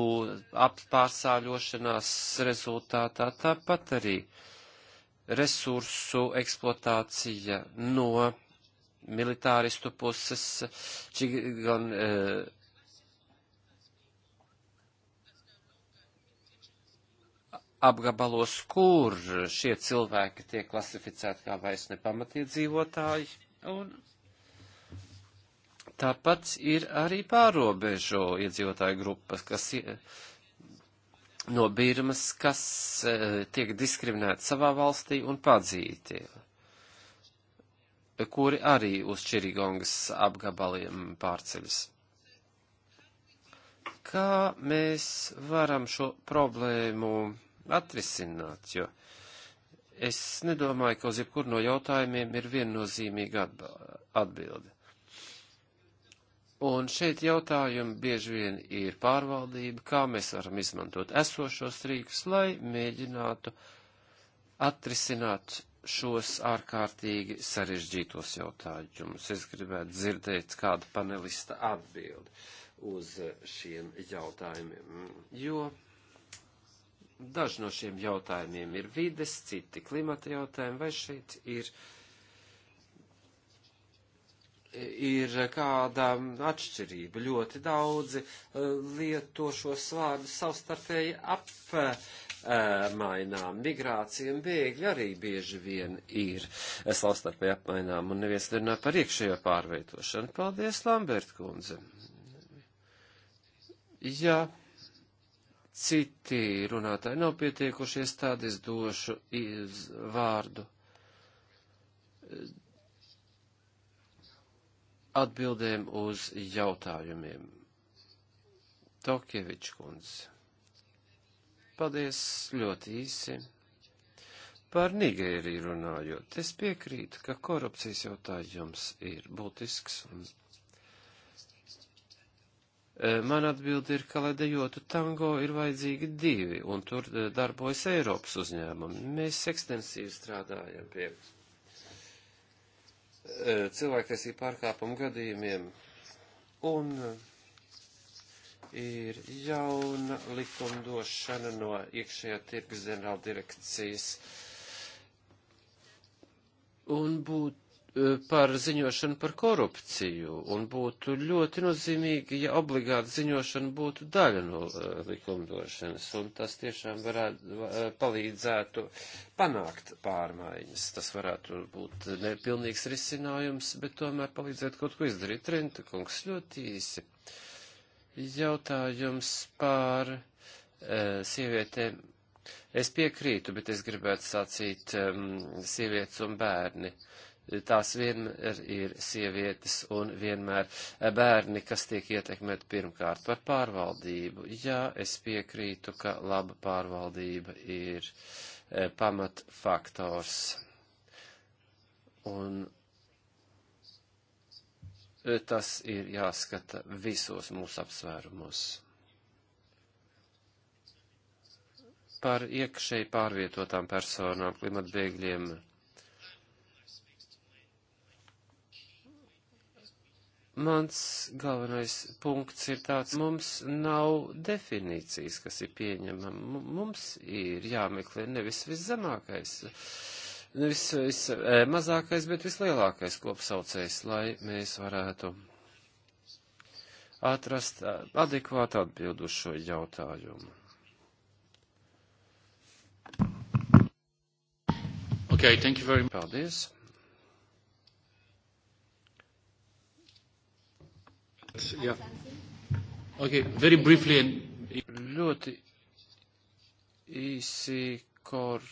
apārsāļošanās rezultātā, tāpat arī resursu eksploatācija no militāristu puses, Čigan e, apgabalos, kur šie cilvēki tiek klasificēti kā vairs nepamatiedzīvotāji. Un tāpat ir arī pārobežu iedzīvotāju grupas, kas no Birmas, kas e, tiek diskriminēti savā valstī un padzīti kuri arī uz Čirigongas apgabaliem pārceļas kā mēs varam šo problēmu atrisināt, jo es nedomāju, ka uz jebkuru no jautājumiem ir viennozīmīga atbilde. Un šeit jautājumi bieži vien ir pārvaldība, kā mēs varam izmantot esošos rīkus, lai mēģinātu atrisināt šos ārkārtīgi sarežģītos jautājumus. Es gribētu dzirdēt kādu panelista atbildi uz šiem jautājumiem, jo Daži no šiem jautājumiem ir vides, citi klimata jautājumi, vai šeit ir, ir kāda atšķirība. Ļoti daudzi uh, lieto šos vārdus savstarpēji apmainām. Migrācija un bēgļi arī bieži vien ir savstarpēji apmainām, un neviens nerunā par iekšējo pārveidošanu. Paldies, Lambert kundze! Jā. Ja citi runātāji nav pietiekušies, tad es došu vārdu atbildēm uz jautājumiem. Tokievičs kundze. Paldies ļoti īsi. Par Nigēriju runājot, es piekrītu, ka korupcijas jautājums ir būtisks un Eh, man atbildi ir, ka, lai dejotu tango, ir vajadzīgi divi, un tur eh, darbojas Eiropas uzņēmumi. Mēs ekstensīvi strādājam pie eh, cilvēktiesību pārkāpumu gadījumiem, un ir jauna likumdošana no iekšējā tirgus ģenerāla direkcijas, un būtu Eh, par ziņošanu par korupciju, un būtu ļoti nozīmīgi, ja obligāti ziņošana būtu daļa no eh, likumdošanas, un tas tiešām varētu eh, palīdzētu panākt pārmaiņas. Tas varētu būt nepilnīgs risinājums, bet tomēr palīdzētu kaut ko izdarīt. Trenta kungs ļoti īsi. Jautājums par sievietēm. Es piekrītu, bet es gribētu sacīt um, sievietes un bērni. Uh, tās vienmēr ir sievietes un vienmēr bērni, kas tiek ietekmēti pirmkārt par pārvaldību. Jā, es piekrītu, ka laba pārvaldība ir eh, pamatfaktors. Un eh, tas ir jāskata visos mūsu apsvērumos. Par iekšēji pārvietotām personām, klimatbēgļiem Mans galvenais punkts ir tāds, mums nav definīcijas, kas ir pieņemama. Mums ir jāmeklē nevis viszemākais, nevis vismazākais, e, bet vislielākais kopsaucējs, lai mēs varētu atrast e, adekvātu atbildu šo jautājumu. Okay, thank you very much. Paldies. Yeah. Okay, very briefly and... Ļoti īsi, kor.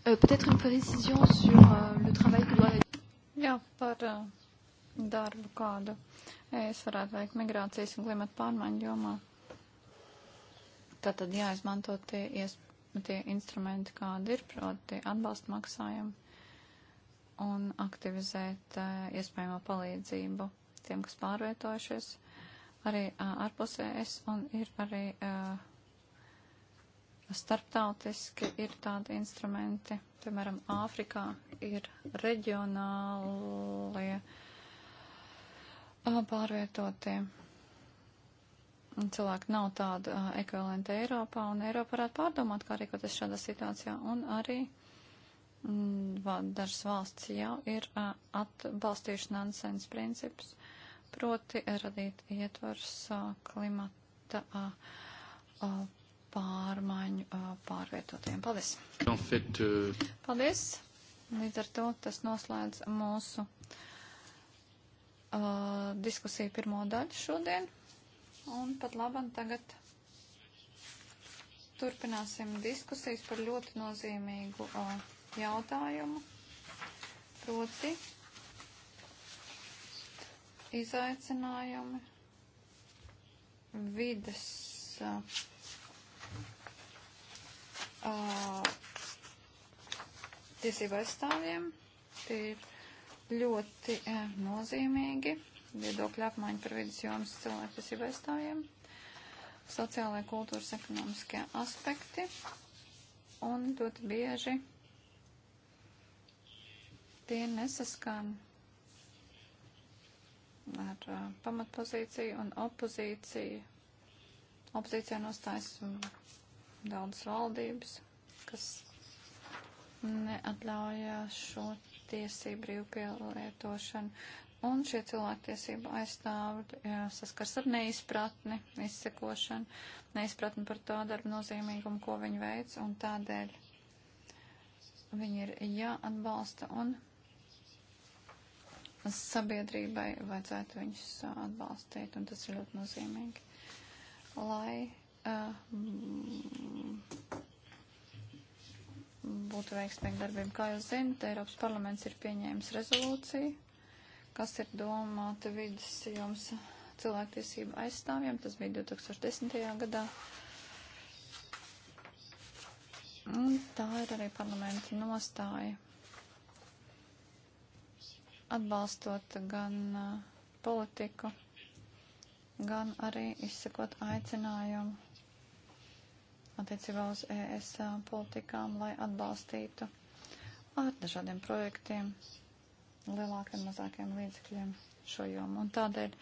Uh, Peut-être une précision sur euh, le travail que doit... Jā, par uh, darbu kādu es varētu veikt migrācijas un klimata pārmaiņu jomā. Tātad jāizmanto tie, ies, tie instrumenti, kādi ir, proti atbalsta maksājumi un aktivizēt iespējamo palīdzību tiem, kas pārvietojušies arī ārpusē es un ir arī starptautiski ir tādi instrumenti, piemēram, Āfrikā ir reģionālie pārvietotie. Un cilvēki nav tāda ekvivalenta Eiropā, un Eiropa varētu pārdomāt, kā rīkoties šādā situācijā, un arī uh, Mm, dažas valsts jau ir atbalstījuši Nansens principus, proti radīt ietvars klimata pārmaiņu pārvietotiem. Paldies! Euh, Paldies! Līdz ar to tas noslēdz mūsu uh, diskusiju pirmo daļu šodien. Un pat labam tagad turpināsim diskusijas par ļoti nozīmīgu. Uh, jautājumu, proti izaicinājumi vides uh, tiesību aizstāvjiem. Tie ir ļoti uh, nozīmīgi viedokļa apmaiņa par vidas jomas cilvēktiesību aizstāvjiem, sociālajie kultūras ekonomiskie aspekti un ļoti bieži tie nesaskan ar uh, pamatpozīciju un opozīciju. Opozīcijā nostājas daudz valdības, kas neatļauj šo tiesību brīvu pielietošanu. Un šie cilvēktiesību aizstāvi saskars ar neizpratni, izsekošanu, neizpratni par to darbu nozīmīgumu, ko viņi veic, un tādēļ viņi ir jāatbalsta un sabiedrībai vajadzētu viņus atbalstīt, un tas ir ļoti nozīmīgi, lai uh, būtu veiksmīga darbība. Kā jūs zinat, Eiropas parlaments ir pieņēmis rezolūciju, kas ir domāta vidas jums cilvēktiesību aizstāvjiem. Tas bija 2010. gadā. Un tā ir arī parlamenta nostāja atbalstot gan politiku, gan arī izsakot aicinājumu attiecībā uz ES politikām, lai atbalstītu ar dažādiem projektiem, lielākiem, mazākiem līdzekļiem šo jomu. Un tādēļ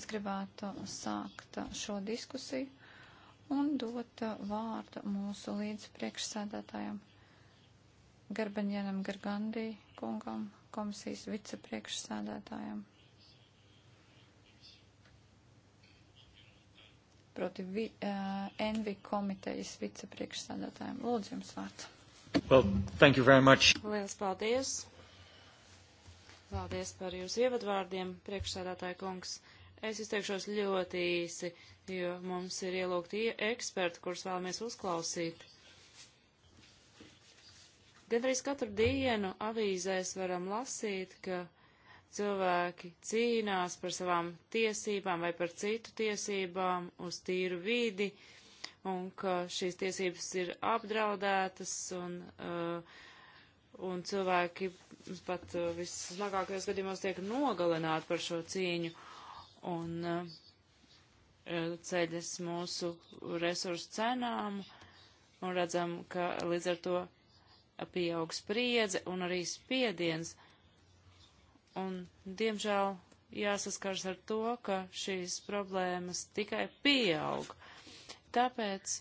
es gribētu sākt šo diskusiju un dot vārdu mūsu līdz priekšsēdētājam Garbaņienam Gargandī kungam, komisijas vicepriekšsēdētājam. Proti vi, uh, eh, NV komitejas vicepriekšsēdētājiem. Lūdzu jums vārds. Well, thank you very much. Liels paldies. Paldies par jūsu ievadvārdiem, priekšsēdētāja kungs. Es izteikšos ļoti īsi, jo mums ir ielūgti eksperti, kurus vēlamies uzklausīt. Gan arī katru dienu avīzēs varam lasīt, ka cilvēki cīnās par savām tiesībām vai par citu tiesībām uz tīru vidi, un ka šīs tiesības ir apdraudētas, un, uh, un cilvēki pat uh, vissmagākajos gadījumos tiek nogalināti par šo cīņu, un uh, ceļas mūsu resursu cenām, un redzam, ka līdz ar to pieaug spriedze un arī spiediens. Un, diemžēl, jāsaskars ar to, ka šīs problēmas tikai pieaug. Tāpēc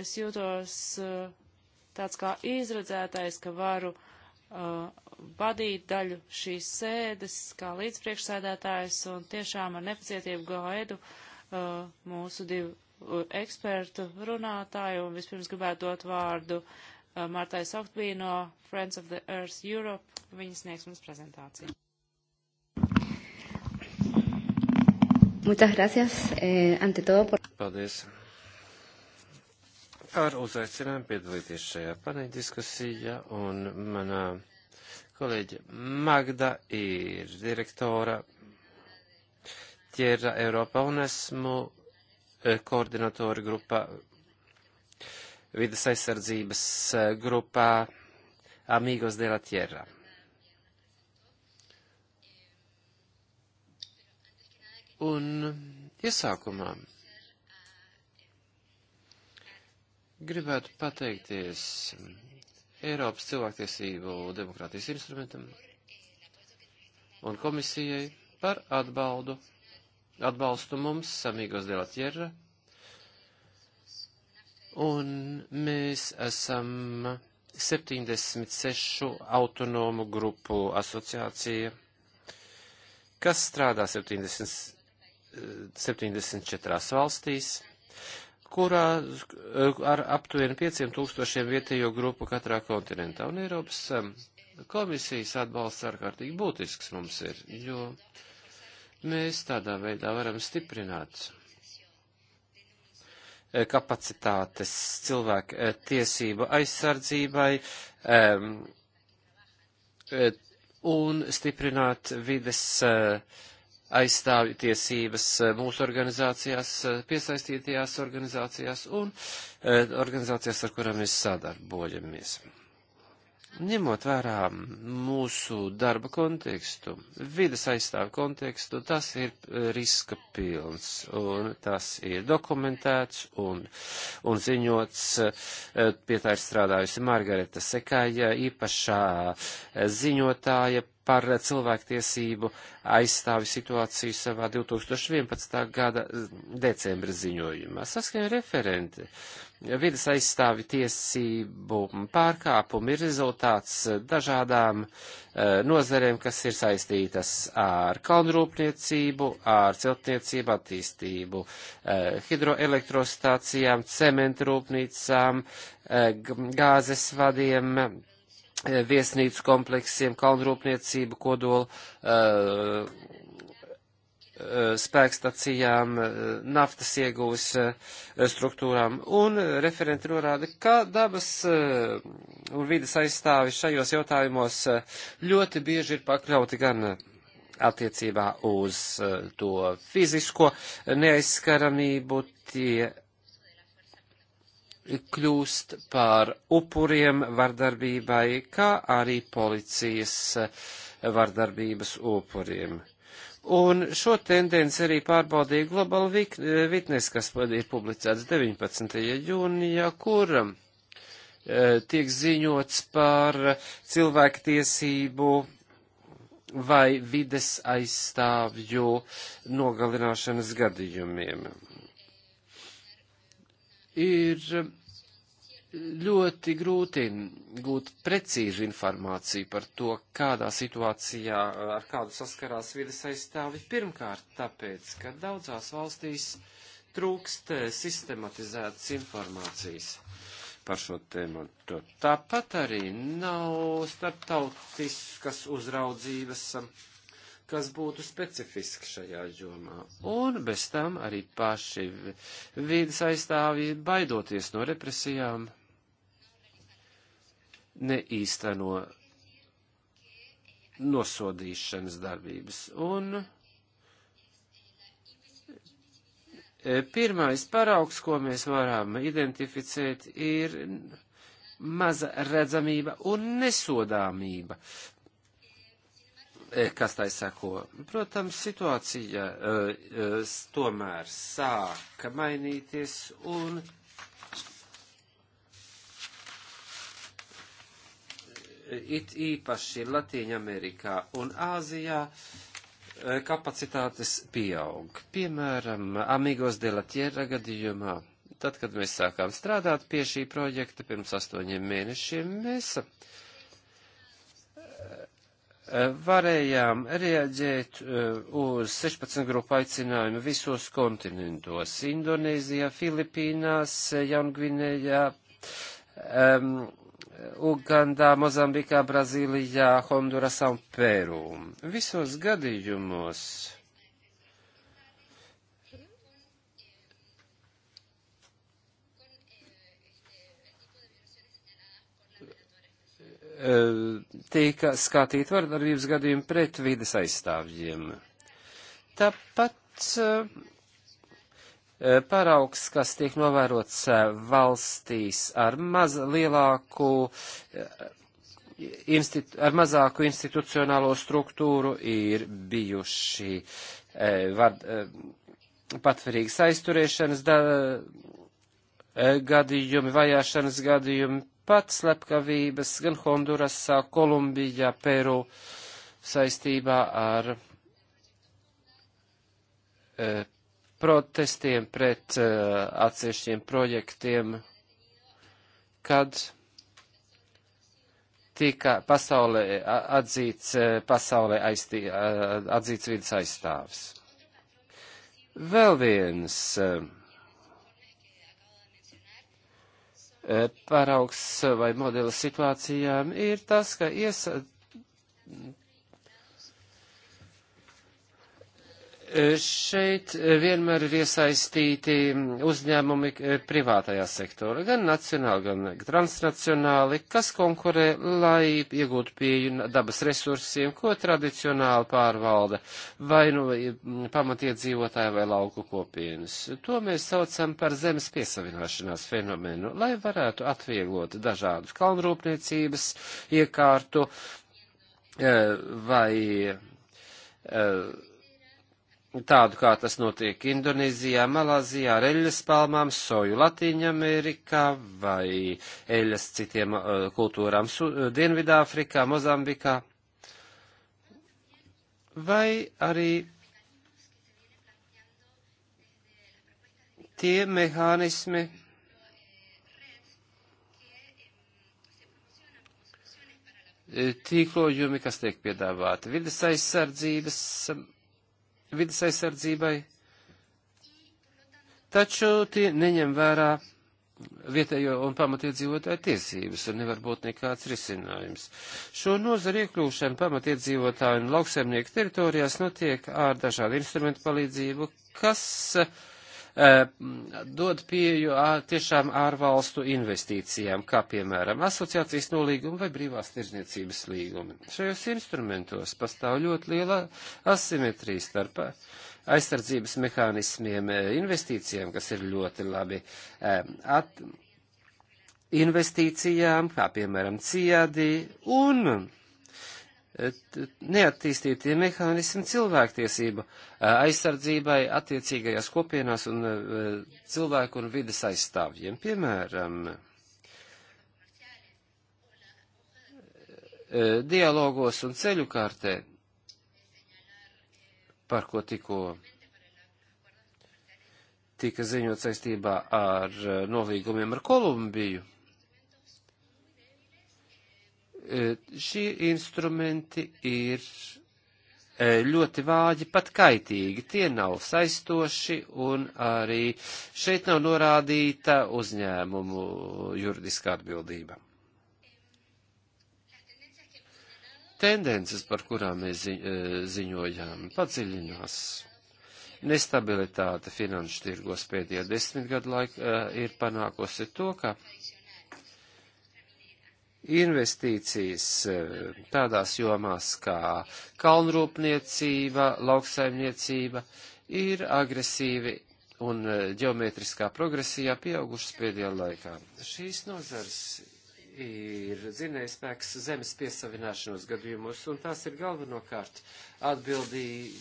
es jūtos eh, tāds kā izredzētais, ka varu uh, vadīt daļu šīs sēdes kā līdzpriekšsēdētājs un tiešām ar nepacietību gaidu uh, mūsu divu ekspertu runātāju un vispirms gribētu dot vārdu Uh, Martai Softbija no Friends of the Earth Europe. Viņa sniegs mums prezentāciju. Muchas gracias, eh, ante todo por... Paldies ar uzaicinājumu piedalīties šajā paneļa diskusijā, un manā kolēģa Magda ir direktora ķēra Eiropā, un esmu eh, koordinatori grupā vidas aizsardzības eh, grupā Amigos de la Tierra. Un iesākumā gribētu pateikties Eiropas cilvēktiesību demokrātijas instrumentam un komisijai par atbaldu, atbalstu mums, Amigos de la Tierra, un mēs esam 76 autonomu grupu asociācija, kas strādā 70, 74 valstīs, kurā ar aptuveni 5000 vietējo grupu katrā kontinentā. Un Eiropas um, komisijas atbalsts ārkārtīgi būtisks mums ir, jo mēs tādā veidā varam stiprināt Eh, kapacitātes cilvēku eh, tiesību aizsardzībai eh, un stiprināt vides aizstāvju tiesības mūsu organizācijās, piesaistītajās organizācijās un organizācijās, ar kurām mēs sadarbojamies. Ņemot vērā mūsu darba kontekstu, vidas aizstāvu kontekstu, tas ir eh, riska pilns, un tas ir dokumentēts un, un ziņots, eh, pie tā ir strādājusi Margareta Sekaja, īpašā eh, ziņotāja par cilvēktiesību aizstāvi situāciju savā 2011. gada eh, decembra ziņojumā. Saskaņa referenti. Vides aizstāvi tiesību pārkāpumi ir rezultāts eh, dažādām eh, nozerēm, kas ir saistītas ar kalnrūpniecību, ar celtniecību, attīstību, hidroelektrostācijām, cementrūpnīcām, gāzes vadiem, E, viesnīcu kompleksiem, kalnrūpniecību, kodolu uh, spēkstacijām, naftas iegūs struktūrām. Un referenti norāda, ka dabas un vidas aizstāvi šajos jautājumos ļoti bieži ir pakļauti gan attiecībā uz to fizisko neaizskaramību, tie kļūst par upuriem vardarbībai, kā arī policijas eh, vardarbības upuriem. Un šo tendenci arī pārbaudīja Global eh, Witness, kas ir publicēts 19. jūnijā, kuram eh, tiek ziņots par cilvēktiesību vai vides aizstāvju nogalināšanas gadījumiem ir ļoti grūti gūt precīzu informāciju par to, kādā situācijā ar kādu saskarās vides aizstāvi pirmkārt, tāpēc, ka daudzās valstīs trūkst eh, sistematizētas informācijas par šo tēmu. Tāpat arī nav starptautiskas uzraudzības kas būtu specifiski šajā jomā. Un bez tam arī paši vīdes aizstāvji, baidoties no represijām, neīsteno nosodīšanas darbības. Un e, pirmais paraugs, ko mēs varam identificēt, ir maza redzamība un nesodāmība E, kas tai sako? Protams, situācija e, e, tomēr sāka mainīties un it īpaši Latīņamerikā un Āzijā kapacitātes pieaug. Piemēram, Amigos de la Tierra gadījumā, tad, kad mēs sākām strādāt pie šī projekta pirms astoņiem mēnešiem, mēs Eh, varējām reaģēt eh, uz 16 grupu aicinājumu visos kontinentos - Indonēzijā, Filipīnās, Jaungvinējā, um, Ugandā, Mozambikā, Brazīlijā, Hondurasā un Pērū. Visos gadījumos Eh, tika skatīt vardarbības gadījumi pret vides aizstāvjiem. Tāpat eh, paraugs, kas tiek novērots eh, valstīs ar maz lielāku, institu, ar mazāku institucionālo struktūru, ir bijuši var, patvarīgas aizturēšanas da, gadījumi, vajāšanas gadījumi pat slepkavības gan Hondurasā, Kolumbijā, Peru saistībā ar e, protestiem pret e, atsevišķiem projektiem, kad tika pasaulē atzīts, e, pasaulē aiztī, atzīts vidas aizstāvs. Vēl viens uh, Eh, paraugs vai modelis situācijām ir tas, ka ies, Šeit eh, vienmēr ir iesaistīti mm, uzņēmumi eh, privātajā sektora, gan nacionāli, gan transnacionāli, kas konkurē, lai iegūtu pieju dabas resursiem, ko tradicionāli pārvalda vai nu mm, pamatiedzīvotāji vai lauku kopienas. To mēs saucam par zemes piesavināšanās fenomenu, lai varētu atvieglot dažādus kalnrūpniecības iekārtu eh, vai tādu, kā tas notiek Indonēzijā, Malāzijā, ar eļas palmām, soju Latīņamerikā vai eļas citiem uh, kultūrām su, uh, Dienvidāfrikā, Mozambikā, vai arī tie mehānismi, uh, tīklojumi, kas tiek piedāvāti vides aizsardzības um, vidas aizsardzībai, taču tie neņem vērā vietējo un pamatiedzīvotāju tiesības un nevar būt nekāds risinājums. Šo nozaru iekļūšana pamatiedzīvotāju un lauksaimnieku teritorijās notiek ar dažādu instrumentu palīdzību, kas uh, Eh, dod pieju tiešām ārvalstu investīcijām, kā piemēram asociācijas nolīgumi vai brīvās tirzniecības līgumi. Šajos instrumentos pastāv ļoti liela asimetrija starp aizsardzības mehānismiem eh, investīcijām, kas ir ļoti labi eh, at investīcijām, kā piemēram ciādi, un neattīstītie mehānismi cilvēktiesību aizsardzībai attiecīgajās kopienās un cilvēku un vidas aizstāvjiem. Piemēram, dialogos un ceļu kārtē, par ko tikko tika ziņot saistībā ar nolīgumiem ar Kolumbiju. E, šie instrumenti ir e, ļoti vāji, pat kaitīgi, tie nav saistoši, un arī šeit nav norādīta uzņēmumu juridiskā atbildība. Tendences, par kurām mēs e, ziņojām, padziļinās. Nestabilitāte finanšu tirgos pēdējā desmitgadu laikā ir panākusi to, ka investīcijas e, tādās jomās kā kalnrūpniecība, lauksaimniecība ir agresīvi un e, ģeometriskā progresijā pieaugušas pēdējā laikā. Šīs nozars ir dzinējs spēks zemes piesavināšanos gadījumos, un tās ir galvenokārt atbildīgi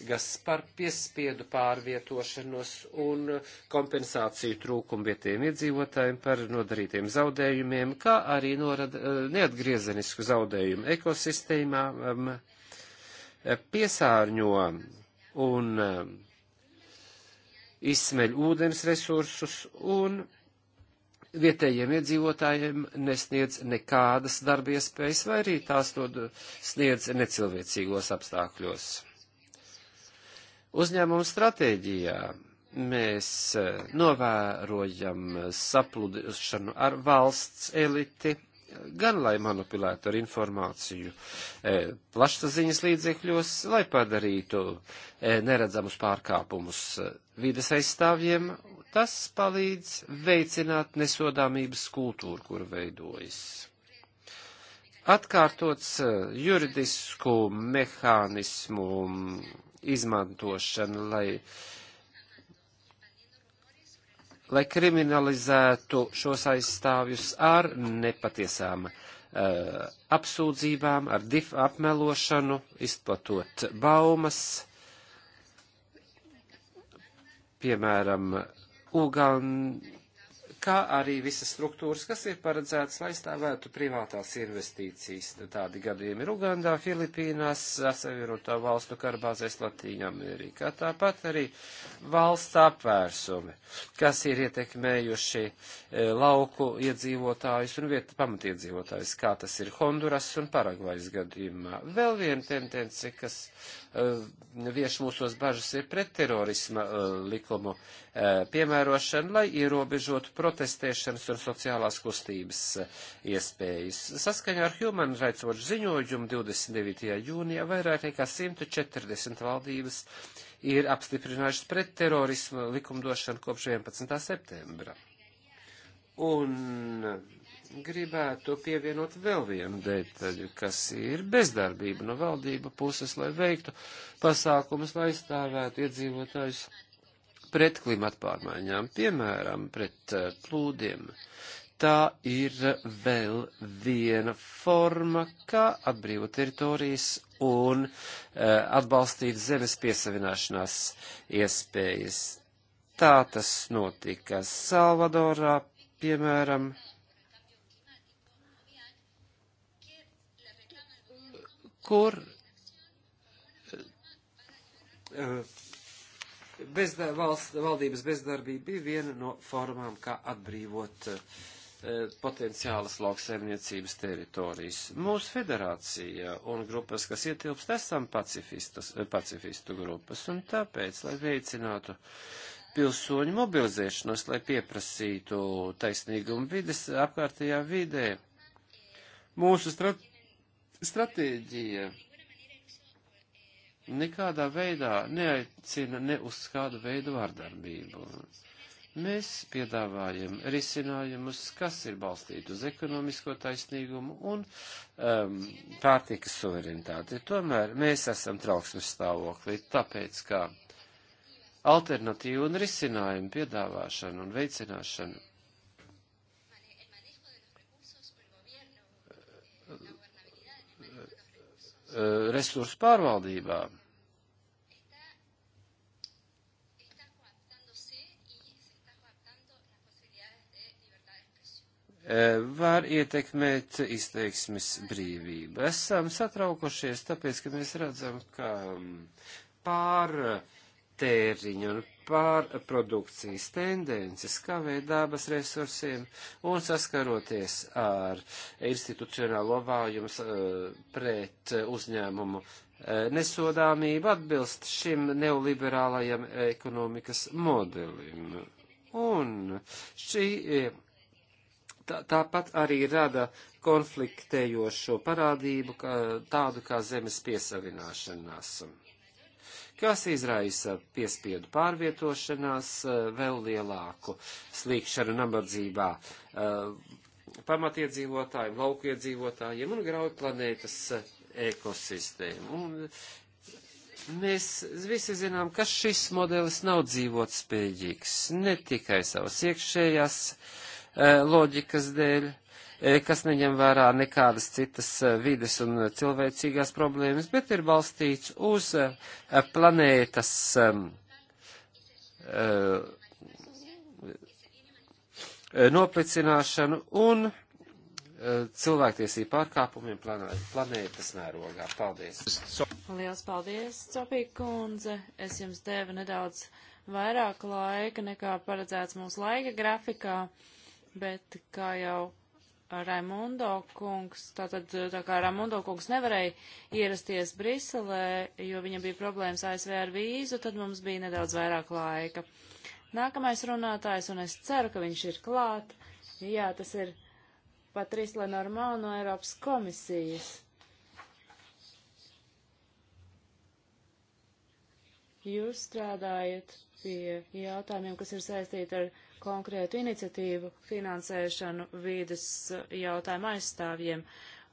algas par piespiedu pārvietošanos un kompensāciju trūkumu vietējiem iedzīvotājiem par nodarītiem zaudējumiem, kā arī norad, eh, neatgriezenisku zaudējumu ekosistēmām, eh, piesārņo un eh, izsmeļ ūdens resursus un vietējiem iedzīvotājiem nesniedz nekādas darbiespējas, vai arī tās to sniedz necilvēcīgos apstākļos. Uzņēmuma stratēģijā mēs eh, novērojam sapludšanu ar valsts eliti, gan lai manipulētu ar informāciju eh, plašsaziņas līdzekļos, lai padarītu eh, neredzamus pārkāpumus vides aizstāvjiem. Tas palīdz veicināt nesodāmības kultūru, kur veidojas atkārtots juridisku mehānismu izmantošana, lai, lai kriminalizētu šos aizstāvjus ar nepatiesām uh, apsūdzībām, ar dif apmelošanu, izplatot baumas, piemēram, Ugan, kā arī visas struktūras, kas ir paredzētas, lai stāvētu privātās investīcijas. Tādi gadījumi ir Ugandā, Filipīnās, Savienotā valstu karbāzēs Latīņa Amerikā. Tāpat arī valsts apvērsumi, kas ir ietekmējuši e, lauku iedzīvotājus un vietu pamatiedzīvotājus, kā tas ir Honduras un Paragvajas gadījumā. Vēl viena tendence, kas Eh, vieš mūsos bažas ir pret terorisma eh, likumu eh, piemērošanu, lai ierobežotu protestēšanas un sociālās kustības iespējas. Saskaņā ar Human Rights Watch ziņojumu 29. jūnijā vairāk nekā 140 valdības ir apstiprinājušas pret terorisma likumdošanu kopš 11. septembra. Un gribētu pievienot vēl vienu detaļu, kas ir bezdarbība no valdība puses, lai veiktu pasākumus, lai stāvētu iedzīvotājus pret klimatu pārmaiņām, piemēram, pret eh, plūdiem. Tā ir vēl viena forma, kā atbrīvot teritorijas un uh, atbalstīt zemes piesavināšanās iespējas. Tā tas notika Salvadorā, piemēram, kur eh, eh, bezda, valsts, valdības bezdarbība bija viena no formām, kā atbrīvot e, potenciālas lauksaimniecības teritorijas. Mūsu federācija un grupas, kas ietilpst, esam pacifistu grupas, un tāpēc, lai veicinātu pilsoņu mobilizēšanos, lai pieprasītu taisnīgumu vides apkārtējā vidē, mūsu strat Stratēģija nekādā veidā neaicina ne uz kādu veidu vārdarbību. Mēs piedāvājam risinājumus, kas ir balstīti uz ekonomisko taisnīgumu un um, pārtikas suverenitāti. Tomēr mēs esam trauksmes stāvoklī, tāpēc, ka alternatīvu un risinājumu piedāvāšana un veicināšana Eh, resursu pārvaldībā. Eh, var ietekmēt izteiksmes brīvību. Esam satraukušies, tāpēc, ka mēs redzam, ka mm, pārtēriņu un pārprodukcijas tendences, kā veid dabas resursiem un saskaroties ar institucionālo vājumu e, pret uzņēmumu e, nesodāmību atbilst šim neoliberālajam ekonomikas modelim. Un šī e, tā, tāpat arī rada konfliktējošo parādību, kā, tādu kā zemes piesavināšanās kas izraisa piespiedu pārvietošanās, eh, vēl lielāku slīkšanu nabadzībā eh, pamatiedzīvotājiem, laukiedzīvotājiem un grauj planētas eh, ekosistēmu. Un mēs visi zinām, ka šis modelis nav dzīvot spējīgs ne tikai savas iekšējās loģikas dēļ, E, kas neņem vērā nekādas citas e, vides un cilvēcīgās problēmas, bet ir balstīts uz e, planētas noplicināšanu un cilvēktiesību pārkāpumiem planētas mērogā. Paldies! Liels paldies, Copīka kundze! Es jums devu nedaudz vairāk laika nekā paredzēts mūsu laika grafikā, bet kā jau Raimundo kungs, tātad tā kā Raimundo kungs nevarēja ierasties Briselē, jo viņam bija problēmas ASV ar vīzu, tad mums bija nedaudz vairāk laika. Nākamais runātājs, un es ceru, ka viņš ir klāt, jā, tas ir Patris Lenormāli no Eiropas komisijas. Jūs strādājat pie jautājumiem, kas ir saistīti ar konkrētu iniciatīvu finansēšanu vīdes eh, jautājumu aizstāvjiem,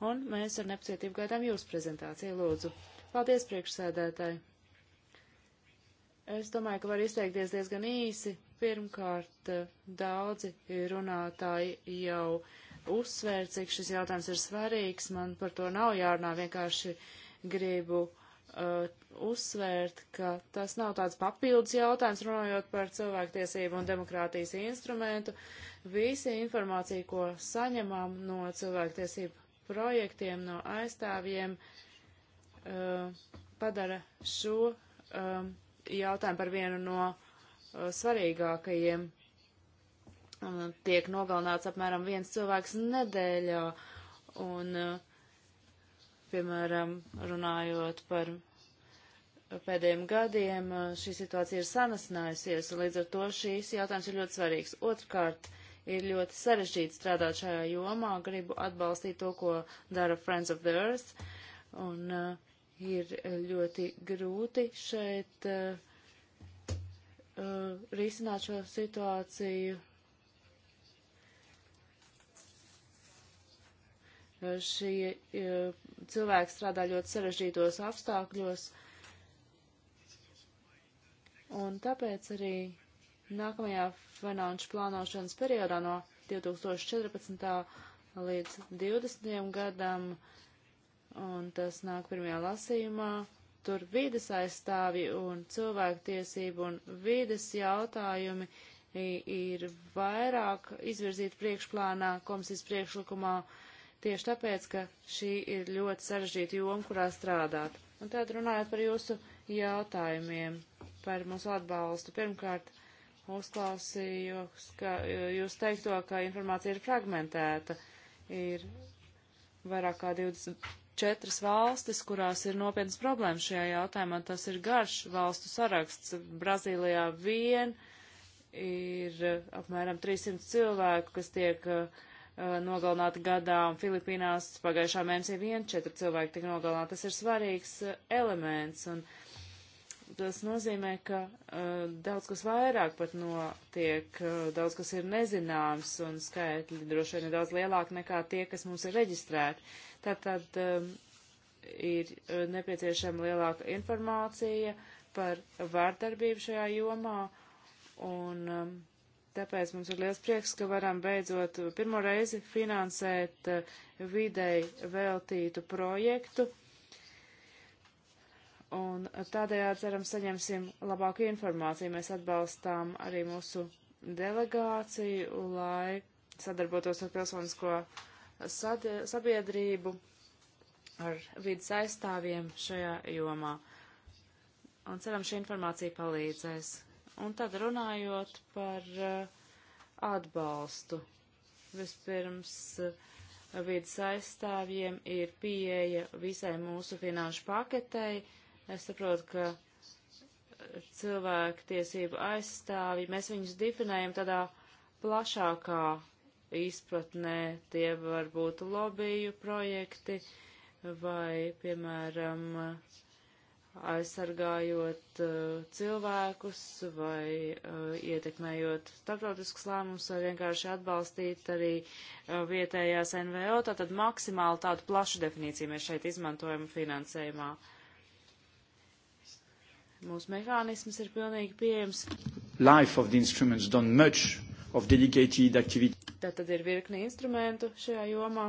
un mēs ar nepacietību gaidām jūsu prezentāciju, lūdzu. Paldies, priekšsēdētāji! Es domāju, ka var izteikties diezgan īsi. Pirmkārt, eh, daudzi runātāji jau uzsvēra, cik šis jautājums ir svarīgs. Man par to nav jārunā, vienkārši gribu uh, uzsvērt, ka tas nav tāds papildus jautājums, runājot par cilvēktiesību un demokrātijas instrumentu. Visa informācija, ko saņemam no cilvēktiesību projektiem, no aizstāvjiem, uh, padara šo um, jautājumu par vienu no uh, svarīgākajiem. Um, tiek nogalināts apmēram viens cilvēks nedēļā, un uh, piemēram, runājot par pēdējiem gadiem šī situācija ir sanasinājusies, un līdz ar to šīs jautājums ir ļoti svarīgs. Otrkārt, ir ļoti sarežģīti strādāt šajā jomā, gribu atbalstīt to, ko dara Friends of the Earth, un uh, ir ļoti grūti šeit uh, uh, risināt šo situāciju. Šie cilvēki strādā ļoti sarežģītos apstākļos. Uh, Un tāpēc arī nākamajā finanšu plānošanas periodā no 2014. līdz 2020. gadam, un tas nāk pirmajā lasījumā, tur vides aizstāvi un cilvēktiesību un vides jautājumi ir vairāk izvirzīti priekšplānā komisijas priekšlikumā, tieši tāpēc, ka šī ir ļoti sarežģīta joma, kurā strādāt. Un tad runājot par jūsu jautājumiem par mūsu atbalstu. Pirmkārt, uzklausīju, ka jūs teikto, ka informācija ir fragmentēta. Ir vairāk kā 24 valstis, kurās ir nopietnas problēmas šajā jautājumā. Tas ir garš valstu saraksts. Brazīlijā vien ir apmēram 300 cilvēku, kas tiek uh, nogalināti gadā, un Filipīnās pagājušā mēnesī vien četri cilvēki tika nogalināti. Tas ir svarīgs uh, elements, un Tas nozīmē, ka uh, daudz kas vairāk pat notiek, uh, daudz kas ir nezināms un skaitļi droši vien ir daudz lielāki nekā tie, kas mums ir reģistrēti. Tātad um, ir uh, nepieciešama lielāka informācija par vārdarbību šajā jomā un um, tāpēc mums ir liels prieks, ka varam beidzot pirmo reizi finansēt uh, videi veltītu projektu Un tādējādi ceram saņemsim labāku informāciju. Mēs atbalstām arī mūsu delegāciju, lai sadarbotos ar pilsonisko sabiedrību, ar vidas aizstāvjiem šajā jomā. Un ceram, šī informācija palīdzēs. Un tad runājot par uh, atbalstu. Vispirms uh, vidas aizstāvjiem ir pieeja visai mūsu finanšu paketei Es saprotu, ka cilvēktiesību aizstāvji, mēs viņus definējam tādā plašākā izpratnē, tie var būt lobiju projekti vai, piemēram, aizsargājot uh, cilvēkus vai uh, ietekmējot starptautiskus lēmumus vai vienkārši atbalstīt arī uh, vietējās NVO. Tātad maksimāli tādu plašu definīciju mēs šeit izmantojam finansējumā. Uh, Mūsu mehānisms ir pilnīgi pieejams. Life of the instruments done much of dedicated activity. Tā tad ir virkni instrumentu šajā jomā.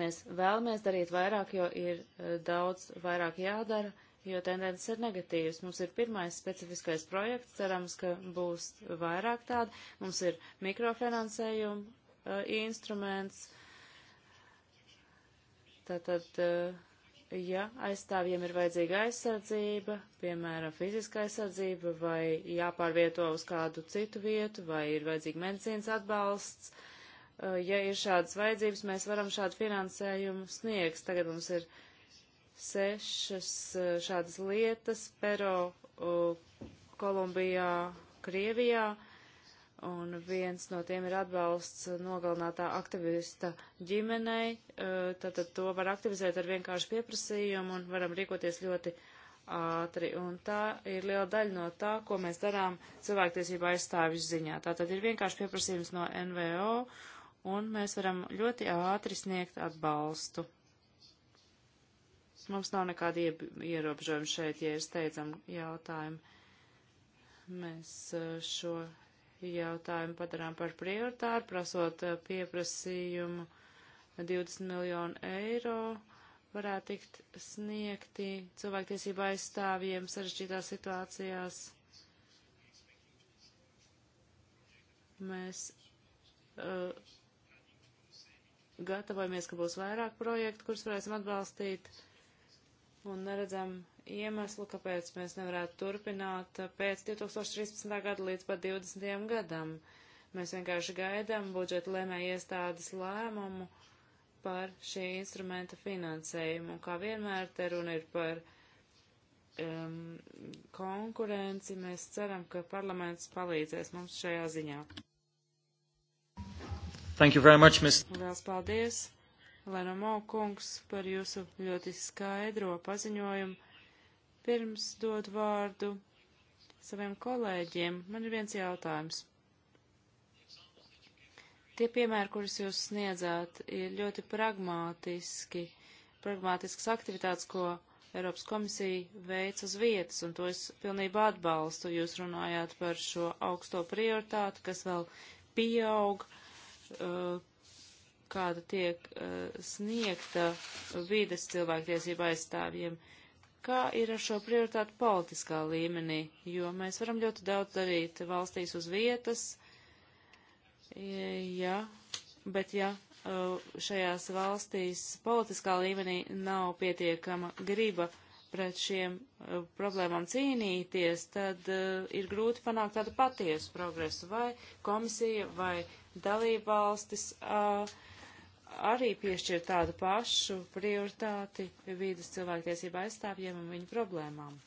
Mēs vēlamies darīt vairāk, jo ir e, daudz vairāk jādara, jo tendences ir negatīvas. Mums ir pirmais specifiskais projekts, cerams, ka būs vairāk tādu. Mums ir mikrofinansējuma e, instruments. Tātad. Uh, e, ja aizstāvjiem ir vajadzīga aizsardzība, piemēram, fiziska aizsardzība, vai jāpārvieto uz kādu citu vietu, vai ir vajadzīga medicīnas atbalsts, uh, ja ir šādas vajadzības, mēs varam šādu finansējumu sniegt. Tagad mums ir sešas uh, šādas lietas Pero, uh, Kolumbijā, Krievijā. Uh, Un viens no tiem ir atbalsts nogalinātā aktivista ģimenei. Tātad to var aktivizēt ar vienkāršu pieprasījumu un varam rīkoties ļoti ātri. Un tā ir liela daļa no tā, ko mēs darām cilvēktiesība aizstāvju ziņā. Tātad ir vienkārši pieprasījums no NVO un mēs varam ļoti ātri sniegt atbalstu. Mums nav nekāda ierobežojuma šeit, ja ir steidzam jautājumi. Mēs šo jautājumu padarām par prioritāru, prasot eh, pieprasījumu 20 miljonu eiro varētu tikt sniegti cilvēktiesība aizstāvjiem sarežģītās situācijās. Mēs uh, gatavojamies, ka būs vairāk projektu, kurus varēsim atbalstīt, un neredzam iemeslu, kāpēc mēs nevarētu turpināt pēc 2013. gada līdz pat 20. gadam. Mēs vienkārši gaidām budžeta lēmēja iestādes lēmumu par šī instrumenta finansējumu. Un kā vienmēr te runa ir par um, konkurenci, mēs ceram, ka parlaments palīdzēs mums šajā ziņā. Thank you very much, Ms. Lielas paldies, Lenomo kungs, par jūsu ļoti skaidro paziņojumu Pirms dod vārdu saviem kolēģiem, man ir viens jautājums. Tie piemēri, kurus jūs sniedzāt, ir ļoti pragmātiski, pragmātiskas aktivitātes, ko Eiropas komisija veic uz vietas, un to es pilnībā atbalstu. Jūs runājāt par šo augsto prioritāti, kas vēl pieaug, uh, kāda tiek uh, sniegta vides cilvēktiesība aizstāvjiem. Uh, kā ir ar šo prioritātu politiskā līmenī, jo mēs varam ļoti daudz darīt valstīs uz vietas, ja, bet ja uh, šajās valstīs politiskā līmenī nav pietiekama griba pret šiem uh, problēmām cīnīties, tad uh, ir grūti panākt tādu patiesu progresu. Vai komisija vai dalībvalstis uh, arī piešķir tādu pašu prioritāti vīdas cilvēktiesība aizstāvjiem un viņu problēmām.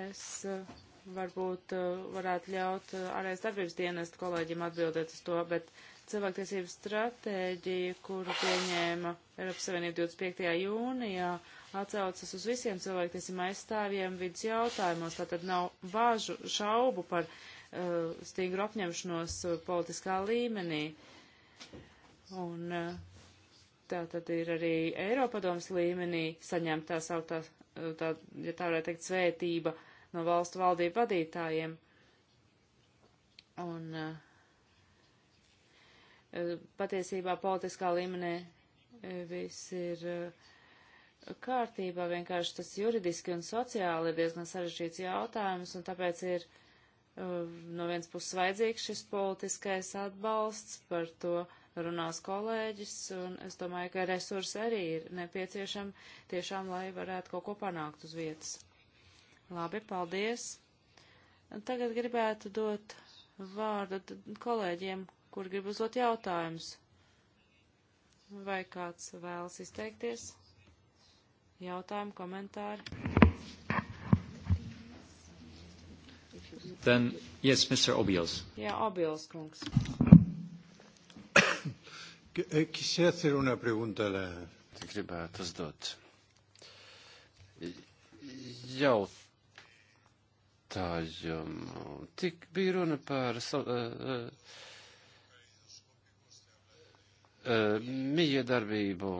Es eh, varbūt eh, varētu ļaut eh, ārējais darbības dienestu kolēģiem atbildēt uz to, bet cilvēktiesību stratēģija, kuru pieņēma Eiropas Savienība 25. jūnijā, atcaucas uz visiem cilvēktiesību aizstāvjiem vidus jautājumos, tātad nav bāžu šaubu par Eh, stingru apņemšanos eh, politiskā līmenī. Un eh, tā tad ir arī Eiropadoms līmenī saņemta tā sauktā, tā, ja tā varētu teikt, svētība no valstu valdību vadītājiem. Un patiesībā politiskā līmenī viss ir kārtībā, vienkārši tas juridiski un sociāli ir diezgan sarežģīts jautājums, un tāpēc ir Eh, no viens puses vajadzīgs šis politiskais atbalsts, par to runās kolēģis, un es domāju, ka resursi arī ir nepieciešami tiešām, lai varētu kaut ko panākt uz vietas. Labi, paldies. Tagad gribētu dot vārdu kolēģiem, kur grib uzdot jautājumus. Vai kāds vēlas izteikties? Jautājumi, komentāri. Then, yes, Mr. Obios. Jā, Obios kungs. Quisiera hacer una pregunta a la... Gribētu uzdot jautājumu. Tik bija runa par uh, eh, uh, eh, eh, mīja darbību,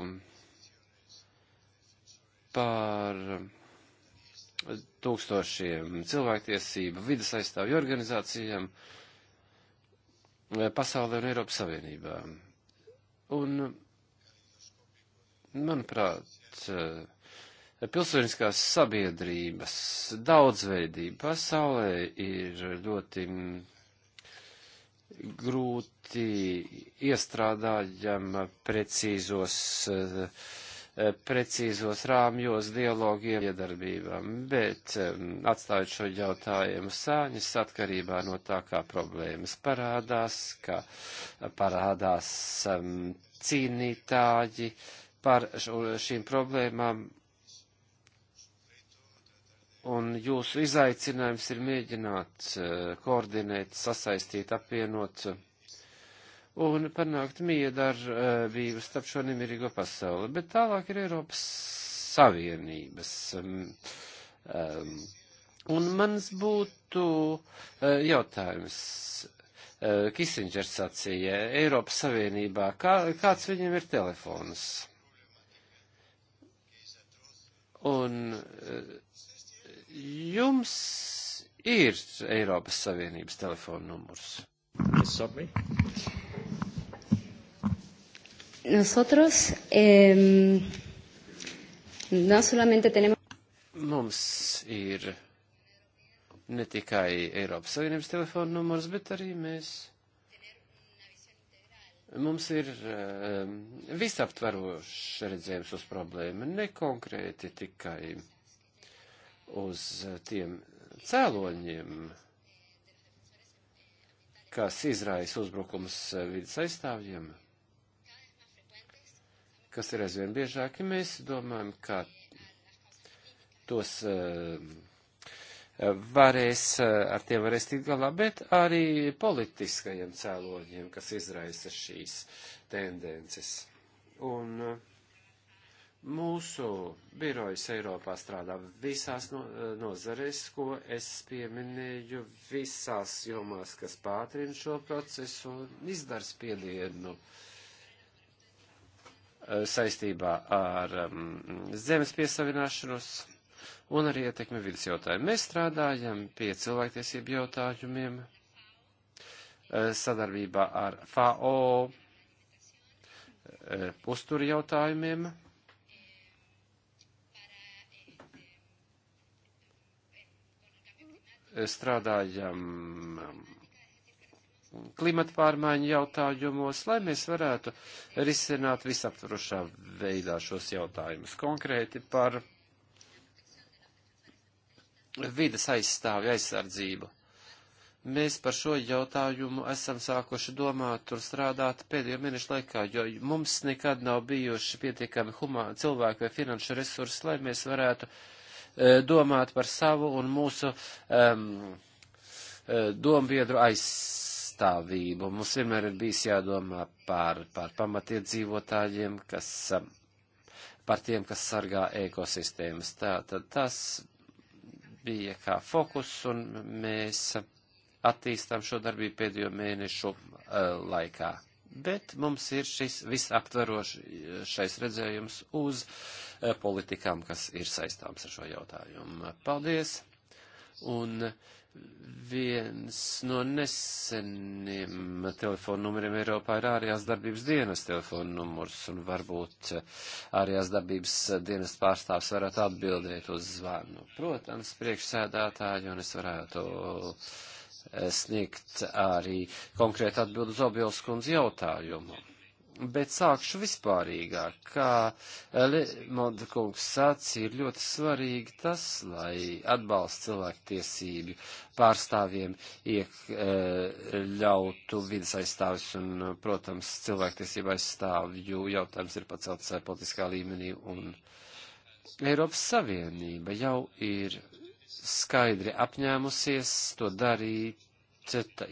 par uh, tūkstošiem cilvēktiesību vidas aizstāvju organizācijām eh, pasaulē un Eiropas Savienībā. Un, manuprāt, eh, pilsoniskās sabiedrības daudzveidība pasaulē ir ļoti mm, grūti iestrādājama precīzos uh, precīzos rāmjos dialogiem iedarbībām, bet atstājot šo jautājumu sāņas atkarībā no tā, kā problēmas parādās, kā parādās cīnītāji par šīm problēmām. Un jūsu izaicinājums ir mēģināt eh, koordinēt, sasaistīt, apvienot un panākt miedarbību starp šo nemirīgo pasauli. Bet tālāk ir Eiropas Savienības. Um, um, un mans būtu uh, jautājums. Uh, Kisingers sacīja Eiropas Savienībā, kā, kāds viņam ir telefons? Un uh, jums ir Eiropas Savienības telefona numurs. Yes, Nosotros eh, no solamente tenemos. Mums ir ne tikai Eiropas Savienības telefona numurs, bet arī mēs. Mums ir um, visaptvarošs redzējums uz problēmu, ne konkrēti tikai uz tiem cēloņiem, kas izraisa uzbrukums vidas aizstāvjiem, kas ir aizvien biežāki, mēs domājam, ka tos eh, varēs, eh, ar tiem varēs tikt galā, bet arī politiskajiem cēloņiem, kas izraisa šīs tendences. Un eh, mūsu birojas Eiropā strādā visās no, nozarēs, ko es pieminēju, visās jomās, kas pātrina šo procesu un izdara spiedienu. Uh, Eh, saistībā ar zemes piesavināšanos un arī ietekmi vidas jautājumu. Mēs strādājam pie cilvēktiesību jautājumiem eh, sadarbībā ar FAO eh, uzturu jautājumiem. Strādājam klimata pārmaiņu jautājumos, lai mēs varētu risināt visaptvarošā veidā šos jautājumus konkrēti par vidas aizstāvju aizsardzību. Mēs par šo jautājumu esam sākuši domāt un strādāt pēdējo mēnešu laikā, jo mums nekad nav bijuši pietiekami humāni cilvēki vai finanšu resursi, lai mēs varētu e, domāt par savu un mūsu um, e, dombiedru aizsardzību pastāvību. Mums vienmēr ir bijis jādomā par, par pamatiedzīvotājiem, kas, um, par tiem, kas sargā ekosistēmas. Tā, tad tas bija kā fokus, un mēs attīstām šo darbību pēdējo mēnešu uh, laikā. Bet mums ir šis visaptverošais redzējums uz uh, politikām, kas ir saistāms ar šo jautājumu. Paldies! Un uh, Viens no neseniem telefonu numuriem Eiropā ir ārējās darbības dienas telefonu numurs, un varbūt eh, ārējās darbības eh, dienas pārstāvs varētu atbildēt uz zvanu. Protams, priekšsēdētāji, un es varētu eh, sniegt arī konkrēti atbildu uz Obils kundzi jautājumu bet sākšu vispārīgāk, kā Lemonda kungs sacīja, ir ļoti svarīgi tas, lai atbalsts cilvēktiesību pārstāvjiem iekļautu e, vidas aizstāvis un, protams, cilvēktiesība aizstāvju jautājums ir pacelts politiskā līmenī un Eiropas Savienība jau ir skaidri apņēmusies to darīt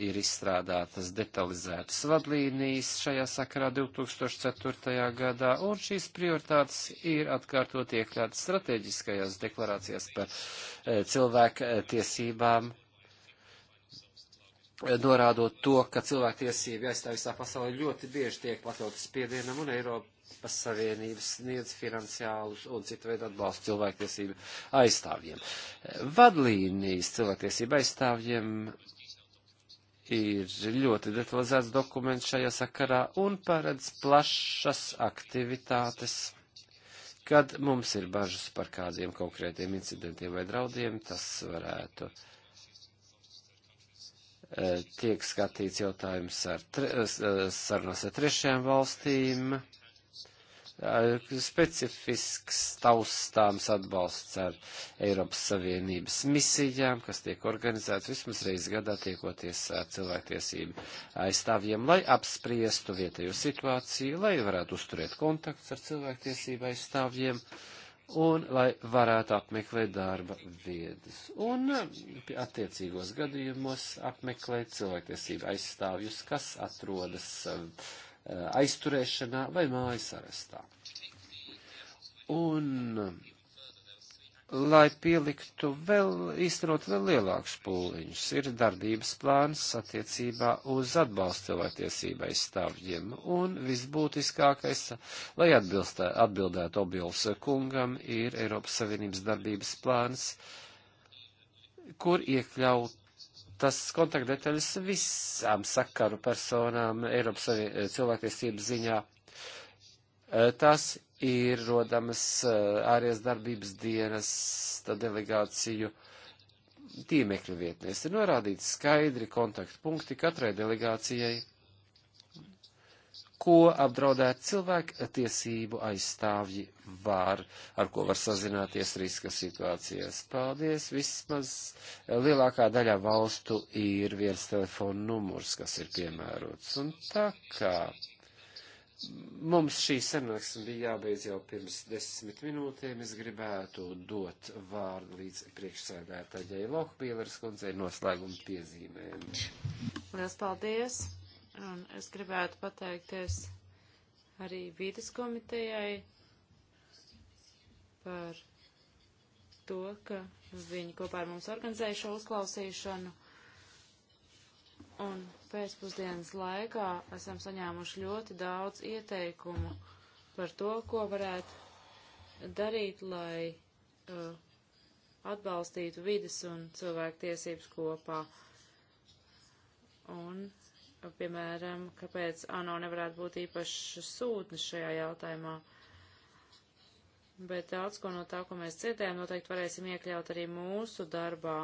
ir izstrādātas detalizētas vadlīnijas šajā sakarā 2004. gadā, un šīs prioritātes ir atkārtot iekļautas strateģiskajās deklarācijās par e, cilvēku e, tiesībām e, norādot to, ka cilvēktiesība aizstāv visā pasaulē ļoti bieži tiek pakautas spiedienam un Eiropas Savienības sniedz finansiālus un citu veidu atbalstu cilvēktiesību aizstāvjiem. Vadlīnijas cilvēktiesību aizstāvjiem ir ļoti detalizēts dokuments šajā sakarā un paredz plašas aktivitātes. Kad mums ir bažas par kādiem konkrētiem incidentiem vai draudiem, tas varētu e, tiek skatīts jautājums ar tre, e, e, sarunās ar trešajām valstīm specifisks taustāms atbalsts ar Eiropas Savienības misijām, kas tiek organizēts vismaz reiz gadā tiekoties ar cilvēktiesību aizstāvjiem, lai apspriestu vietējo situāciju, lai varētu uzturēt kontakts ar cilvēktiesību aizstāvjiem un lai varētu apmeklēt darba vietas. Un attiecīgos gadījumos apmeklēt cilvēktiesību aizstāvjus, kas atrodas Eh, aizturēšanā vai mājas arestā. Un, lai pieliktu vēl, īstenot vēl lielākus pūliņus, ir darbības plāns attiecībā uz atbalstu cilvēktiesībai stāvģiem, un visbūtiskākais, lai atbilstē, atbildētu Obils kungam, ir Eiropas Savienības darbības plāns, kur iekļaut tas kontaktdetaļas visām sakaru personām Eiropas cilvēktiesības ziņā. E, tas ir rodamas e, ārējās darbības dienas delegāciju tīmekļa vietnēs. Ir norādīti skaidri kontaktpunkti katrai delegācijai ko apdraudēt cilvēku tiesību aizstāvji var, ar ko var sazināties riska situācijās. Paldies, vismaz lielākā daļā valstu ir viens telefona numurs, kas ir piemērots. Un tā kā mums šī sanāksme bija jābeidz jau pirms desmit minūtēm, es gribētu dot vārdu līdz priekšsēdētājai Lohbīleres kundzei noslēguma piezīmēm. Liels paldies! Un es gribētu pateikties arī vīdes komitejai par to, ka viņi kopā ar mums organizēja šo uzklausīšanu. Un pēcpusdienas laikā esam saņēmuši ļoti daudz ieteikumu par to, ko varētu darīt, lai uh, atbalstītu vidas un cilvēku tiesības kopā. Un piemēram, kāpēc ANO nevarētu būt īpaši sūtnis šajā jautājumā. Bet daudz ko no tā, ko mēs dzirdējām, noteikti varēsim iekļaut arī mūsu darbā,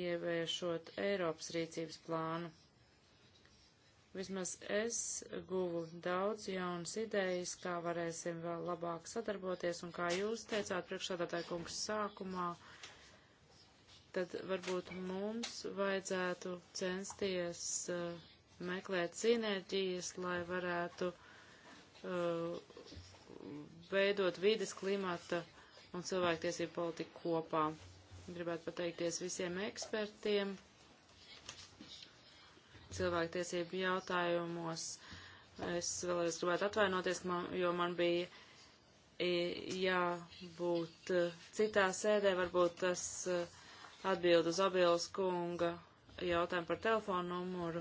ieviešot Eiropas rīcības plānu. Vismaz es guvu daudz jaunas idejas, kā varēsim vēl labāk sadarboties, un kā jūs teicāt priekšsādātāju kungs sākumā, uh, tad varbūt mums vajadzētu censties uh, meklēt sinerģijas, lai varētu uh, veidot vides klimata un cilvēktiesību politiku kopā. Gribētu pateikties visiem ekspertiem cilvēktiesību jautājumos. Es vēlreiz gribētu atvainoties, man, jo man bija jābūt uh, citā sēdē, varbūt tas uh, atbild uz Abils kunga jautājumu par telefonu numuru.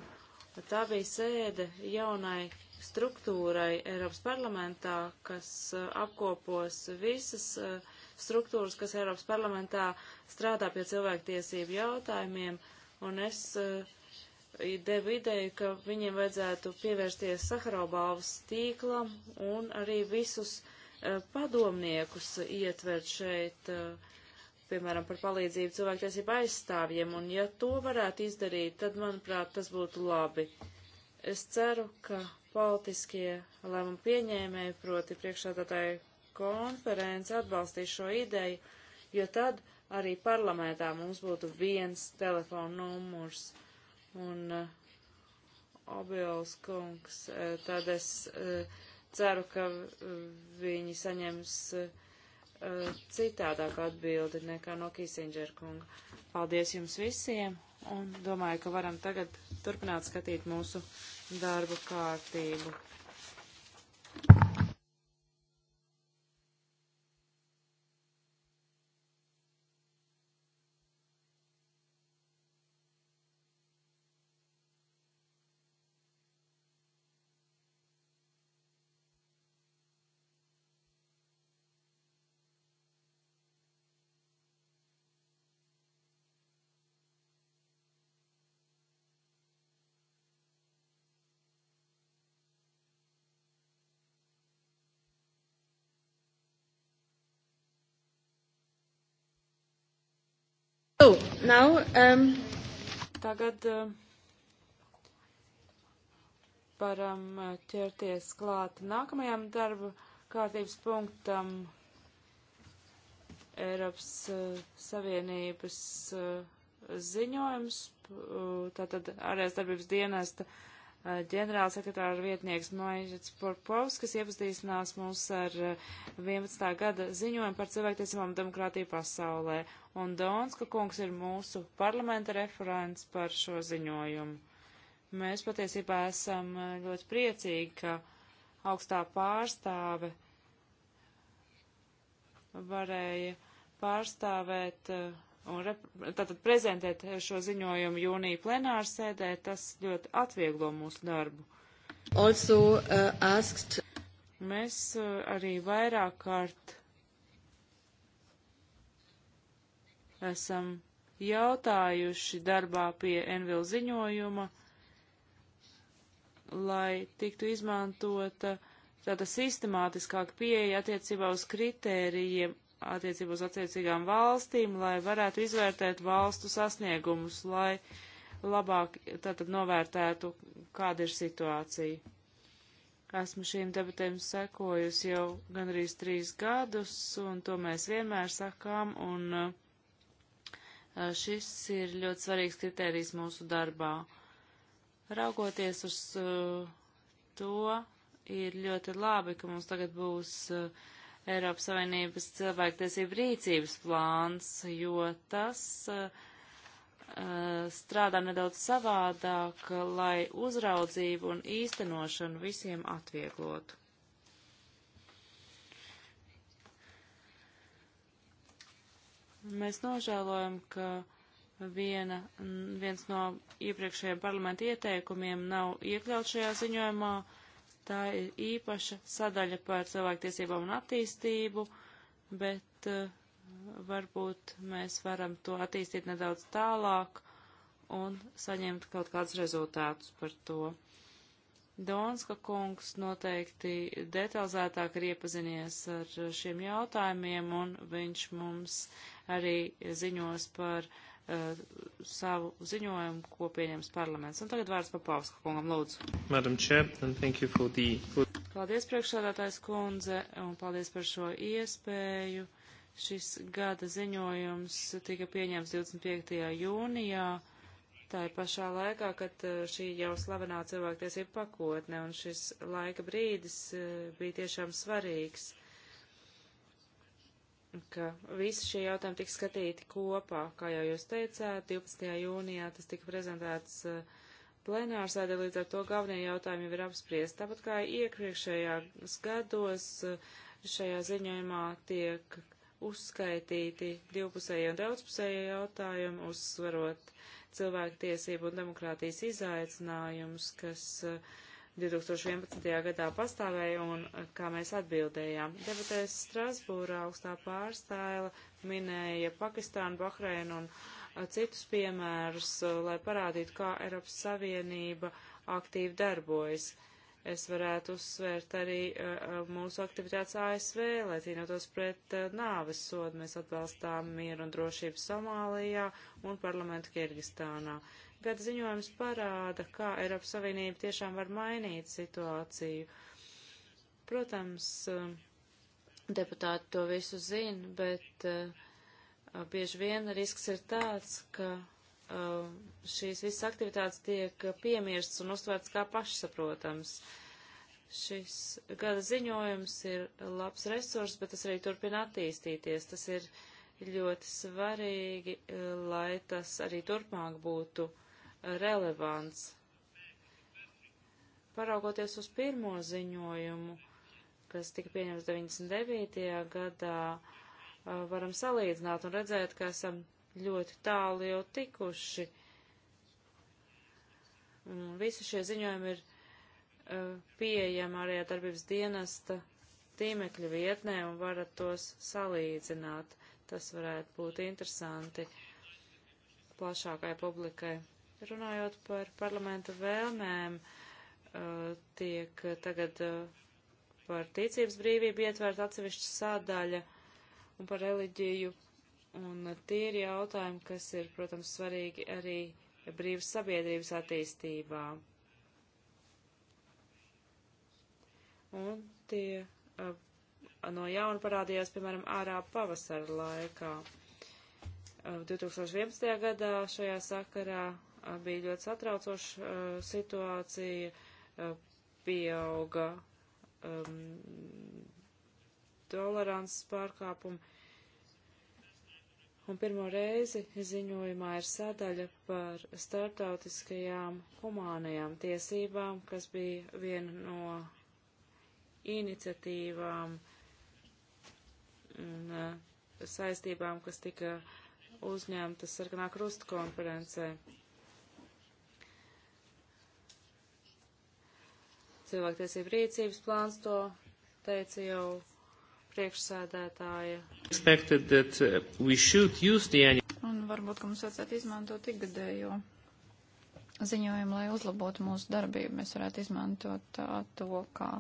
Tā bija sēde jaunai struktūrai Eiropas parlamentā, kas uh, apkopos visas uh, struktūras, kas Eiropas parlamentā strādā pie cilvēktiesību jautājumiem, un es uh, devu ideju, ka viņiem vajadzētu pievērsties Saharobalvas tīklam un arī visus uh, padomniekus ietvert šeit. Uh, piemēram, par palīdzību cilvēktiesību aizstāvjiem, un ja to varētu izdarīt, tad, manuprāt, tas būtu labi. Es ceru, ka politiskie lēmumu pieņēmēji, proti priekšādātāji konferenci atbalstīs šo ideju, jo tad arī parlamentā mums būtu viens telefona numurs. Un uh, Obils kungs, uh, tad es uh, ceru, ka uh, viņi saņems uh, Eh, citādāka atbildi nekā no Kisindžera kunga. Paldies jums visiem un domāju, ka varam tagad turpināt skatīt mūsu darbu kārtību. So, oh, now, um... Tagad uh, varam eh, ķerties klāt nākamajam darba kārtības punktam Eiropas uh, Savienības uh, ziņojums, tātad ārējās darbības dienesta ģenerāla sekretāra vietnieks Mairits Porpovs, kas iepazīstinās mūs ar 11. Eh, gada ziņojumu par cilvēktiesībām demokrātiju pasaulē, un Donska kungs ir mūsu parlamenta referents par šo ziņojumu. Mēs patiesībā esam eh, ļoti priecīgi, ka augstā pārstāve varēja pārstāvēt uh, un tātad prezentēt šo ziņojumu jūnija plenāru sēdē, tas ļoti atvieglo mūsu darbu. Also, uh, asked... Mēs uh, arī vairāk kārt esam jautājuši darbā pie Envil ziņojuma, lai tiktu izmantota tāda sistemātiskāka pieeja attiecībā uz kritērijiem attiecībā uz attiecīgām valstīm, lai varētu izvērtēt valstu sasniegumus, lai labāk tātad novērtētu, kāda ir situācija. Esmu šīm debatēm sekojusi jau gandrīz trīs gadus, un to mēs vienmēr sakām, un uh, šis ir ļoti svarīgs kriterijs mūsu darbā. Raugoties uz uh, to, ir ļoti labi, ka mums tagad būs uh, Eiropas Savienības cilvēktiesību rīcības plāns, jo tas uh, strādā nedaudz savādāk, lai uzraudzību un īstenošanu visiem atvieglotu. Mēs nožēlojam, ka viena, viens no iepriekšējiem parlamenta ieteikumiem nav iekļauts šajā ziņojumā, uh, Tā ir īpaša sadaļa par cilvēktiesībām un attīstību, bet uh, varbūt mēs varam to attīstīt nedaudz tālāk un saņemt kaut kādus rezultātus par to. Donska kungs noteikti detalizētāk ir iepazinies ar šiem jautājumiem, un viņš mums arī ziņos par uh, uh, savu ziņojumu, ko pieņems parlaments. Un tagad vārds Papauska kungam, lūdzu. Madam Chair, and thank you for the... Paldies, priekšsādātājs kundze, un paldies par šo iespēju. Šis gada ziņojums tika pieņemts 25. jūnijā. Tā ir pašā laikā, kad uh, šī jau slavenā cilvēktiesība pakotne, un šis laika brīdis uh, bija tiešām svarīgs. Uh, ka visi šie jautājumi tiks skatīti kopā, kā jau jūs teicāt, 12. jūnijā tas tika prezentēts uh, plenārsēdē, līdz ar to galvenie jautājumi jau ir apspriest. Tāpat kā iepriekšējās gados uh, šajā ziņojumā tiek uzskaitīti divpusējie un daudzpusējie jautājumi, uzsvarot cilvēku tiesību un demokrātijas izaicinājumus, kas uh, 2011. gadā pastāvēja un eh, kā mēs atbildējām. Debatēs Strasbūrā augstā pārstāla minēja Pakistānu, Bahreinu un eh, citus piemērus, eh, lai parādītu, kā Eiropas Savienība aktīvi darbojas. Es varētu uzsvērt arī mūsu aktivitātes ASV, lai cīnotos pret nāves sodu. Mēs atbalstām mieru un drošību Somālijā un parlamentu Kirgistānā. Uh, Gada ziņojums parāda, kā Eiropas Savienība tiešām var mainīt situāciju. Protams, eh, deputāti to visu zina, bet eh, bieži vien risks ir tāds, ka eh, šīs visas aktivitātes tiek piemirstas un uztvērts kā pašsaprotams. Šis gada ziņojums ir labs resurs, bet tas arī turpina attīstīties. Tas ir ļoti svarīgi, lai tas arī turpmāk būtu relevants. Paraugoties uz pirmo ziņojumu, kas tika pieņemts 99. gadā, varam salīdzināt un redzēt, ka esam ļoti tālu jau tikuši. Un visi šie ziņojumi ir pieejami arī darbības dienesta tīmekļa vietnē un varat tos salīdzināt. Tas varētu būt interesanti plašākai publikai. Runājot par parlamenta vēlmēm, uh, tiek tagad uh, par ticības brīvību ietvērt atsevišķa sādaļa un par reliģiju. Un tie ir jautājumi, kas ir, protams, svarīgi arī brīvas sabiedrības attīstībā. Un tie uh, no jauna parādījās, piemēram, ārā pavasara laikā. 2011. gadā šajā sakarā bija ļoti satraucoša uh, situācija, uh, pieauga um, tolerants pārkāpumi. Un pirmo reizi ziņojumā ir sadaļa par startautiskajām humānajām tiesībām, kas bija viena no iniciatīvām un uh, saistībām, kas tika uzņemtas sarkanā krusta konferencē. Cilvēktiesība rīcības plāns to teica jau priekšsēdētāja. Uh, Un varbūt, ka mums vajadzētu izmantot ikgadējo ziņojumu, lai uzlabotu mūsu darbību. Mēs varētu izmantot tā, uh, to kā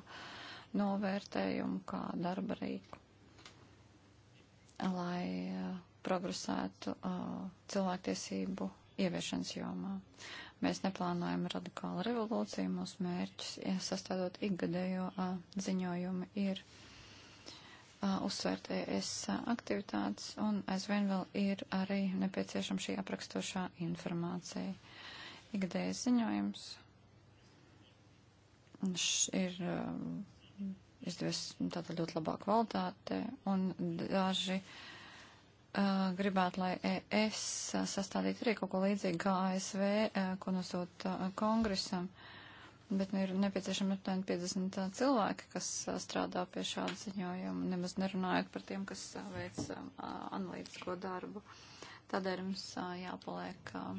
novērtējumu, kā darba rīku, lai uh, progresētu uh, cilvēktiesību ieviešanas jomā. Uh, Mēs neplānojam radikālu revolūciju. Mūsu mērķis, ja sastādot ikgadējo ziņojumu, ir uzsvērt ES aktivitātes un aizvien vēl ir arī nepieciešama šī aprakstošā informācija. Ikgadējas ziņojums ir izdevies tādā ļoti labā kvalitātē un daži. Uh, uh, gribētu, lai es sastādītu arī kaut ko līdzīgu kā ASV, uh, ko nosūt uh, kongresam, bet nu, ir nepieciešami aptuveni 50 uh, cilvēki, kas uh, strādā pie šāda ziņojuma, nemaz nerunājot par tiem, kas uh, veic uh, analītisko darbu. Tādēļ mums uh, jāpaliek uh,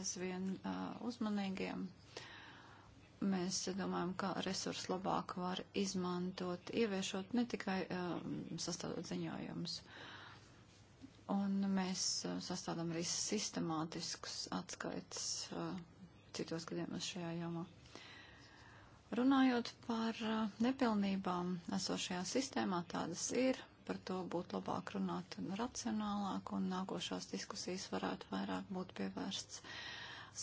aizvien uh, uzmanīgiem. Mēs domājam, ka resursus labāk var izmantot, ieviešot ne tikai uh, sastādot ziņojumus. Uh, un mēs uh, sastādām arī sistemātiskus atskaits uh, citos gadījumos šajā jomā. Runājot par uh, nepilnībām esošajā sistēmā, tādas ir, par to būtu labāk runāt un racionālāk, un nākošās diskusijas varētu vairāk būt pievērsts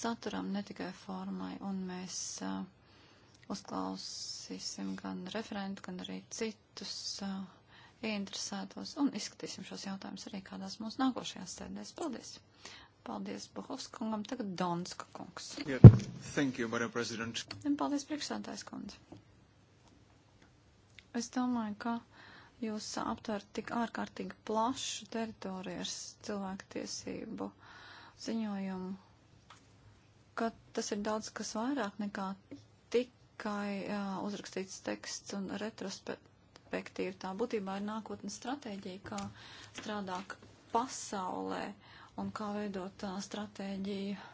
saturam, ne tikai formai, un mēs uh, uzklausīsim gan referentu, gan arī citus uh, ieinteresētos un izskatīsim šos jautājumus arī kādās mūsu nākošajās sēdēs. Paldies! Paldies Bohovskungam, tagad Donska kungs. Yeah. Thank you, Madam President. Un paldies priekšsēdājs kundze. Es domāju, ka jūs aptverat tik ārkārtīgi plašu teritoriju ar cilvēku tiesību ziņojumu, ka tas ir daudz kas vairāk nekā tikai jā, uzrakstīts teksts un retrospektīva perspektīva. Tā būtībā ir nākotnes stratēģija, kā strādāt pasaulē un kā veidot uh, stratēģiju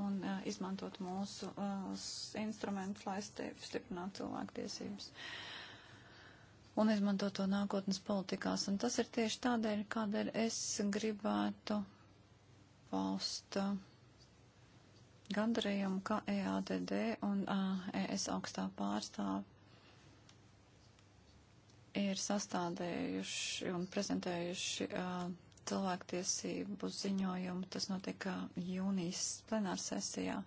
un uh, izmantot mūsu uh, instrumentus, lai stiprinātu cilvēktiesības. Un izmantot to nākotnes politikās. Un tas ir tieši tādēļ, kādēļ es gribētu paust uh, gandarījumu, ka EADD un uh, ES augstā pārstāve ir sastādējuši un prezentējuši uh, cilvēktiesību ziņojumu. Tas notika jūnijas plenārsesijā.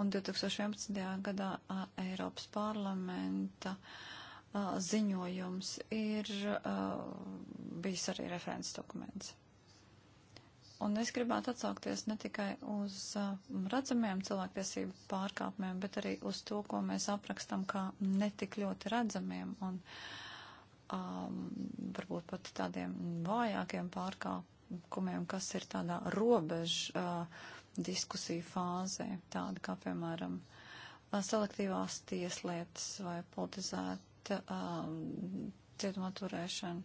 Un 2011. gadā uh, Eiropas parlamenta uh, ziņojums ir uh, bijis arī referents dokuments. Un es gribētu atsaukties ne tikai uz uh, redzamiem cilvēktiesību pārkāpumiem, bet arī uz to, ko mēs aprakstam kā netik ļoti redzamiem. Un, uh, um, varbūt pat tādiem vājākiem pārkāpumiem, kas ir tādā robežu uh, diskusiju fāzē, tāda kā, piemēram, uh, selektīvās tieslietas vai politizēta um, cietumā turēšana.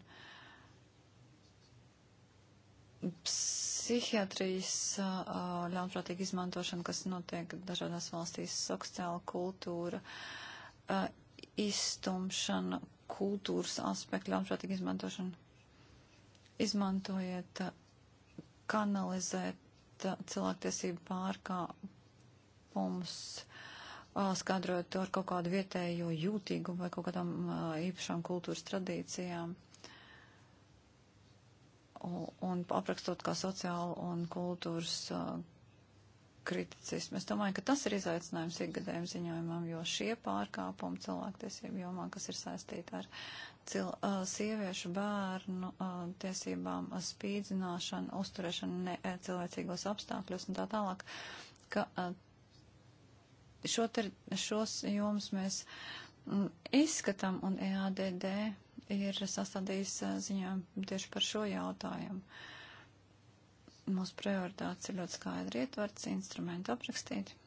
Psihiatrijas uh, ļaunprātīga izmantošana, kas notiek dažādās valstīs, sociāla kultūra, uh, izstumšana, kultūras aspektu ļaunprātīgu izmantošanu. Izmantojiet, kanalizēt cilvēktiesību pārkāpumus, skaidrojot to ar kaut kādu vietējo jūtīgumu vai kaut kādām īpašām kultūras tradīcijām. Un aprakstot kā sociālu un kultūras kritisismu. Es domāju, ka tas ir izaicinājums ikgadējiem ziņojumam, jo šie pārkāpumi cilvēktiesību jomā, kas ir saistīti ar cil, uh, sieviešu bērnu uh, tiesībām, uh, spīdzināšanu, uzturēšanu necilvēcīgos uh, apstākļos un tā tālāk, ka uh, šo ter, šos jomas mēs mm, izskatām un EADD ir sastādījis uh, ziņojumu tieši par šo jautājumu. Uh, Mūsu prioritātes ir ļoti skaidri ietverts, instrumenti aprakstīti.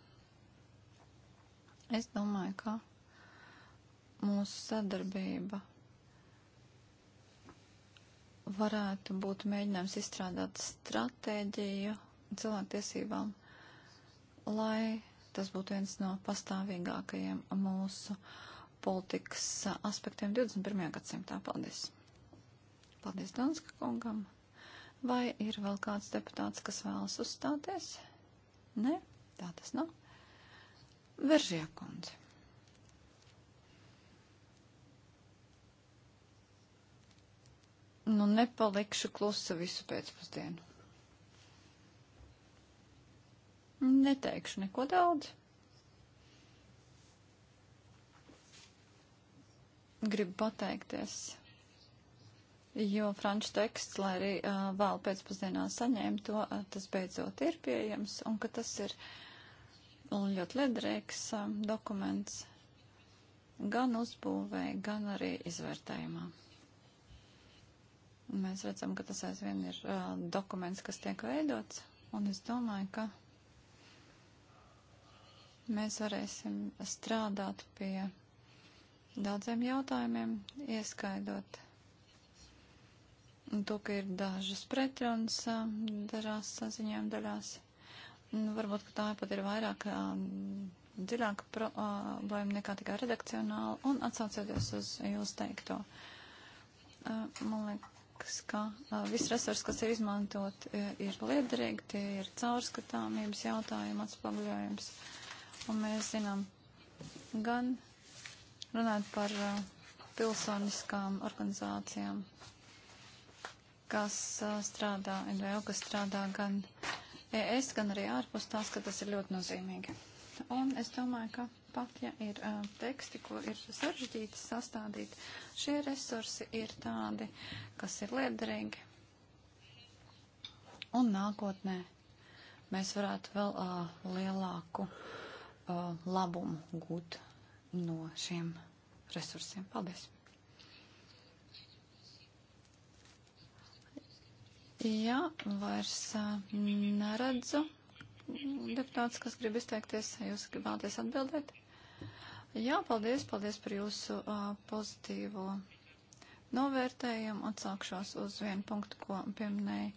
Es domāju, ka mūsu sadarbība varētu būt mēģinājums izstrādāt stratēģiju cilvēktiesībām, lai tas būtu viens no pastāvīgākajiem mūsu politikas aspektiem 21. gadsimtā. Paldies! Paldies Danska kungam! Vai ir vēl kāds deputāts, kas vēlas uzstāties? Nē, tā tas nav. Veržie kundze. Nu, nepalikšu klusa visu pēcpusdienu. Neteikšu neko daudz. Gribu pateikties Jo franču teksts, lai arī uh, vēl pēcpusdienā saņēma to, uh, tas beidzot ir pieejams un ka tas ir ļoti liederīgs uh, dokuments gan uzbūvē, gan arī izvērtējumā. Mēs redzam, ka tas aizvien ir uh, dokuments, kas tiek veidots, un es domāju, ka mēs varēsim strādāt pie daudziem jautājumiem, ieskaidot to, ka ir dažas pretrunas dažās saziņojuma daļās. Nu, varbūt, ka tā pat ir vairāk dziļāka problēma nekā tikai redakcionāla un atsaucēties uz jūsu teikto. Man liekas, ka viss resurs, kas ir izmantot, ir liederīgi, tie ir caurskatāmības jautājumi, atspoguļojums. Un mēs zinām gan runāt par pilsoniskām organizācijām, kas strādā, NVO, kas strādā gan ES, gan arī ārpus tās, ka tas ir ļoti nozīmīgi. Un es domāju, ka pat ja ir uh, teksti, ko ir sarežģīti sastādīt, šie resursi ir tādi, kas ir liederīgi. Un nākotnē mēs varētu vēl uh, lielāku uh, labumu gūt no šiem resursiem. Paldies! Jā, vairs neredzu deputāts, kas grib izteikties. Jūs gribāties atbildēt? Jā, paldies, paldies par jūsu uh, pozitīvo novērtējumu. Atsākšos uz vienu punktu, ko pieminēja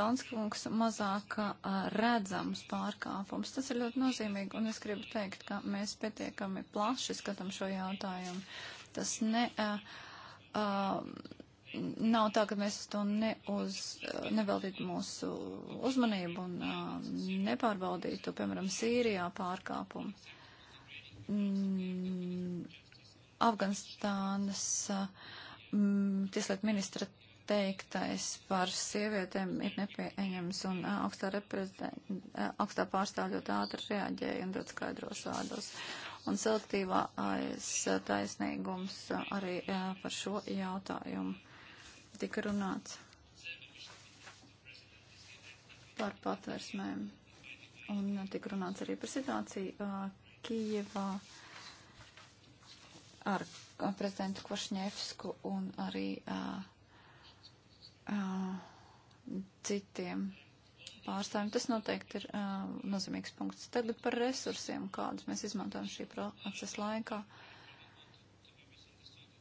Donskungs mazāk uh, redzams pārkāpums. Tas ir ļoti nozīmīgi, un es gribu teikt, ka mēs pietiekami plaši skatām šo jautājumu. Tas ne. Uh, uh, nav tā, ka mēs uz to neuz, eh, neveltītu mūsu uzmanību un uh, nepārbaudītu, piemēram, Sīrijā pārkāpumu. Mm, Afganistānas eh, mm, tieslietu ministra teiktais par sievietēm ir nepieņems un uh, augstā, uh, augstā pārstāv ļoti ātri reaģēja un ļoti skaidros vārdos. Un selektīvā taisnīgums arī par šo jautājumu tika runāts par patvērsmēm un tika runāts arī par situāciju uh, Kijevā ar uh, prezidentu Kvašņevsku un arī uh, uh, citiem pārstāvjiem. Tas noteikti ir uh, nozīmīgs punkts. Tagad par resursiem, kādus mēs izmantojam šī procesa laikā. Uh,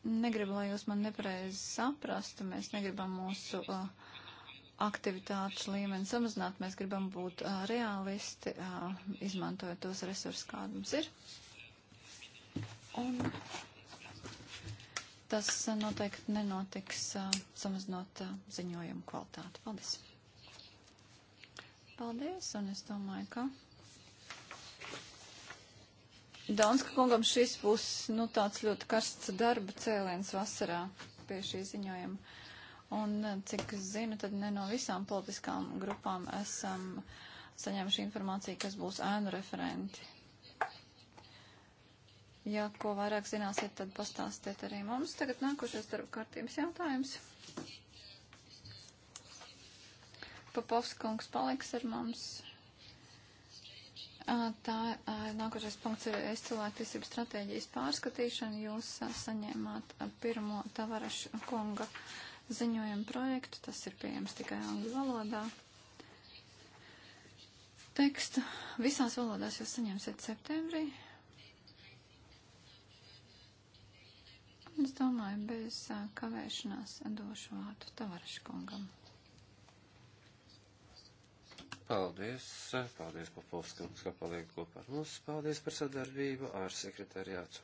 negribu, lai jūs man nepareizi saprastu, mēs negribam mūsu uh, aktivitātes līmeni samazināt, mēs gribam būt uh, realisti, uh, izmantojot tos resursus, kādi mums ir. Un tas uh, noteikti nenotiks uh, samazinot uh, ziņojumu kvalitāti. Paldies! Paldies, un es domāju, ka. Donska kungam šis būs nu, tāds ļoti karsts darba cēliens vasarā pie šī ziņojuma. Un cik zinu, tad ne no visām politiskām grupām esam saņēmuši informāciju, kas būs ēnu referenti. Ja ko vairāk zināsiet, tad pastāstiet arī mums. Tagad nākošais darba kārtības jautājums. Papovskungs paliks ar mums tā nākošais punkts ir es cilvēktiesību stratēģijas pārskatīšana. Jūs saņēmāt pirmo Tavaraša kunga ziņojumu projektu, tas ir pieejams tikai angļu valodā. Tekstu visās valodās jūs saņemsiet septembrī. Es domāju, bez kavēšanās došu vārdu Tavaraša kungam. Paldies, paldies Popovskam, ka paliek kopā ar mums. Paldies par sadarbību ar sekretariātu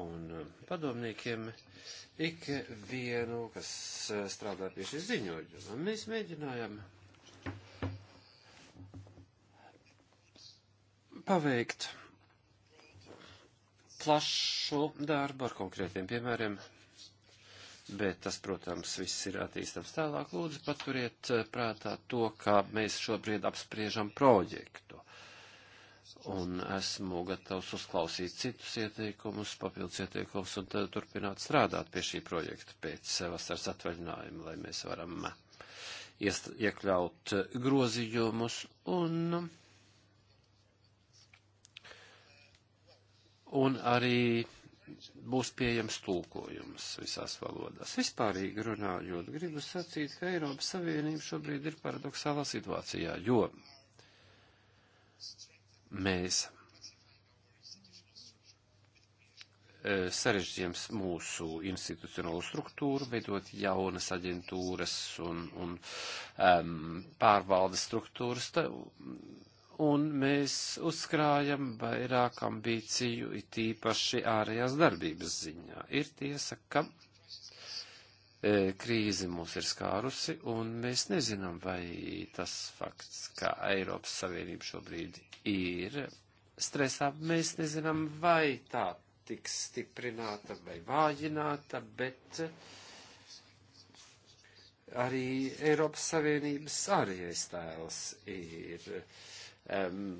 un um, padomniekiem ik vienu, kas uh, strādā pie šī ziņojuma. Mēs mēģinājām paveikt plašu darbu ar konkrētiem piemēriem bet tas, protams, viss ir attīstams tālāk. Lūdzu, paturiet eh, prātā to, kā mēs šobrīd apspriežam projektu. Un esmu gatavs uzklausīt citus ieteikumus, papildus ieteikumus un tad turpināt strādāt pie šī projekta pēc vasaras atvaļinājuma, lai mēs varam iest, iekļaut grozījumus un, un arī būs pieejams tulkojums visās valodās. Vispārīgi runājot, gribu sacīt, ka Eiropas Savienība šobrīd ir paradoxālā situācijā, jo mēs e, sarežģījām mūsu institucionālo struktūru, veidot jaunas aģentūras un, un um, pārvaldes struktūras. Tā, un mēs uzkrājam vairāk ambīciju, it īpaši ārējās darbības ziņā. Ir tiesa, ka e, krīze mūs ir skārusi, un mēs nezinām, vai tas fakts, ka Eiropas Savienība šobrīd ir stresā, mēs nezinām, vai tā tiks stiprināta vai vājināta, bet arī Eiropas Savienības ārējais tēls ir um,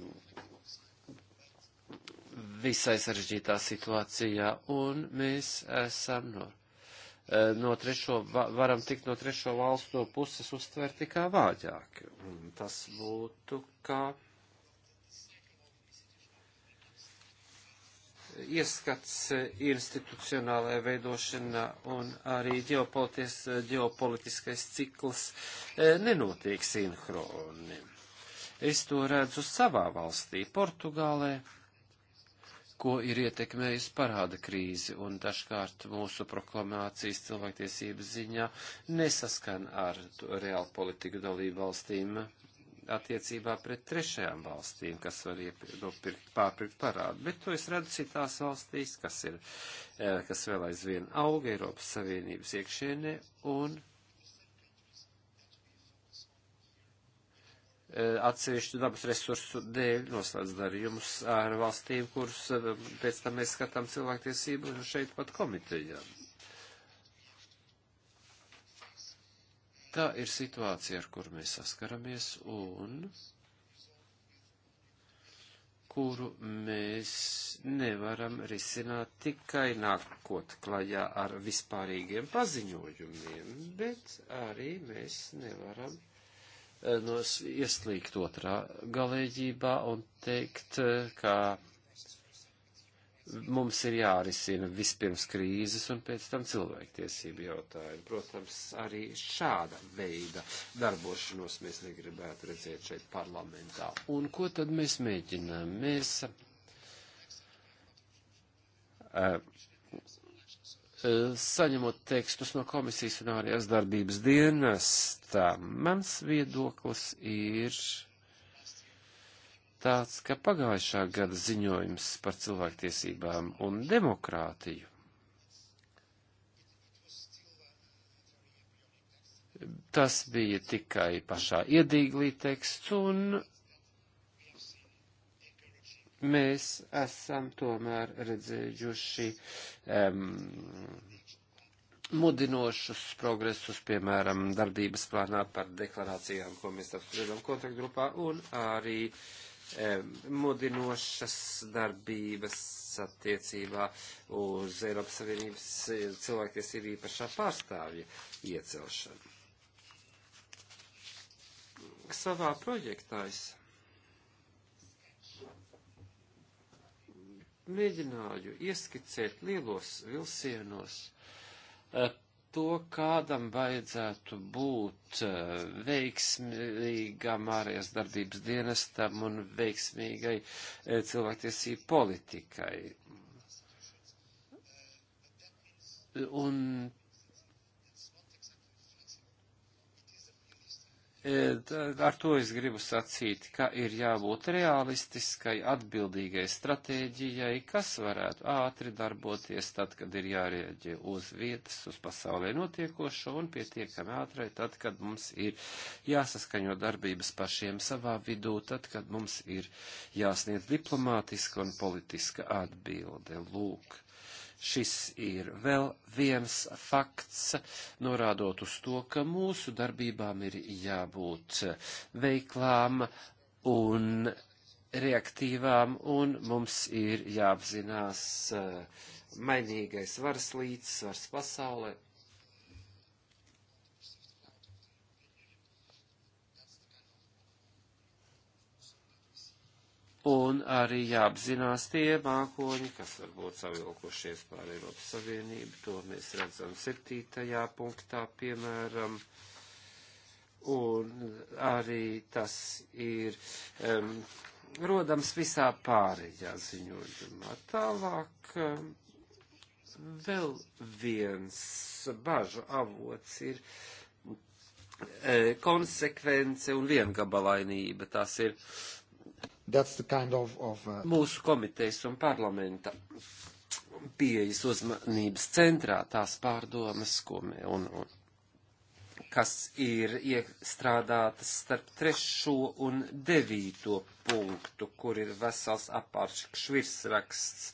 visai sarežģītā situācijā, un mēs esam no, e, no trešo, varam tikt no trešo valstu puses uztverti kā vāģāki. Un tas būtu kā ieskats institucionālajā veidošanā un arī ģeopolitiskais cikls e, nenotiek sinhroni. Es to redzu savā valstī, Portugālē, ko ir ietekmējusi parāda krīze, un dažkārt mūsu proklamācijas cilvēktiesības ziņā nesaskan ar reālu politiku dalību valstīm attiecībā pret trešajām valstīm, kas var iepirkt, pārpirkt parādu, bet to es redzu citās valstīs, kas ir, eh, kas vēl aizvien auga Eiropas Savienības iekšēnē, un Eh, atsevišķu dabas resursu dēļ noslēdz darījumus ar valstīm, kurus eh, pēc tam mēs skatām cilvēktiesību šeit pat komitejā. Tā ir situācija, ar kur mēs saskaramies un kuru mēs nevaram risināt tikai nākot klajā ar vispārīgiem paziņojumiem, bet arī mēs nevaram Eh, nos, ieslīgt otrā galēģībā un teikt, eh, ka mums ir jārisina vispirms krīzes un pēc tam cilvēktiesību jautājumi. Protams, arī šāda veida darbošanos mēs negribētu redzēt šeit parlamentā. Un ko tad mēs mēģinām? Mēs uh, Eh, saņemot tekstus no komisijas un ārējās darbības dienestā. Mans viedoklis ir tāds, ka pagājušā gada ziņojums par cilvēktiesībām un demokrātiju tas bija tikai pašā iedīglī teksts un mēs esam tomēr redzējuši um, mudinošus progresus, piemēram, darbības plānā par deklarācijām, ko mēs apspriedām kontaktgrupā, un arī um, mudinošas darbības attiecībā uz Eiropas Savienības cilvēktiesību īpašā pārstāvja iecelšanu. Savā projektā es mēģināju ieskicēt lielos vilcienos eh, to, kādam vajadzētu būt eh, veiksmīgam ārējās darbības dienestam un veiksmīgai eh, cilvēktiesību politikai. Un E, ar to es gribu sacīt, ka ir jābūt realistiskai, atbildīgai stratēģijai, kas varētu ātri darboties tad, kad ir jārieģē uz vietas, uz pasaulē notiekošo un pietiekami ātrai, tad, kad mums ir jāsaskaņo darbības pašiem savā vidū, tad, kad mums ir jāsniedz diplomātiska un politiska atbilde. Lūk Šis ir vēl viens fakts, norādot uz to, ka mūsu darbībām ir jābūt veiklām un reaktīvām, un mums ir jāapzinās eh, mainīgais varas līdzsvars pasaulē un arī jāapzinās tie mākoņi, kas varbūt savilkušies pār Eiropas Savienību, to mēs redzam septītajā punktā, piemēram, un arī tas ir um, rodams visā pārējā ziņojumā. Tālāk um, vēl viens bažu avots ir e, konsekvence un viengabalainība. Tas ir uh, That's the kind of, of, uh... Mūsu komitejas un parlamenta pieejas uzmanības centrā tās pārdomas, ko mē, un, un kas ir iestrādātas starp trešo un devīto punktu, kur ir vesels apārškšvirsraksts,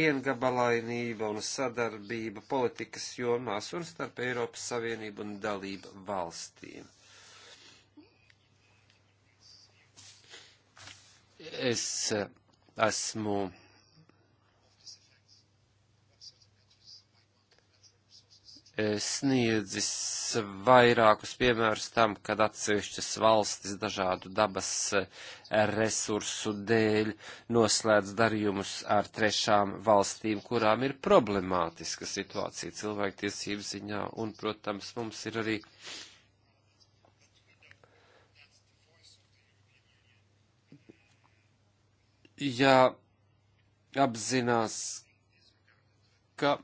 viengabalainība un sadarbība politikas jomās un starp Eiropas Savienību un dalību valstīm. Es eh, esmu. sniedzis vairākus piemērus tam, kad atsevišķas valstis dažādu dabas eh, resursu dēļ noslēdz darījumus ar trešām valstīm, kurām ir problemātiska situācija cilvēktiesību ziņā, un, protams, mums ir arī uh, jāapzinās, ka,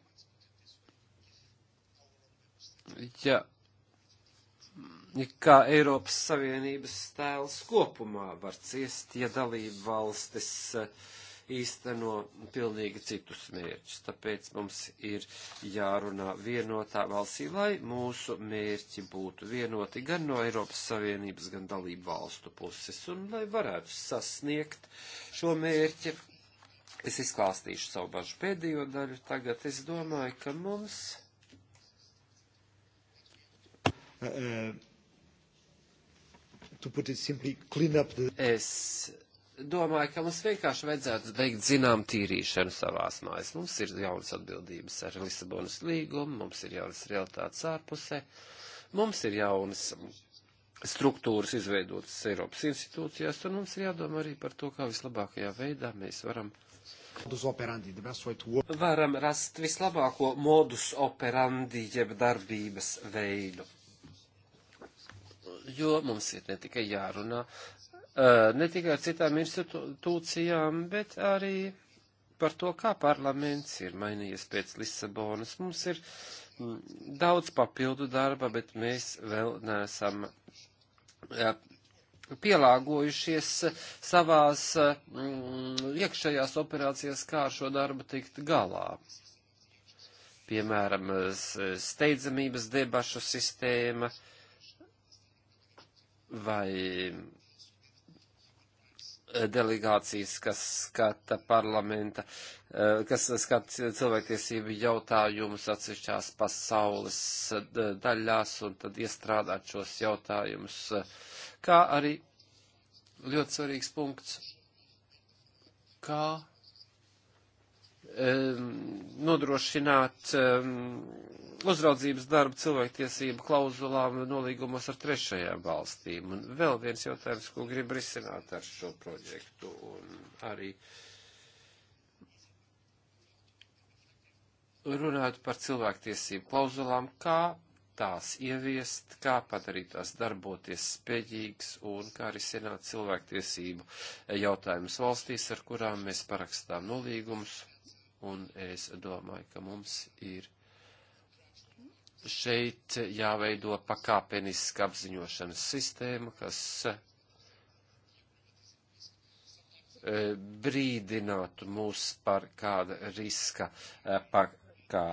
ja, kā Eiropas Savienības tēls kopumā var ciest, ja dalība valstis uh, īsteno pilnīgi citus mērķus. Tāpēc mums ir jārunā vienotā valstī, lai mūsu mērķi būtu vienoti gan no Eiropas Savienības, gan dalību valstu puses, un lai varētu sasniegt šo mērķi. Es izklāstīšu savu bažu pēdējo daļu. Tagad es domāju, ka mums. Uh, uh, to put it simply, clean up the. Es domāju, ka mums vienkārši vajadzētu veikt zinām tīrīšanu savās mājas. Mums ir jaunas atbildības ar Lisabonas līgumu, mums ir jaunas realitātes ārpusē, mums ir jaunas struktūras izveidotas Eiropas institūcijās, un mums ir jādomā arī par to, kā vislabākajā veidā mēs varam varam rast vislabāko modus operandi jeb darbības veidu. Jo mums ir ne tikai jārunā Eh, ne tikai ar citām institūcijām, bet arī par to, kā parlaments ir mainījies pēc Lisabonas. Mums ir mm, daudz papildu darba, bet mēs vēl neesam pielāgojušies savās mm, iekšējās operācijās, kā ar šo darbu tikt galā. Piemēram, steidzamības debašu sistēma vai Eh, delegācijas, kas skata parlamenta, eh, kas skata cilvēktiesību jautājumus atsevišķās pasaules eh, daļās un tad iestrādāt šos jautājumus. Kā arī ļoti svarīgs punkts, kā Um, nodrošināt um, uzraudzības darbu cilvēktiesību klauzulām nolīgumos ar trešajām valstīm. Un vēl viens jautājums, ko grib risināt ar šo projektu un arī runāt par cilvēktiesību klauzulām, kā tās ieviest, kā padarīt tās darboties spēcīgas un kā arī senāt cilvēktiesību jautājumus valstīs, ar kurām mēs parakstām nolīgumus un es domāju, ka mums ir šeit jāveido pakāpeniska apziņošanas sistēma, kas e, brīdinātu mūs par kāda riska e, pakā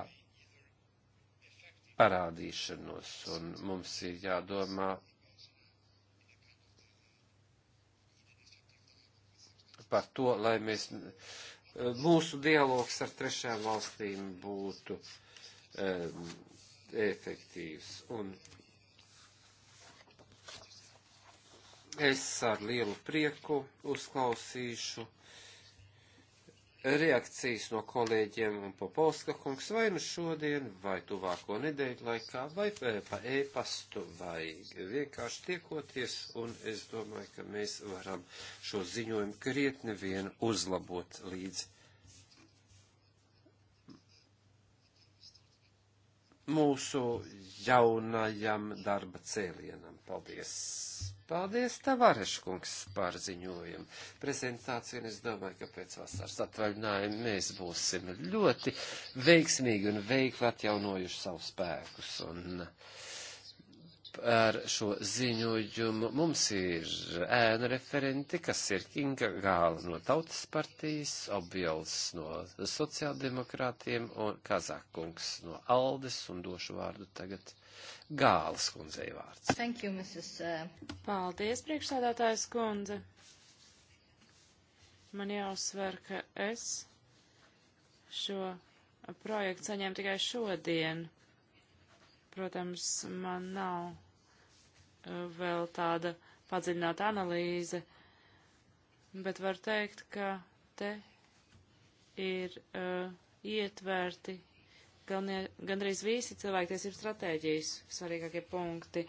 parādīšanos, un mums ir jādomā par to, lai mēs Eh, mūsu dialogs ar trešām valstīm būtu um, efektīvs. Un es ar lielu prieku uzklausīšu reakcijas no kolēģiem un Popolska kungs vai nu šodien, vai tuvāko nedēļu laikā, vai pa e-pastu, vai vienkārši tiekoties, un es domāju, ka mēs varam šo ziņojumu krietni vien uzlabot līdz mūsu jaunajam darba cēlienam. Paldies! Paldies, Tavareškungs, par ziņojumu. Prezentāciju, un es domāju, ka pēc vasaras atvaļinājuma mēs būsim ļoti veiksmīgi un veikli atjaunojuši savus spēkus. Un, ar šo ziņojumu mums ir ēna referenti, kas ir Kinga Gāla no Tautas partijas, Objels no sociāldemokrātiem un Kazakungs no Aldes, un došu vārdu tagad Gāles kundzei vārds. Thank you, Mrs. Uh, Paldies, priekšsādātājs kundze. Man jāuzsver, ka es šo projektu saņēmu tikai šodien. Protams, man nav uh, vēl tāda padziļināta analīze, bet var teikt, ka te ir uh, ietverti galvenie, gandrīz visi cilvēktiesību stratēģijas svarīgākie punkti.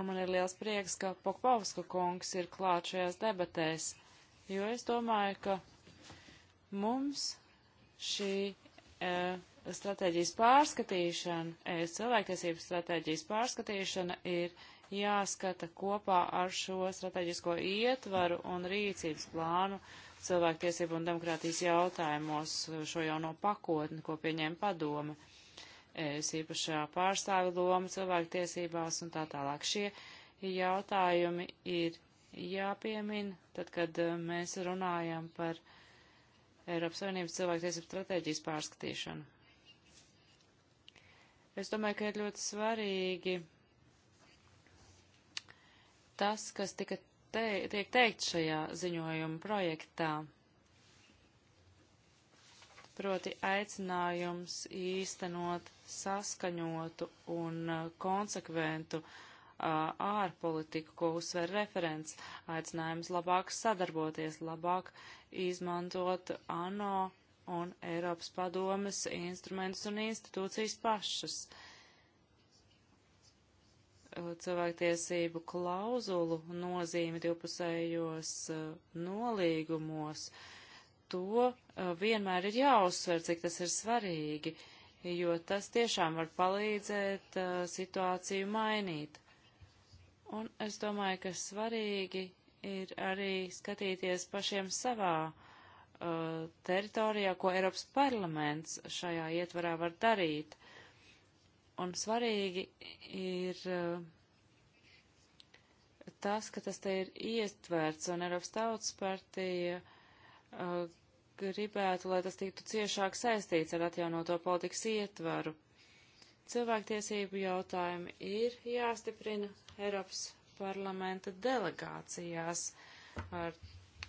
Un man ir liels prieks, ka Pokpovska kungs ir klāt šajās debatēs, jo es domāju, ka mums šī e, stratēģijas pārskatīšana, e, cilvēktiesību stratēģijas pārskatīšana ir jāskata kopā ar šo strateģisko ietvaru un rīcības plānu, uh, cilvēktiesību un demokrātijas jautājumos šo jauno pakotni, ko pieņēma padome. Es īpašā pārstāvi loma cilvēktiesībās un tā tālāk. Šie jautājumi ir jāpiemina, tad, kad eh, mēs runājam par Eiropas Savienības cilvēktiesību stratēģijas pārskatīšanu. Es domāju, ka ir ļoti svarīgi tas, kas tika te, tiek teikt šajā ziņojuma projektā. Proti aicinājums īstenot saskaņotu un konsekventu ārpolitiku, ko uzsver referents, aicinājums labāk sadarboties, labāk izmantot ANO un Eiropas padomes instrumentus un institūcijas pašas. Uh, cilvēktiesību klauzulu nozīmi divpusējos uh, nolīgumos, to uh, vienmēr ir jāuzsver, cik tas ir svarīgi, jo tas tiešām var palīdzēt situāciju mainīt. Un es domāju, ka svarīgi ir arī skatīties pašiem savā uh, teritorijā, ko Eiropas parlaments šajā ietvarā var darīt. Un svarīgi ir eh, tas, ka tas te ir ietverts, un Eiropas tautas partija uh, gribētu, lai tas tiktu ciešāk saistīts ar atjaunoto politikas ietvaru. Cilvēktiesību jautājumi ir jāstiprina Eiropas parlamenta delegācijās. Ar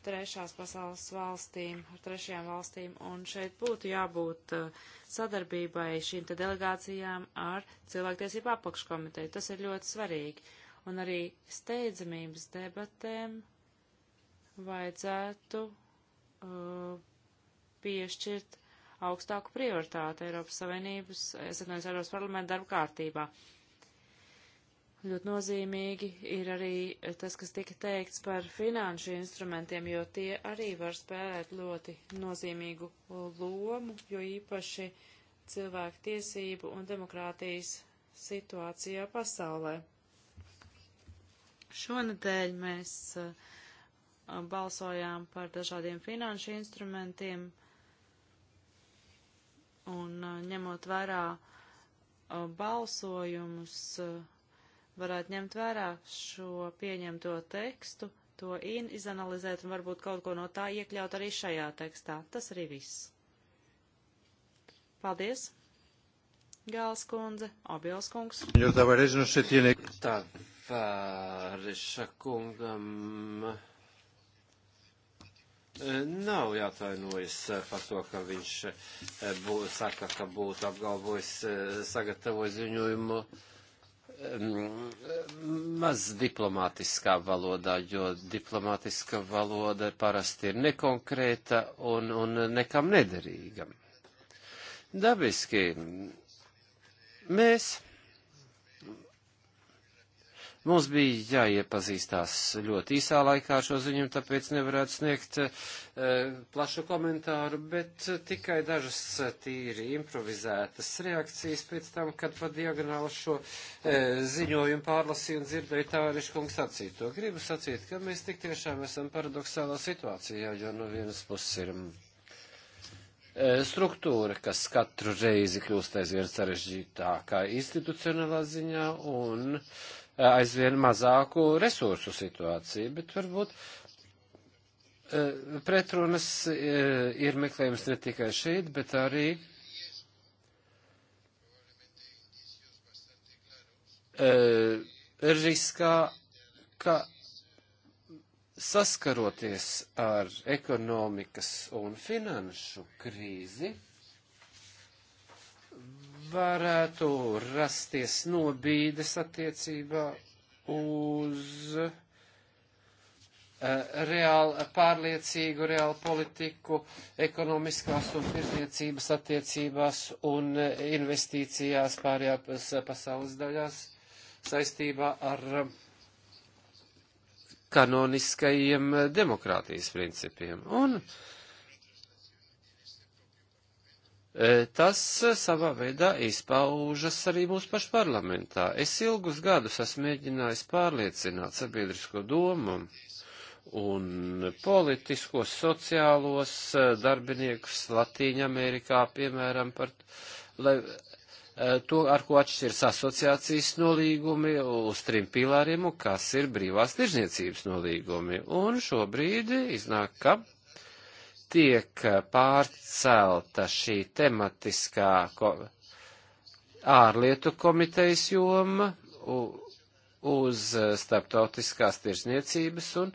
trešās pasaules valstīm, ar trešajām valstīm, un šeit būtu jābūt uh, sadarbībai šīm te delegācijām ar cilvēktiesību apakškomiteju. Tas ir ļoti svarīgi. Un arī steidzamības debatēm vajadzētu uh, piešķirt augstāku prioritāti Eiropas Savienības, es atvainojos Eiropas parlamenta darba kārtībā. Uh, Ļoti nozīmīgi ir arī tas, kas tika teikts par finanšu instrumentiem, jo tie arī var spēlēt ļoti nozīmīgu lomu, jo īpaši cilvēku tiesību un demokrātijas situācijā pasaulē. Šonadēļ mēs uh, balsojām par dažādiem finanšu instrumentiem un uh, ņemot vērā uh, balsojumus varētu ņemt vērā šo pieņemto tekstu, to in, izanalizēt un varbūt kaut ko no tā iekļaut arī šajā tekstā. Tas arī viss. Paldies! Gāls kundze, Obils kungs. Tā, Vāreša kungam eh, nav jātainojas eh, par to, ka viņš eh, bū, saka, ka būtu apgalvojis, sagatavojis ziņojumu maz diplomātiskā valodā, jo diplomātiska valoda parasti ir nekonkrēta un, un nekam nederīga. Dabiski mēs Mums bija jāiepazīstās ļoti īsā laikā ar šo ziņu, tāpēc nevarētu sniegt e, plašu komentāru, bet tikai dažas eh, tīri improvizētas reakcijas pēc tam, kad pa diagonāli šo e, ziņojumu pārlasīju un dzirdēju tārišu kungs sacīt to. Gribu sacīt, ka mēs tik tiešām esam paradoxālā situācijā, jo no vienas puses ir mm, struktūra, kas katru reizi kļūst aizvien sarežģītākā institucionālā ziņā un uh, Eh, aizvien mazāku resursu situāciju, bet varbūt eh, pretrunas eh, ir meklējums ne tikai šeit, bet arī riskā, ka saskaroties ar ekonomikas un finanšu krīzi, varētu rasties nobīdes attiecībā uz uh, eh, reāli pārliecīgu reāli politiku ekonomiskās un tirzniecības attiecībās un eh, investīcijās pārējās pasaules daļās saistībā ar kanoniskajiem eh, demokrātijas principiem. Un uh, E, tas e, savā veidā izpaužas arī mūsu pašu parlamentā. Es ilgus gadus esmu mēģinājis pārliecināt sabiedrisko domu un politiskos, sociālos e, darbiniekus Latīņa Amerikā, piemēram, par, lai, to, ar ko atšķiras asociācijas nolīgumi uz trim pilāriem un kas ir brīvās tirzniecības nolīgumi. Un šobrīd iznāk, ka tiek eh, pārcelta šī tematiskā ko, ārlietu komitejas joma uz eh, starptautiskās tirsniecības un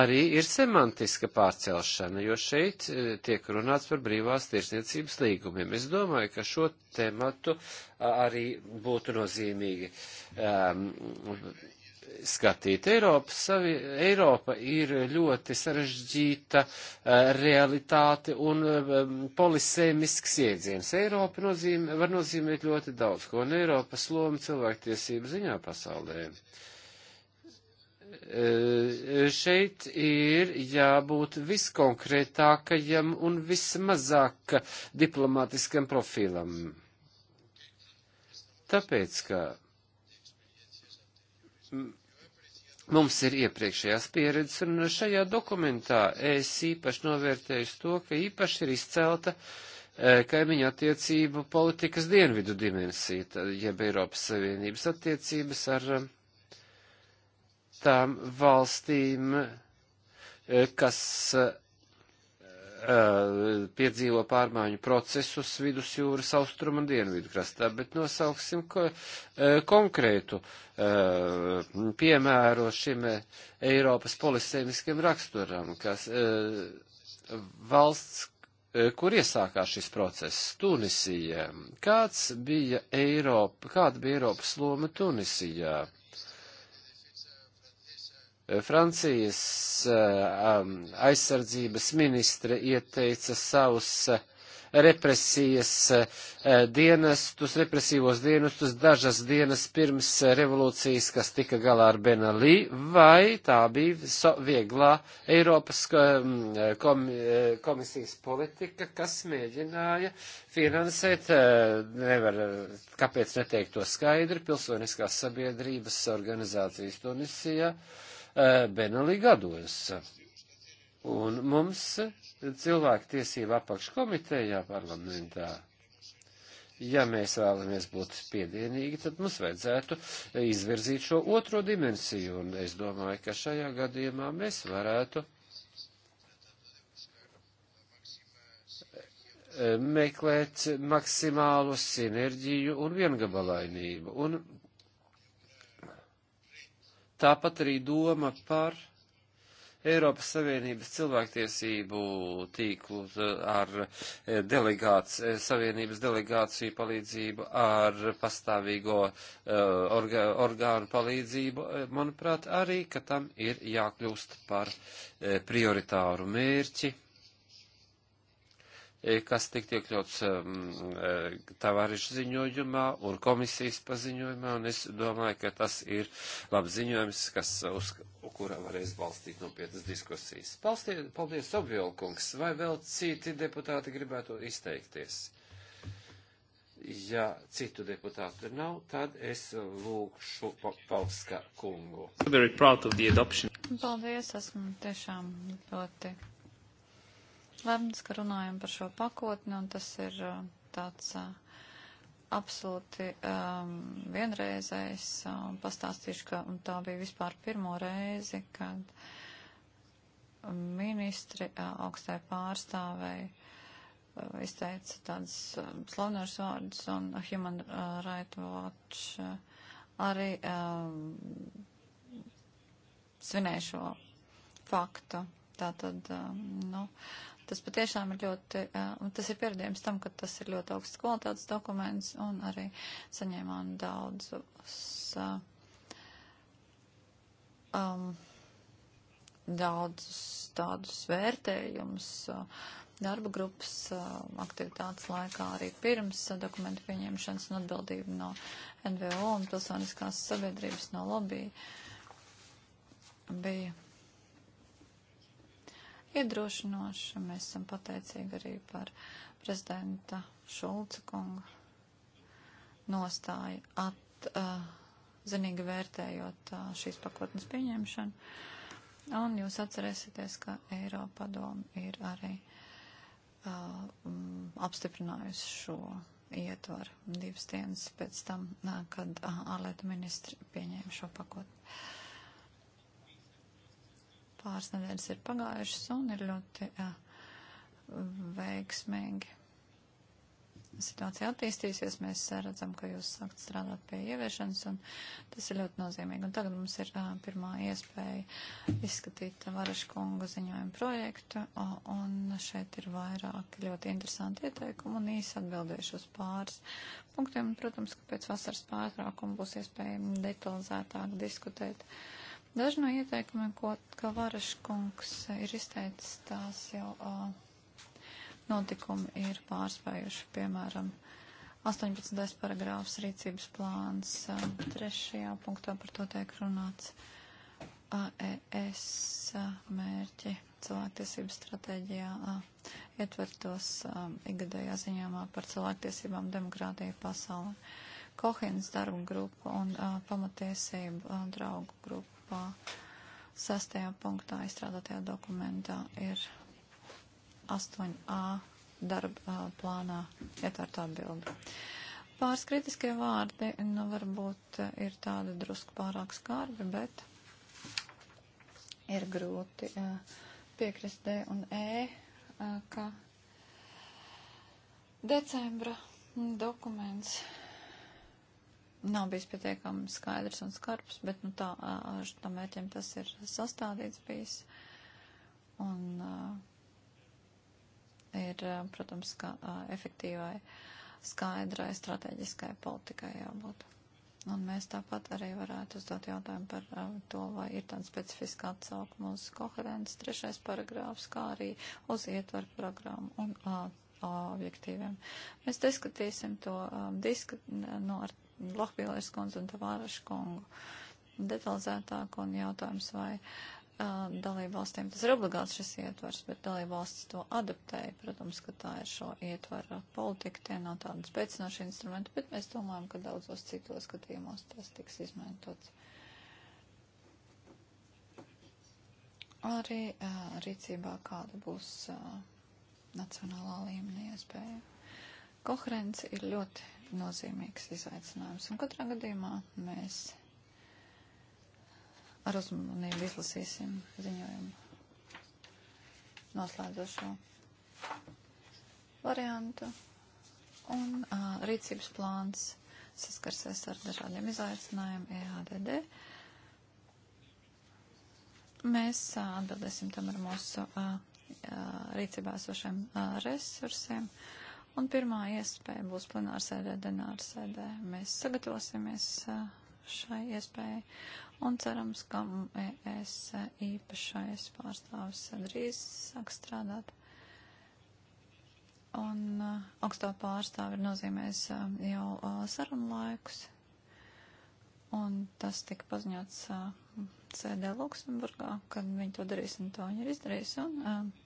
arī ir semantiska pārcelšana, jo šeit eh, tiek runāts par brīvās tirsniecības līgumiem. Es domāju, ka šo tematu arī būtu nozīmīgi um, skatīt. Eiropas, savi, Eiropa ir ļoti sarežģīta eh, realitāte un eh, polisēmisks iedziens. Eiropa nozīmē, var nozīmēt ļoti daudz ko, un Eiropas loma cilvēktiesību ziņā pasaulē. Eh, šeit ir jābūt viskonkrētākajam un vismazāk diplomātiskam profilam. Tāpēc, ka Mums ir iepriekšējās pieredzes, un šajā dokumentā es īpaši novērtēju to, ka īpaši ir izcelta e, kaimiņu attiecību politikas dienvidu dimensija, tā, jeb Eiropas Savienības attiecības ar e, tām valstīm, e, kas e, uh, piedzīvo pārmaiņu procesus vidusjūras austrumu un dienvidu krastā, bet nosauksim ko, uh, konkrētu uh, piemēru šim Eiropas polisēmiskiem raksturam, kas uh, valsts, uh, kur iesākās šis process, Tunisija. Kāds bija Eiropa, kāda bija Eiropas loma Tunisijā? Francijas eh, aizsardzības ministre ieteica savus eh, represijas eh, dienestus, represīvos dienestus dažas dienas pirms revolūcijas, kas tika galā ar Benalī, vai tā bija so vieglā Eiropas mm, kom komisijas politika, kas mēģināja finansēt, nevar, kāpēc neteikt to skaidri, pilsoniskās sabiedrības organizācijas Tunisijā. Ja? Eh, Benelī gados. Un mums cilvēktiesība apakškomitejā parlamentā ja mēs vēlamies būt piedienīgi, tad mums vajadzētu izvirzīt šo otro dimensiju, un es domāju, ka šajā gadījumā mēs varētu meklēt maksimālu sinerģiju un viengabalainību, un Tāpat arī doma par Eiropas Savienības cilvēktiesību tīklu ar eh, delegāts, eh, Savienības delegāciju palīdzību, ar pastāvīgo eh, orga, orgānu palīdzību, manuprāt, arī, ka tam ir jākļūst par prioritāru mērķi Eh, kas tika iekļauts um, eh, tavārišu ziņojumā un komisijas paziņojumā, un es domāju, ka tas ir labs ziņojums, kas, eh, uz kura varēs balstīt nopietnas diskusijas. Paldies, paldies Obvielkungs, vai vēl citi deputāti gribētu izteikties? Ja citu deputātu nav, tad es lūkšu Pauska kungu. Paldies, esmu tiešām ļoti lemts, ka runājam par šo pakotni, un tas ir uh, tāds uh, absolūti um, vienreizējs. Um, pastāstīšu, ka tā bija vispār pirmo reizi, kad ministri uh, augstai pārstāvēji uh, izteica tādas uh, um, slavenības vārdus, un Human Rights Watch uh, arī uh, svinēja šo faktu. Tātad, uh, nu, uh, Tas patiešām ir ļoti, eh, un tas ir pierādījums tam, ka tas ir ļoti augsts kvalitātes dokuments un arī saņēmām daudzus, eh, um, daudzus tādus vērtējumus eh, darba grupas aktivitātes laikā arī pirms dokumentu pieņemšanas un atbildību no NVO un pilsoniskās sabiedrības no lobby bija iedrošinoša. Mēs esam pateicīgi arī par prezidenta Šulca kunga nostāju atzinīgi eh, uh, vērtējot uh, šīs pakotnes pieņemšanu. Un jūs atcerēsieties, ka Eiropa doma ir arī uh, m, apstiprinājusi šo ietvaru divas dienas pēc tam, nā, kad ārlietu ministri pieņēma šo pakotni. Uh, Pāris nedēļas ir pagājušas un ir ļoti jā, veiksmīgi. Situācija attīstīsies, mēs redzam, ka jūs sākt strādāt pie ieviešanas, un tas ir ļoti nozīmīgi. Un tagad mums ir uh, pirmā iespēja izskatīt Varaškunga ziņojumu projektu, un šeit ir vairāki ļoti interesanti ieteikumi, un īsi atbildēšu uz pāris punktiem. Protams, ka pēc vasaras pārtraukuma būs iespēja detalizētāk diskutēt. Uh, Daži no ieteikumiem, ko Kavaraškungs ir izteicis, tās jau uh, notikumi ir pārspējuši, piemēram, 18. paragrāfs rīcības plāns, uh, trešajā punktā par to tiek runāts. AES mērķi cilvēktiesību stratēģijā ietvertos ikgadējā ziņāmā par cilvēktiesībām demokrātiju pasaulē. Kohins darba grupa un a, pamatiesību a, draugu grupa Eiropā sastajā punktā izstrādātajā dokumentā ir 8a darba plānā ietverta atbildi. Pāris kritiskie vārdi, nu varbūt ir tādi drusku pārāk skarbi, bet ir grūti piekrist D un E, ka decembra dokuments nav bijis pietiekami skaidrs un skarbs, bet nu, tā, tam mērķim tas ir sastādīts bijis. Un uh, ir, protams, kā uh, efektīvai, skaidrai, strateģiskai politikai jābūt. Un mēs tāpat arī varētu uzdot jautājumu par uh, to, vai ir tāda specifiska atsaukuma uz koherences trešais paragrāfs, kā arī uz ietvaru programmu un uh, objektīviem. Mēs diskutēsim to um, disk, no, nu, ar Lohbīlēs kundzi un Tavārašu kungu detalizētāk un jautājums, vai uh, dalību valstīm tas ir obligāts šis ietvars, bet dalību valstis to adaptēja. Protams, ka tā ir šo ietvara politika, tie nav tādi spēcinoši instrumenti, bet mēs domājam, ka daudzos citos skatījumos tas tiks izmantots. Arī uh, rīcībā kāda būs uh, nacionālā līmenī iespēja. Koherence ir ļoti nozīmīgs izaicinājums. Un katrā gadījumā mēs ar uzmanību izlasīsim ziņojumu noslēdzošo variantu. Un uh, rīcības plāns saskarsies ar dažādiem izaicinājumiem EADD. Mēs uh, atbildēsim tam ar mūsu uh, rīcībā esošiem uh, resursiem. Uh, Un pirmā iespēja būs plenārsēdē, denārsēdē. Mēs sagatavosimies šai iespējai un cerams, ka es īpašais pārstāvis drīz sāk strādāt. Un augstā pārstāve ir nozīmējis jau sarunu laikus. Un tas tika paziņots sēdē Luksemburgā, kad viņi to darīs, un to viņi ir izdarījis. Un, uh,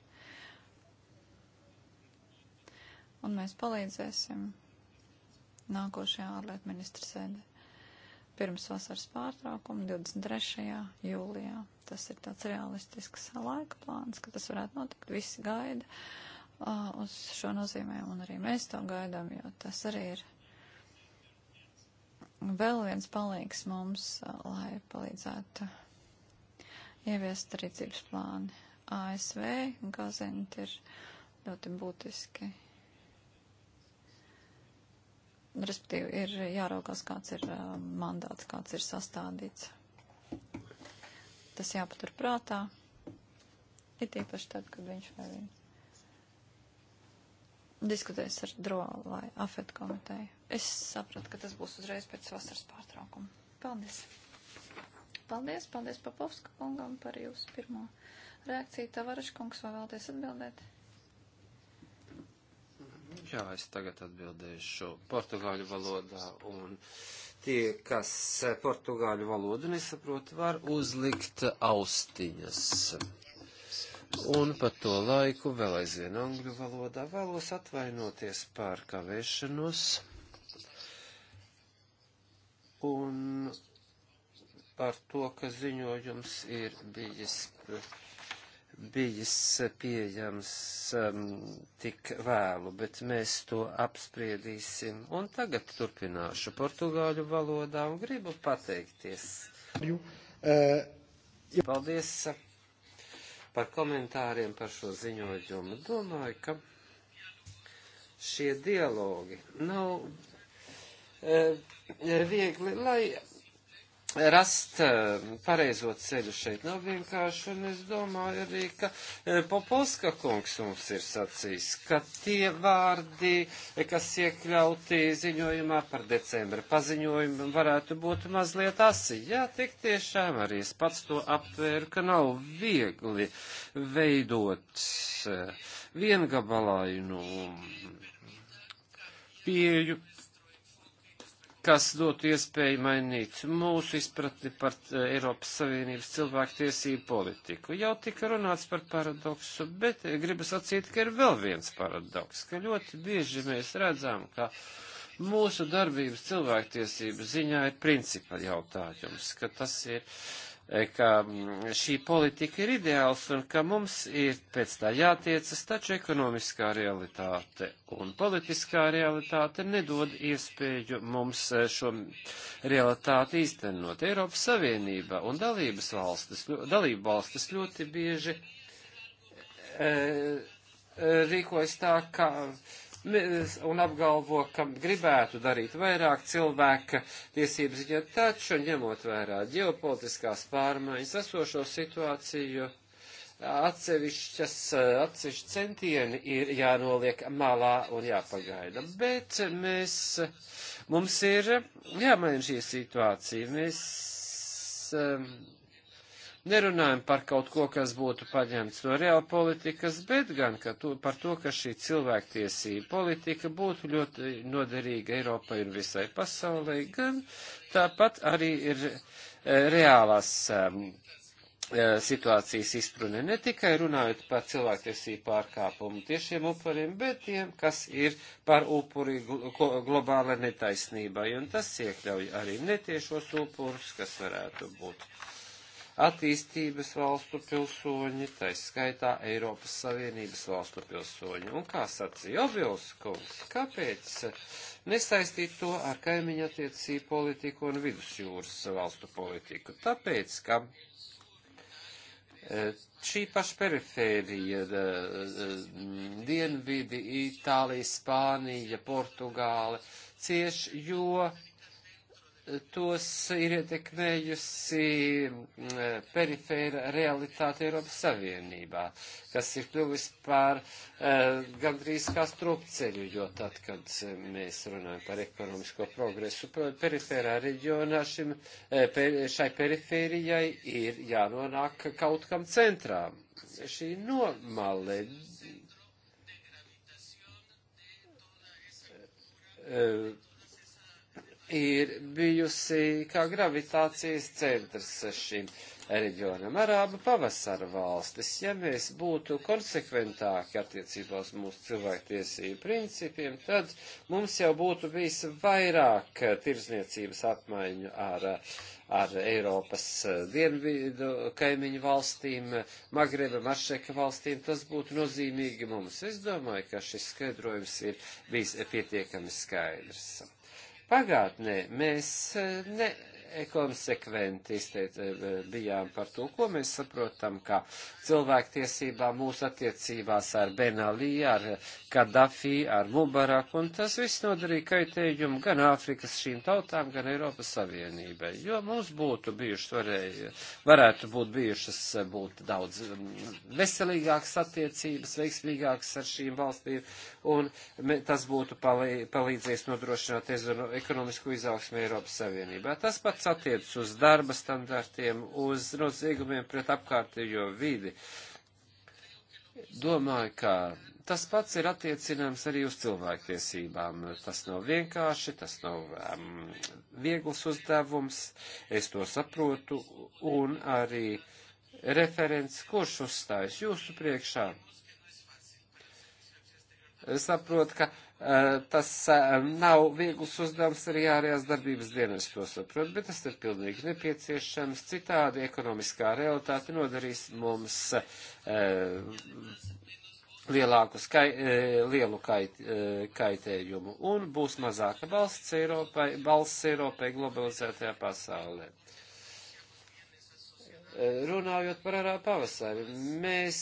un mēs palīdzēsim nākošajā ārlietu ministra sēdē. Pirms vasaras pārtraukuma 23. jūlijā. Tas ir tāds realistisks laika plāns, ka tas varētu notikt. Visi gaida uh, uz šo nozīmēm, un arī mēs to gaidām, jo tas arī ir vēl viens palīgs mums, uh, lai palīdzētu ieviest rīcības plāni. ASV gazint ir ļoti būtiski respektīvi ir jāraugās, kāds ir uh, mandāts, kāds ir sastādīts. Tas jāpatur prātā, it īpaši tad, kad viņš vai viņa diskutēs ar DRO vai AFET komiteju. Es sapratu, ka tas būs uzreiz pēc vasaras pārtraukuma. Paldies! Paldies, paldies Papovska kungam par jūsu pirmo reakciju. Tavaraškungs, vai vēlties atbildēt? Jā, es tagad atbildēšu portugāļu valodā, un tie, kas portugāļu valodu nesaprot, var uzlikt austiņas. Un par to laiku vēl aizvien angļu valodā vēlos atvainoties par kavēšanos. Un par to, ka ziņojums ir bijis bijis pieejams um, tik vēlu, bet mēs to apspriedīsim. Un tagad turpināšu portugāļu valodā un gribu pateikties. Uh, Paldies par komentāriem par šo ziņojumu. Domāju, ka šie dialogi nav e, viegli, lai rast eh, pareizo ceļu šeit nav vienkārši, un es domāju arī, ka eh, Popolska kungs mums ir sacījis, ka tie vārdi, eh, kas iekļauti ziņojumā par decembra paziņojumu, varētu būt mazliet asi. Jā, tik tiešām arī es pats to aptvēru, ka nav viegli veidot viengabalāju no nu, pieju kas dotu iespēju mainīt mūsu izpratni par eh, Eiropas Savienības cilvēku tiesību politiku. Jau tika runāts par paradoksu, bet eh, gribu sacīt, ka ir vēl viens paradoks, ka ļoti bieži mēs redzam, ka mūsu darbības cilvēktiesību ziņā ir principa jautājums, ka tas ir E, ka mm, šī politika ir ideāls un ka mums ir pēc tā jātiecas, taču ekonomiskā realitāte un politiskā realitāte nedod iespēju mums e, šo realitāti īstenot. Eiropas Savienība un dalības valstis, dalība valstis ļoti bieži e, rīkojas tā, ka. E, un apgalvo, ka gribētu darīt vairāk cilvēka tiesības ziņā, taču ņemot vērā ģeopolitiskās pārmaiņas esošo situāciju, atsevišķas, atsevišķi centieni ir jānoliek malā un jāpagaida. Bet mēs, mums ir jāmaina šī situācija. Mēs, um, nerunājam par kaut ko, kas būtu paņemts no reāla politikas, bet gan to, par to, ka šī cilvēktiesība politika būtu ļoti noderīga Eiropai un visai pasaulē, gan tāpat arī ir e, reālās um, situācijas izprune ne tikai runājot par cilvēktiesību pārkāpumu tiešiem upuriem, bet tiem, kas ir par upuri globāla netaisnībai. Un tas iekļauj arī netiešos upurus, kas varētu būt uh, attīstības valstu pilsoņi, taiskaitā Eiropas Savienības valstu pilsoņi. Un kā sacīja Obils kungs, kāpēc nesaistīt to ar kaimiņu attiecību politiku un vidusjūras valstu politiku? Tāpēc, ka eh, šī paša perifērija, eh, dienvidi, Itālija, Spānija, Portugāla, cieš, jo tos ir ietekmējusi perifēra realitāte Eiropas Savienībā, kas ir kļuvis par uh, gandrīz kā strupceļu, jo tad, kad mēs runājam par ekonomisko progresu perifērā reģionā, šim, e, per, šai perifērijai ir jānonāk kaut kam centrā. Šī nomale uh, ir bijusi kā gravitācijas centrs šim reģionam. Arāba pavasara valstis, ja mēs būtu konsekventāki attiecībā uz mūsu cilvēktiesību principiem, tad mums jau būtu bijis vairāk tirzniecības apmaiņu ar, ar Eiropas dienvidu kaimiņu valstīm, Magreba, Maršeka valstīm. Tas būtu nozīmīgi mums. Es domāju, ka šis skaidrojums ir bijis pietiekami skaidrs. Pagātnē mēs eh, ne, konsekventi izteic, e, e, bijām par to, ko mēs saprotam, ka cilvēktiesībā mūsu attiecībās ar Benalī, ar Kadafī, ar Mubarak, un tas viss nodarīja kaitējumu gan Āfrikas šīm tautām, gan Eiropas Savienībai, jo mums būtu bijušas, varēja, varētu būt bijušas e, būt daudz veselīgākas attiecības, veiksmīgākas ar šīm valstīm, un tas būtu palīdzējis nodrošināt ekonomisku izaugsmu Eiropas Savienībā. Tas pat pats attiecas uz darba standartiem, uz noziegumiem pret apkārtējo vidi. Domāju, ka tas pats ir attiecināms arī uz cilvēktiesībām. Tas nav vienkārši, tas nav um, viegls uzdevums, es to saprotu, un arī referents, kurš uzstājas jūsu priekšā saprot, ka uh, tas uh, nav viegls uzdevums arī ārējās darbības dienas to saprot, bet tas ir pilnīgi nepieciešams. Citādi ekonomiskā realitāte nodarīs mums uh, lielāku skai, lielu kait, kaitējumu un būs mazāka balsts Eiropai, balsts Eiropai globalizētajā pasaulē. Runājot par arā pavasari, mēs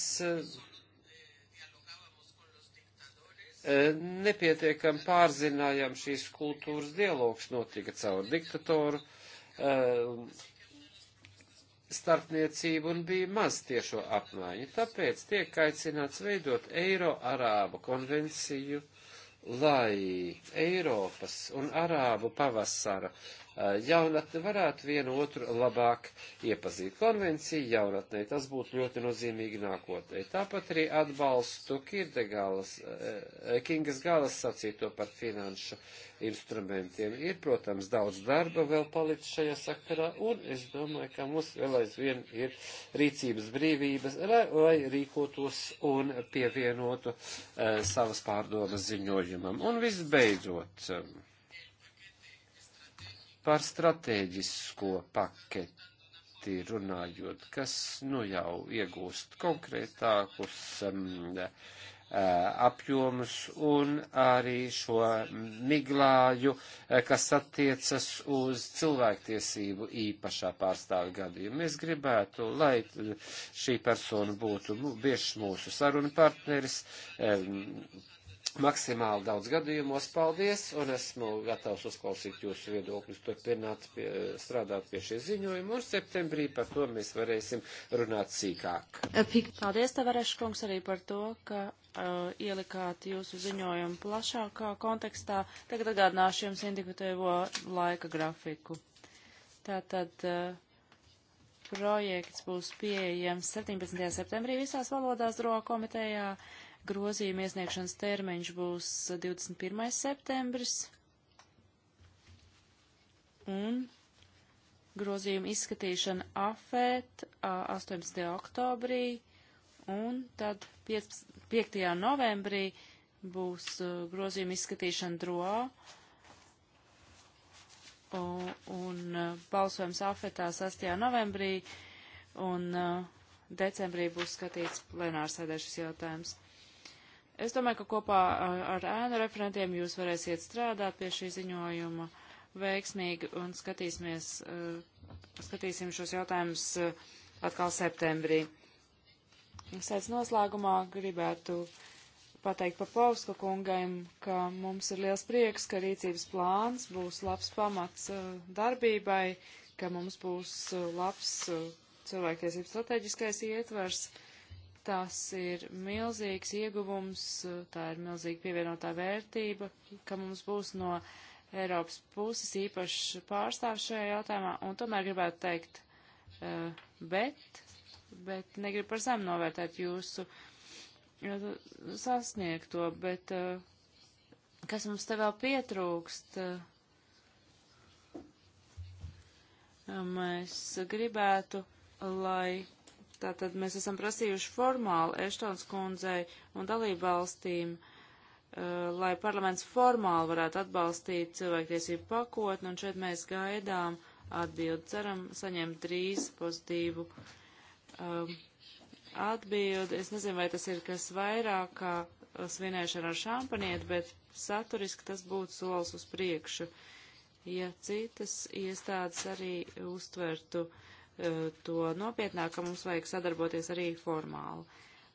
nepietiekam pārzinājām šīs kultūras dialogs notika caur diktatoru eh, starpniecību un bija maz tiešo apmaiņu. Tāpēc tiek aicināts veidot Eiro-Arābu konvenciju, lai Eiropas un Arābu pavasara Eh, jaunatne varētu vienu otru labāk iepazīt. Konvenciju jaunatnē tas būtu ļoti nozīmīgi nākotnē. Tāpat arī atbalstu Kirdegālas, eh, Kingas Gālas sacīto par finanšu instrumentiem. Ir, protams, daudz darba vēl palicis šajā sakarā, un es domāju, ka mums vēl aizvien ir rīcības brīvības, lai rīkotos un pievienotu eh, savas pārdomas ziņojumam. Un visbeidzot. Eh, Par stratēģisko paketi runājot, kas nu jau iegūst konkrētākus um, uh, apjomus un arī šo miglāju, uh, kas attiecas uz cilvēktiesību īpašā pārstāvi gadījumu. Mēs gribētu, lai šī persona būtu nu, bieži mūsu saruna partneris. Um, maksimāli daudz gadījumos. Paldies, un esmu gatavs uzklausīt jūsu viedokļus, turpināt pie, strādāt pie šie ziņojumi, un septembrī par to mēs varēsim runāt sīkāk. Eh, paldies, Tavareša kungs, arī par to, ka uh, ielikāt jūsu ziņojumu plašākā kontekstā. Tagad atgādināšu jums indikatīvo laika grafiku. Tātad. Uh, Projekts būs pieejams 17. septembrī visās valodās droga komitejā. Uh, Grozījuma iesniegšanas termiņš būs 21. septembris. Un grozījuma izskatīšana afēt 18. oktobrī. Un tad 5. novembrī būs grozījuma izskatīšana droā un, un balsojums afetā 6. novembrī, un uh, decembrī būs skatīts plenārsēdē šis jautājums. Es domāju, ka kopā ar ēnu referentiem jūs varēsiet strādāt pie šī ziņojuma veiksmīgi un skatīsimies, eh, skatīsim šos jautājumus eh, atkal septembrī. Sēdz noslēgumā gribētu pateikt Papovska kungam, ka mums ir liels prieks, ka rīcības plāns būs labs pamats eh, darbībai, ka mums būs labs cilvēktiesību strateģiskais ietvers, tas ir milzīgs ieguvums, tā ir milzīga pievienotā vērtība, ka mums būs no Eiropas puses īpašs pārstāvs šajā jautājumā, un tomēr gribētu teikt, eh, bet, bet negribu par zem novērtēt jūsu eh, sasniegto, bet eh, kas mums te vēl pietrūkst? Mēs gribētu, lai Tātad mēs esam prasījuši formāli Eštons kundzei un dalībvalstīm, uh, lai parlaments formāli varētu atbalstīt cilvēktiesību pakotni, un šeit mēs gaidām atbildi. Ceram saņemt drīz pozitīvu um, atbildi. Es nezinu, vai tas ir kas vairāk kā svinēšana ar šampanietu, bet saturiski tas būtu solis uz priekšu, ja citas iestādes arī uztvertu uh, Eh, to nopietnāk, ka mums vajag sadarboties arī formāli.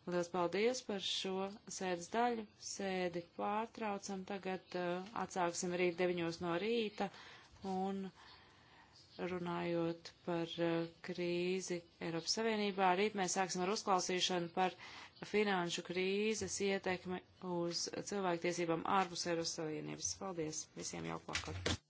Lielas paldies par šo sēdes daļu. Sēdi pārtraucam tagad, eh, atsāksim rīt 9 no rīta un runājot par eh, krīzi Eiropas Savienībā. Rīt mēs sāksim ar uzklausīšanu par finanšu krīzes ietekmi uz cilvēktiesībām ārpus Eiropas Savienības. Paldies! Visiem jauku vakaru!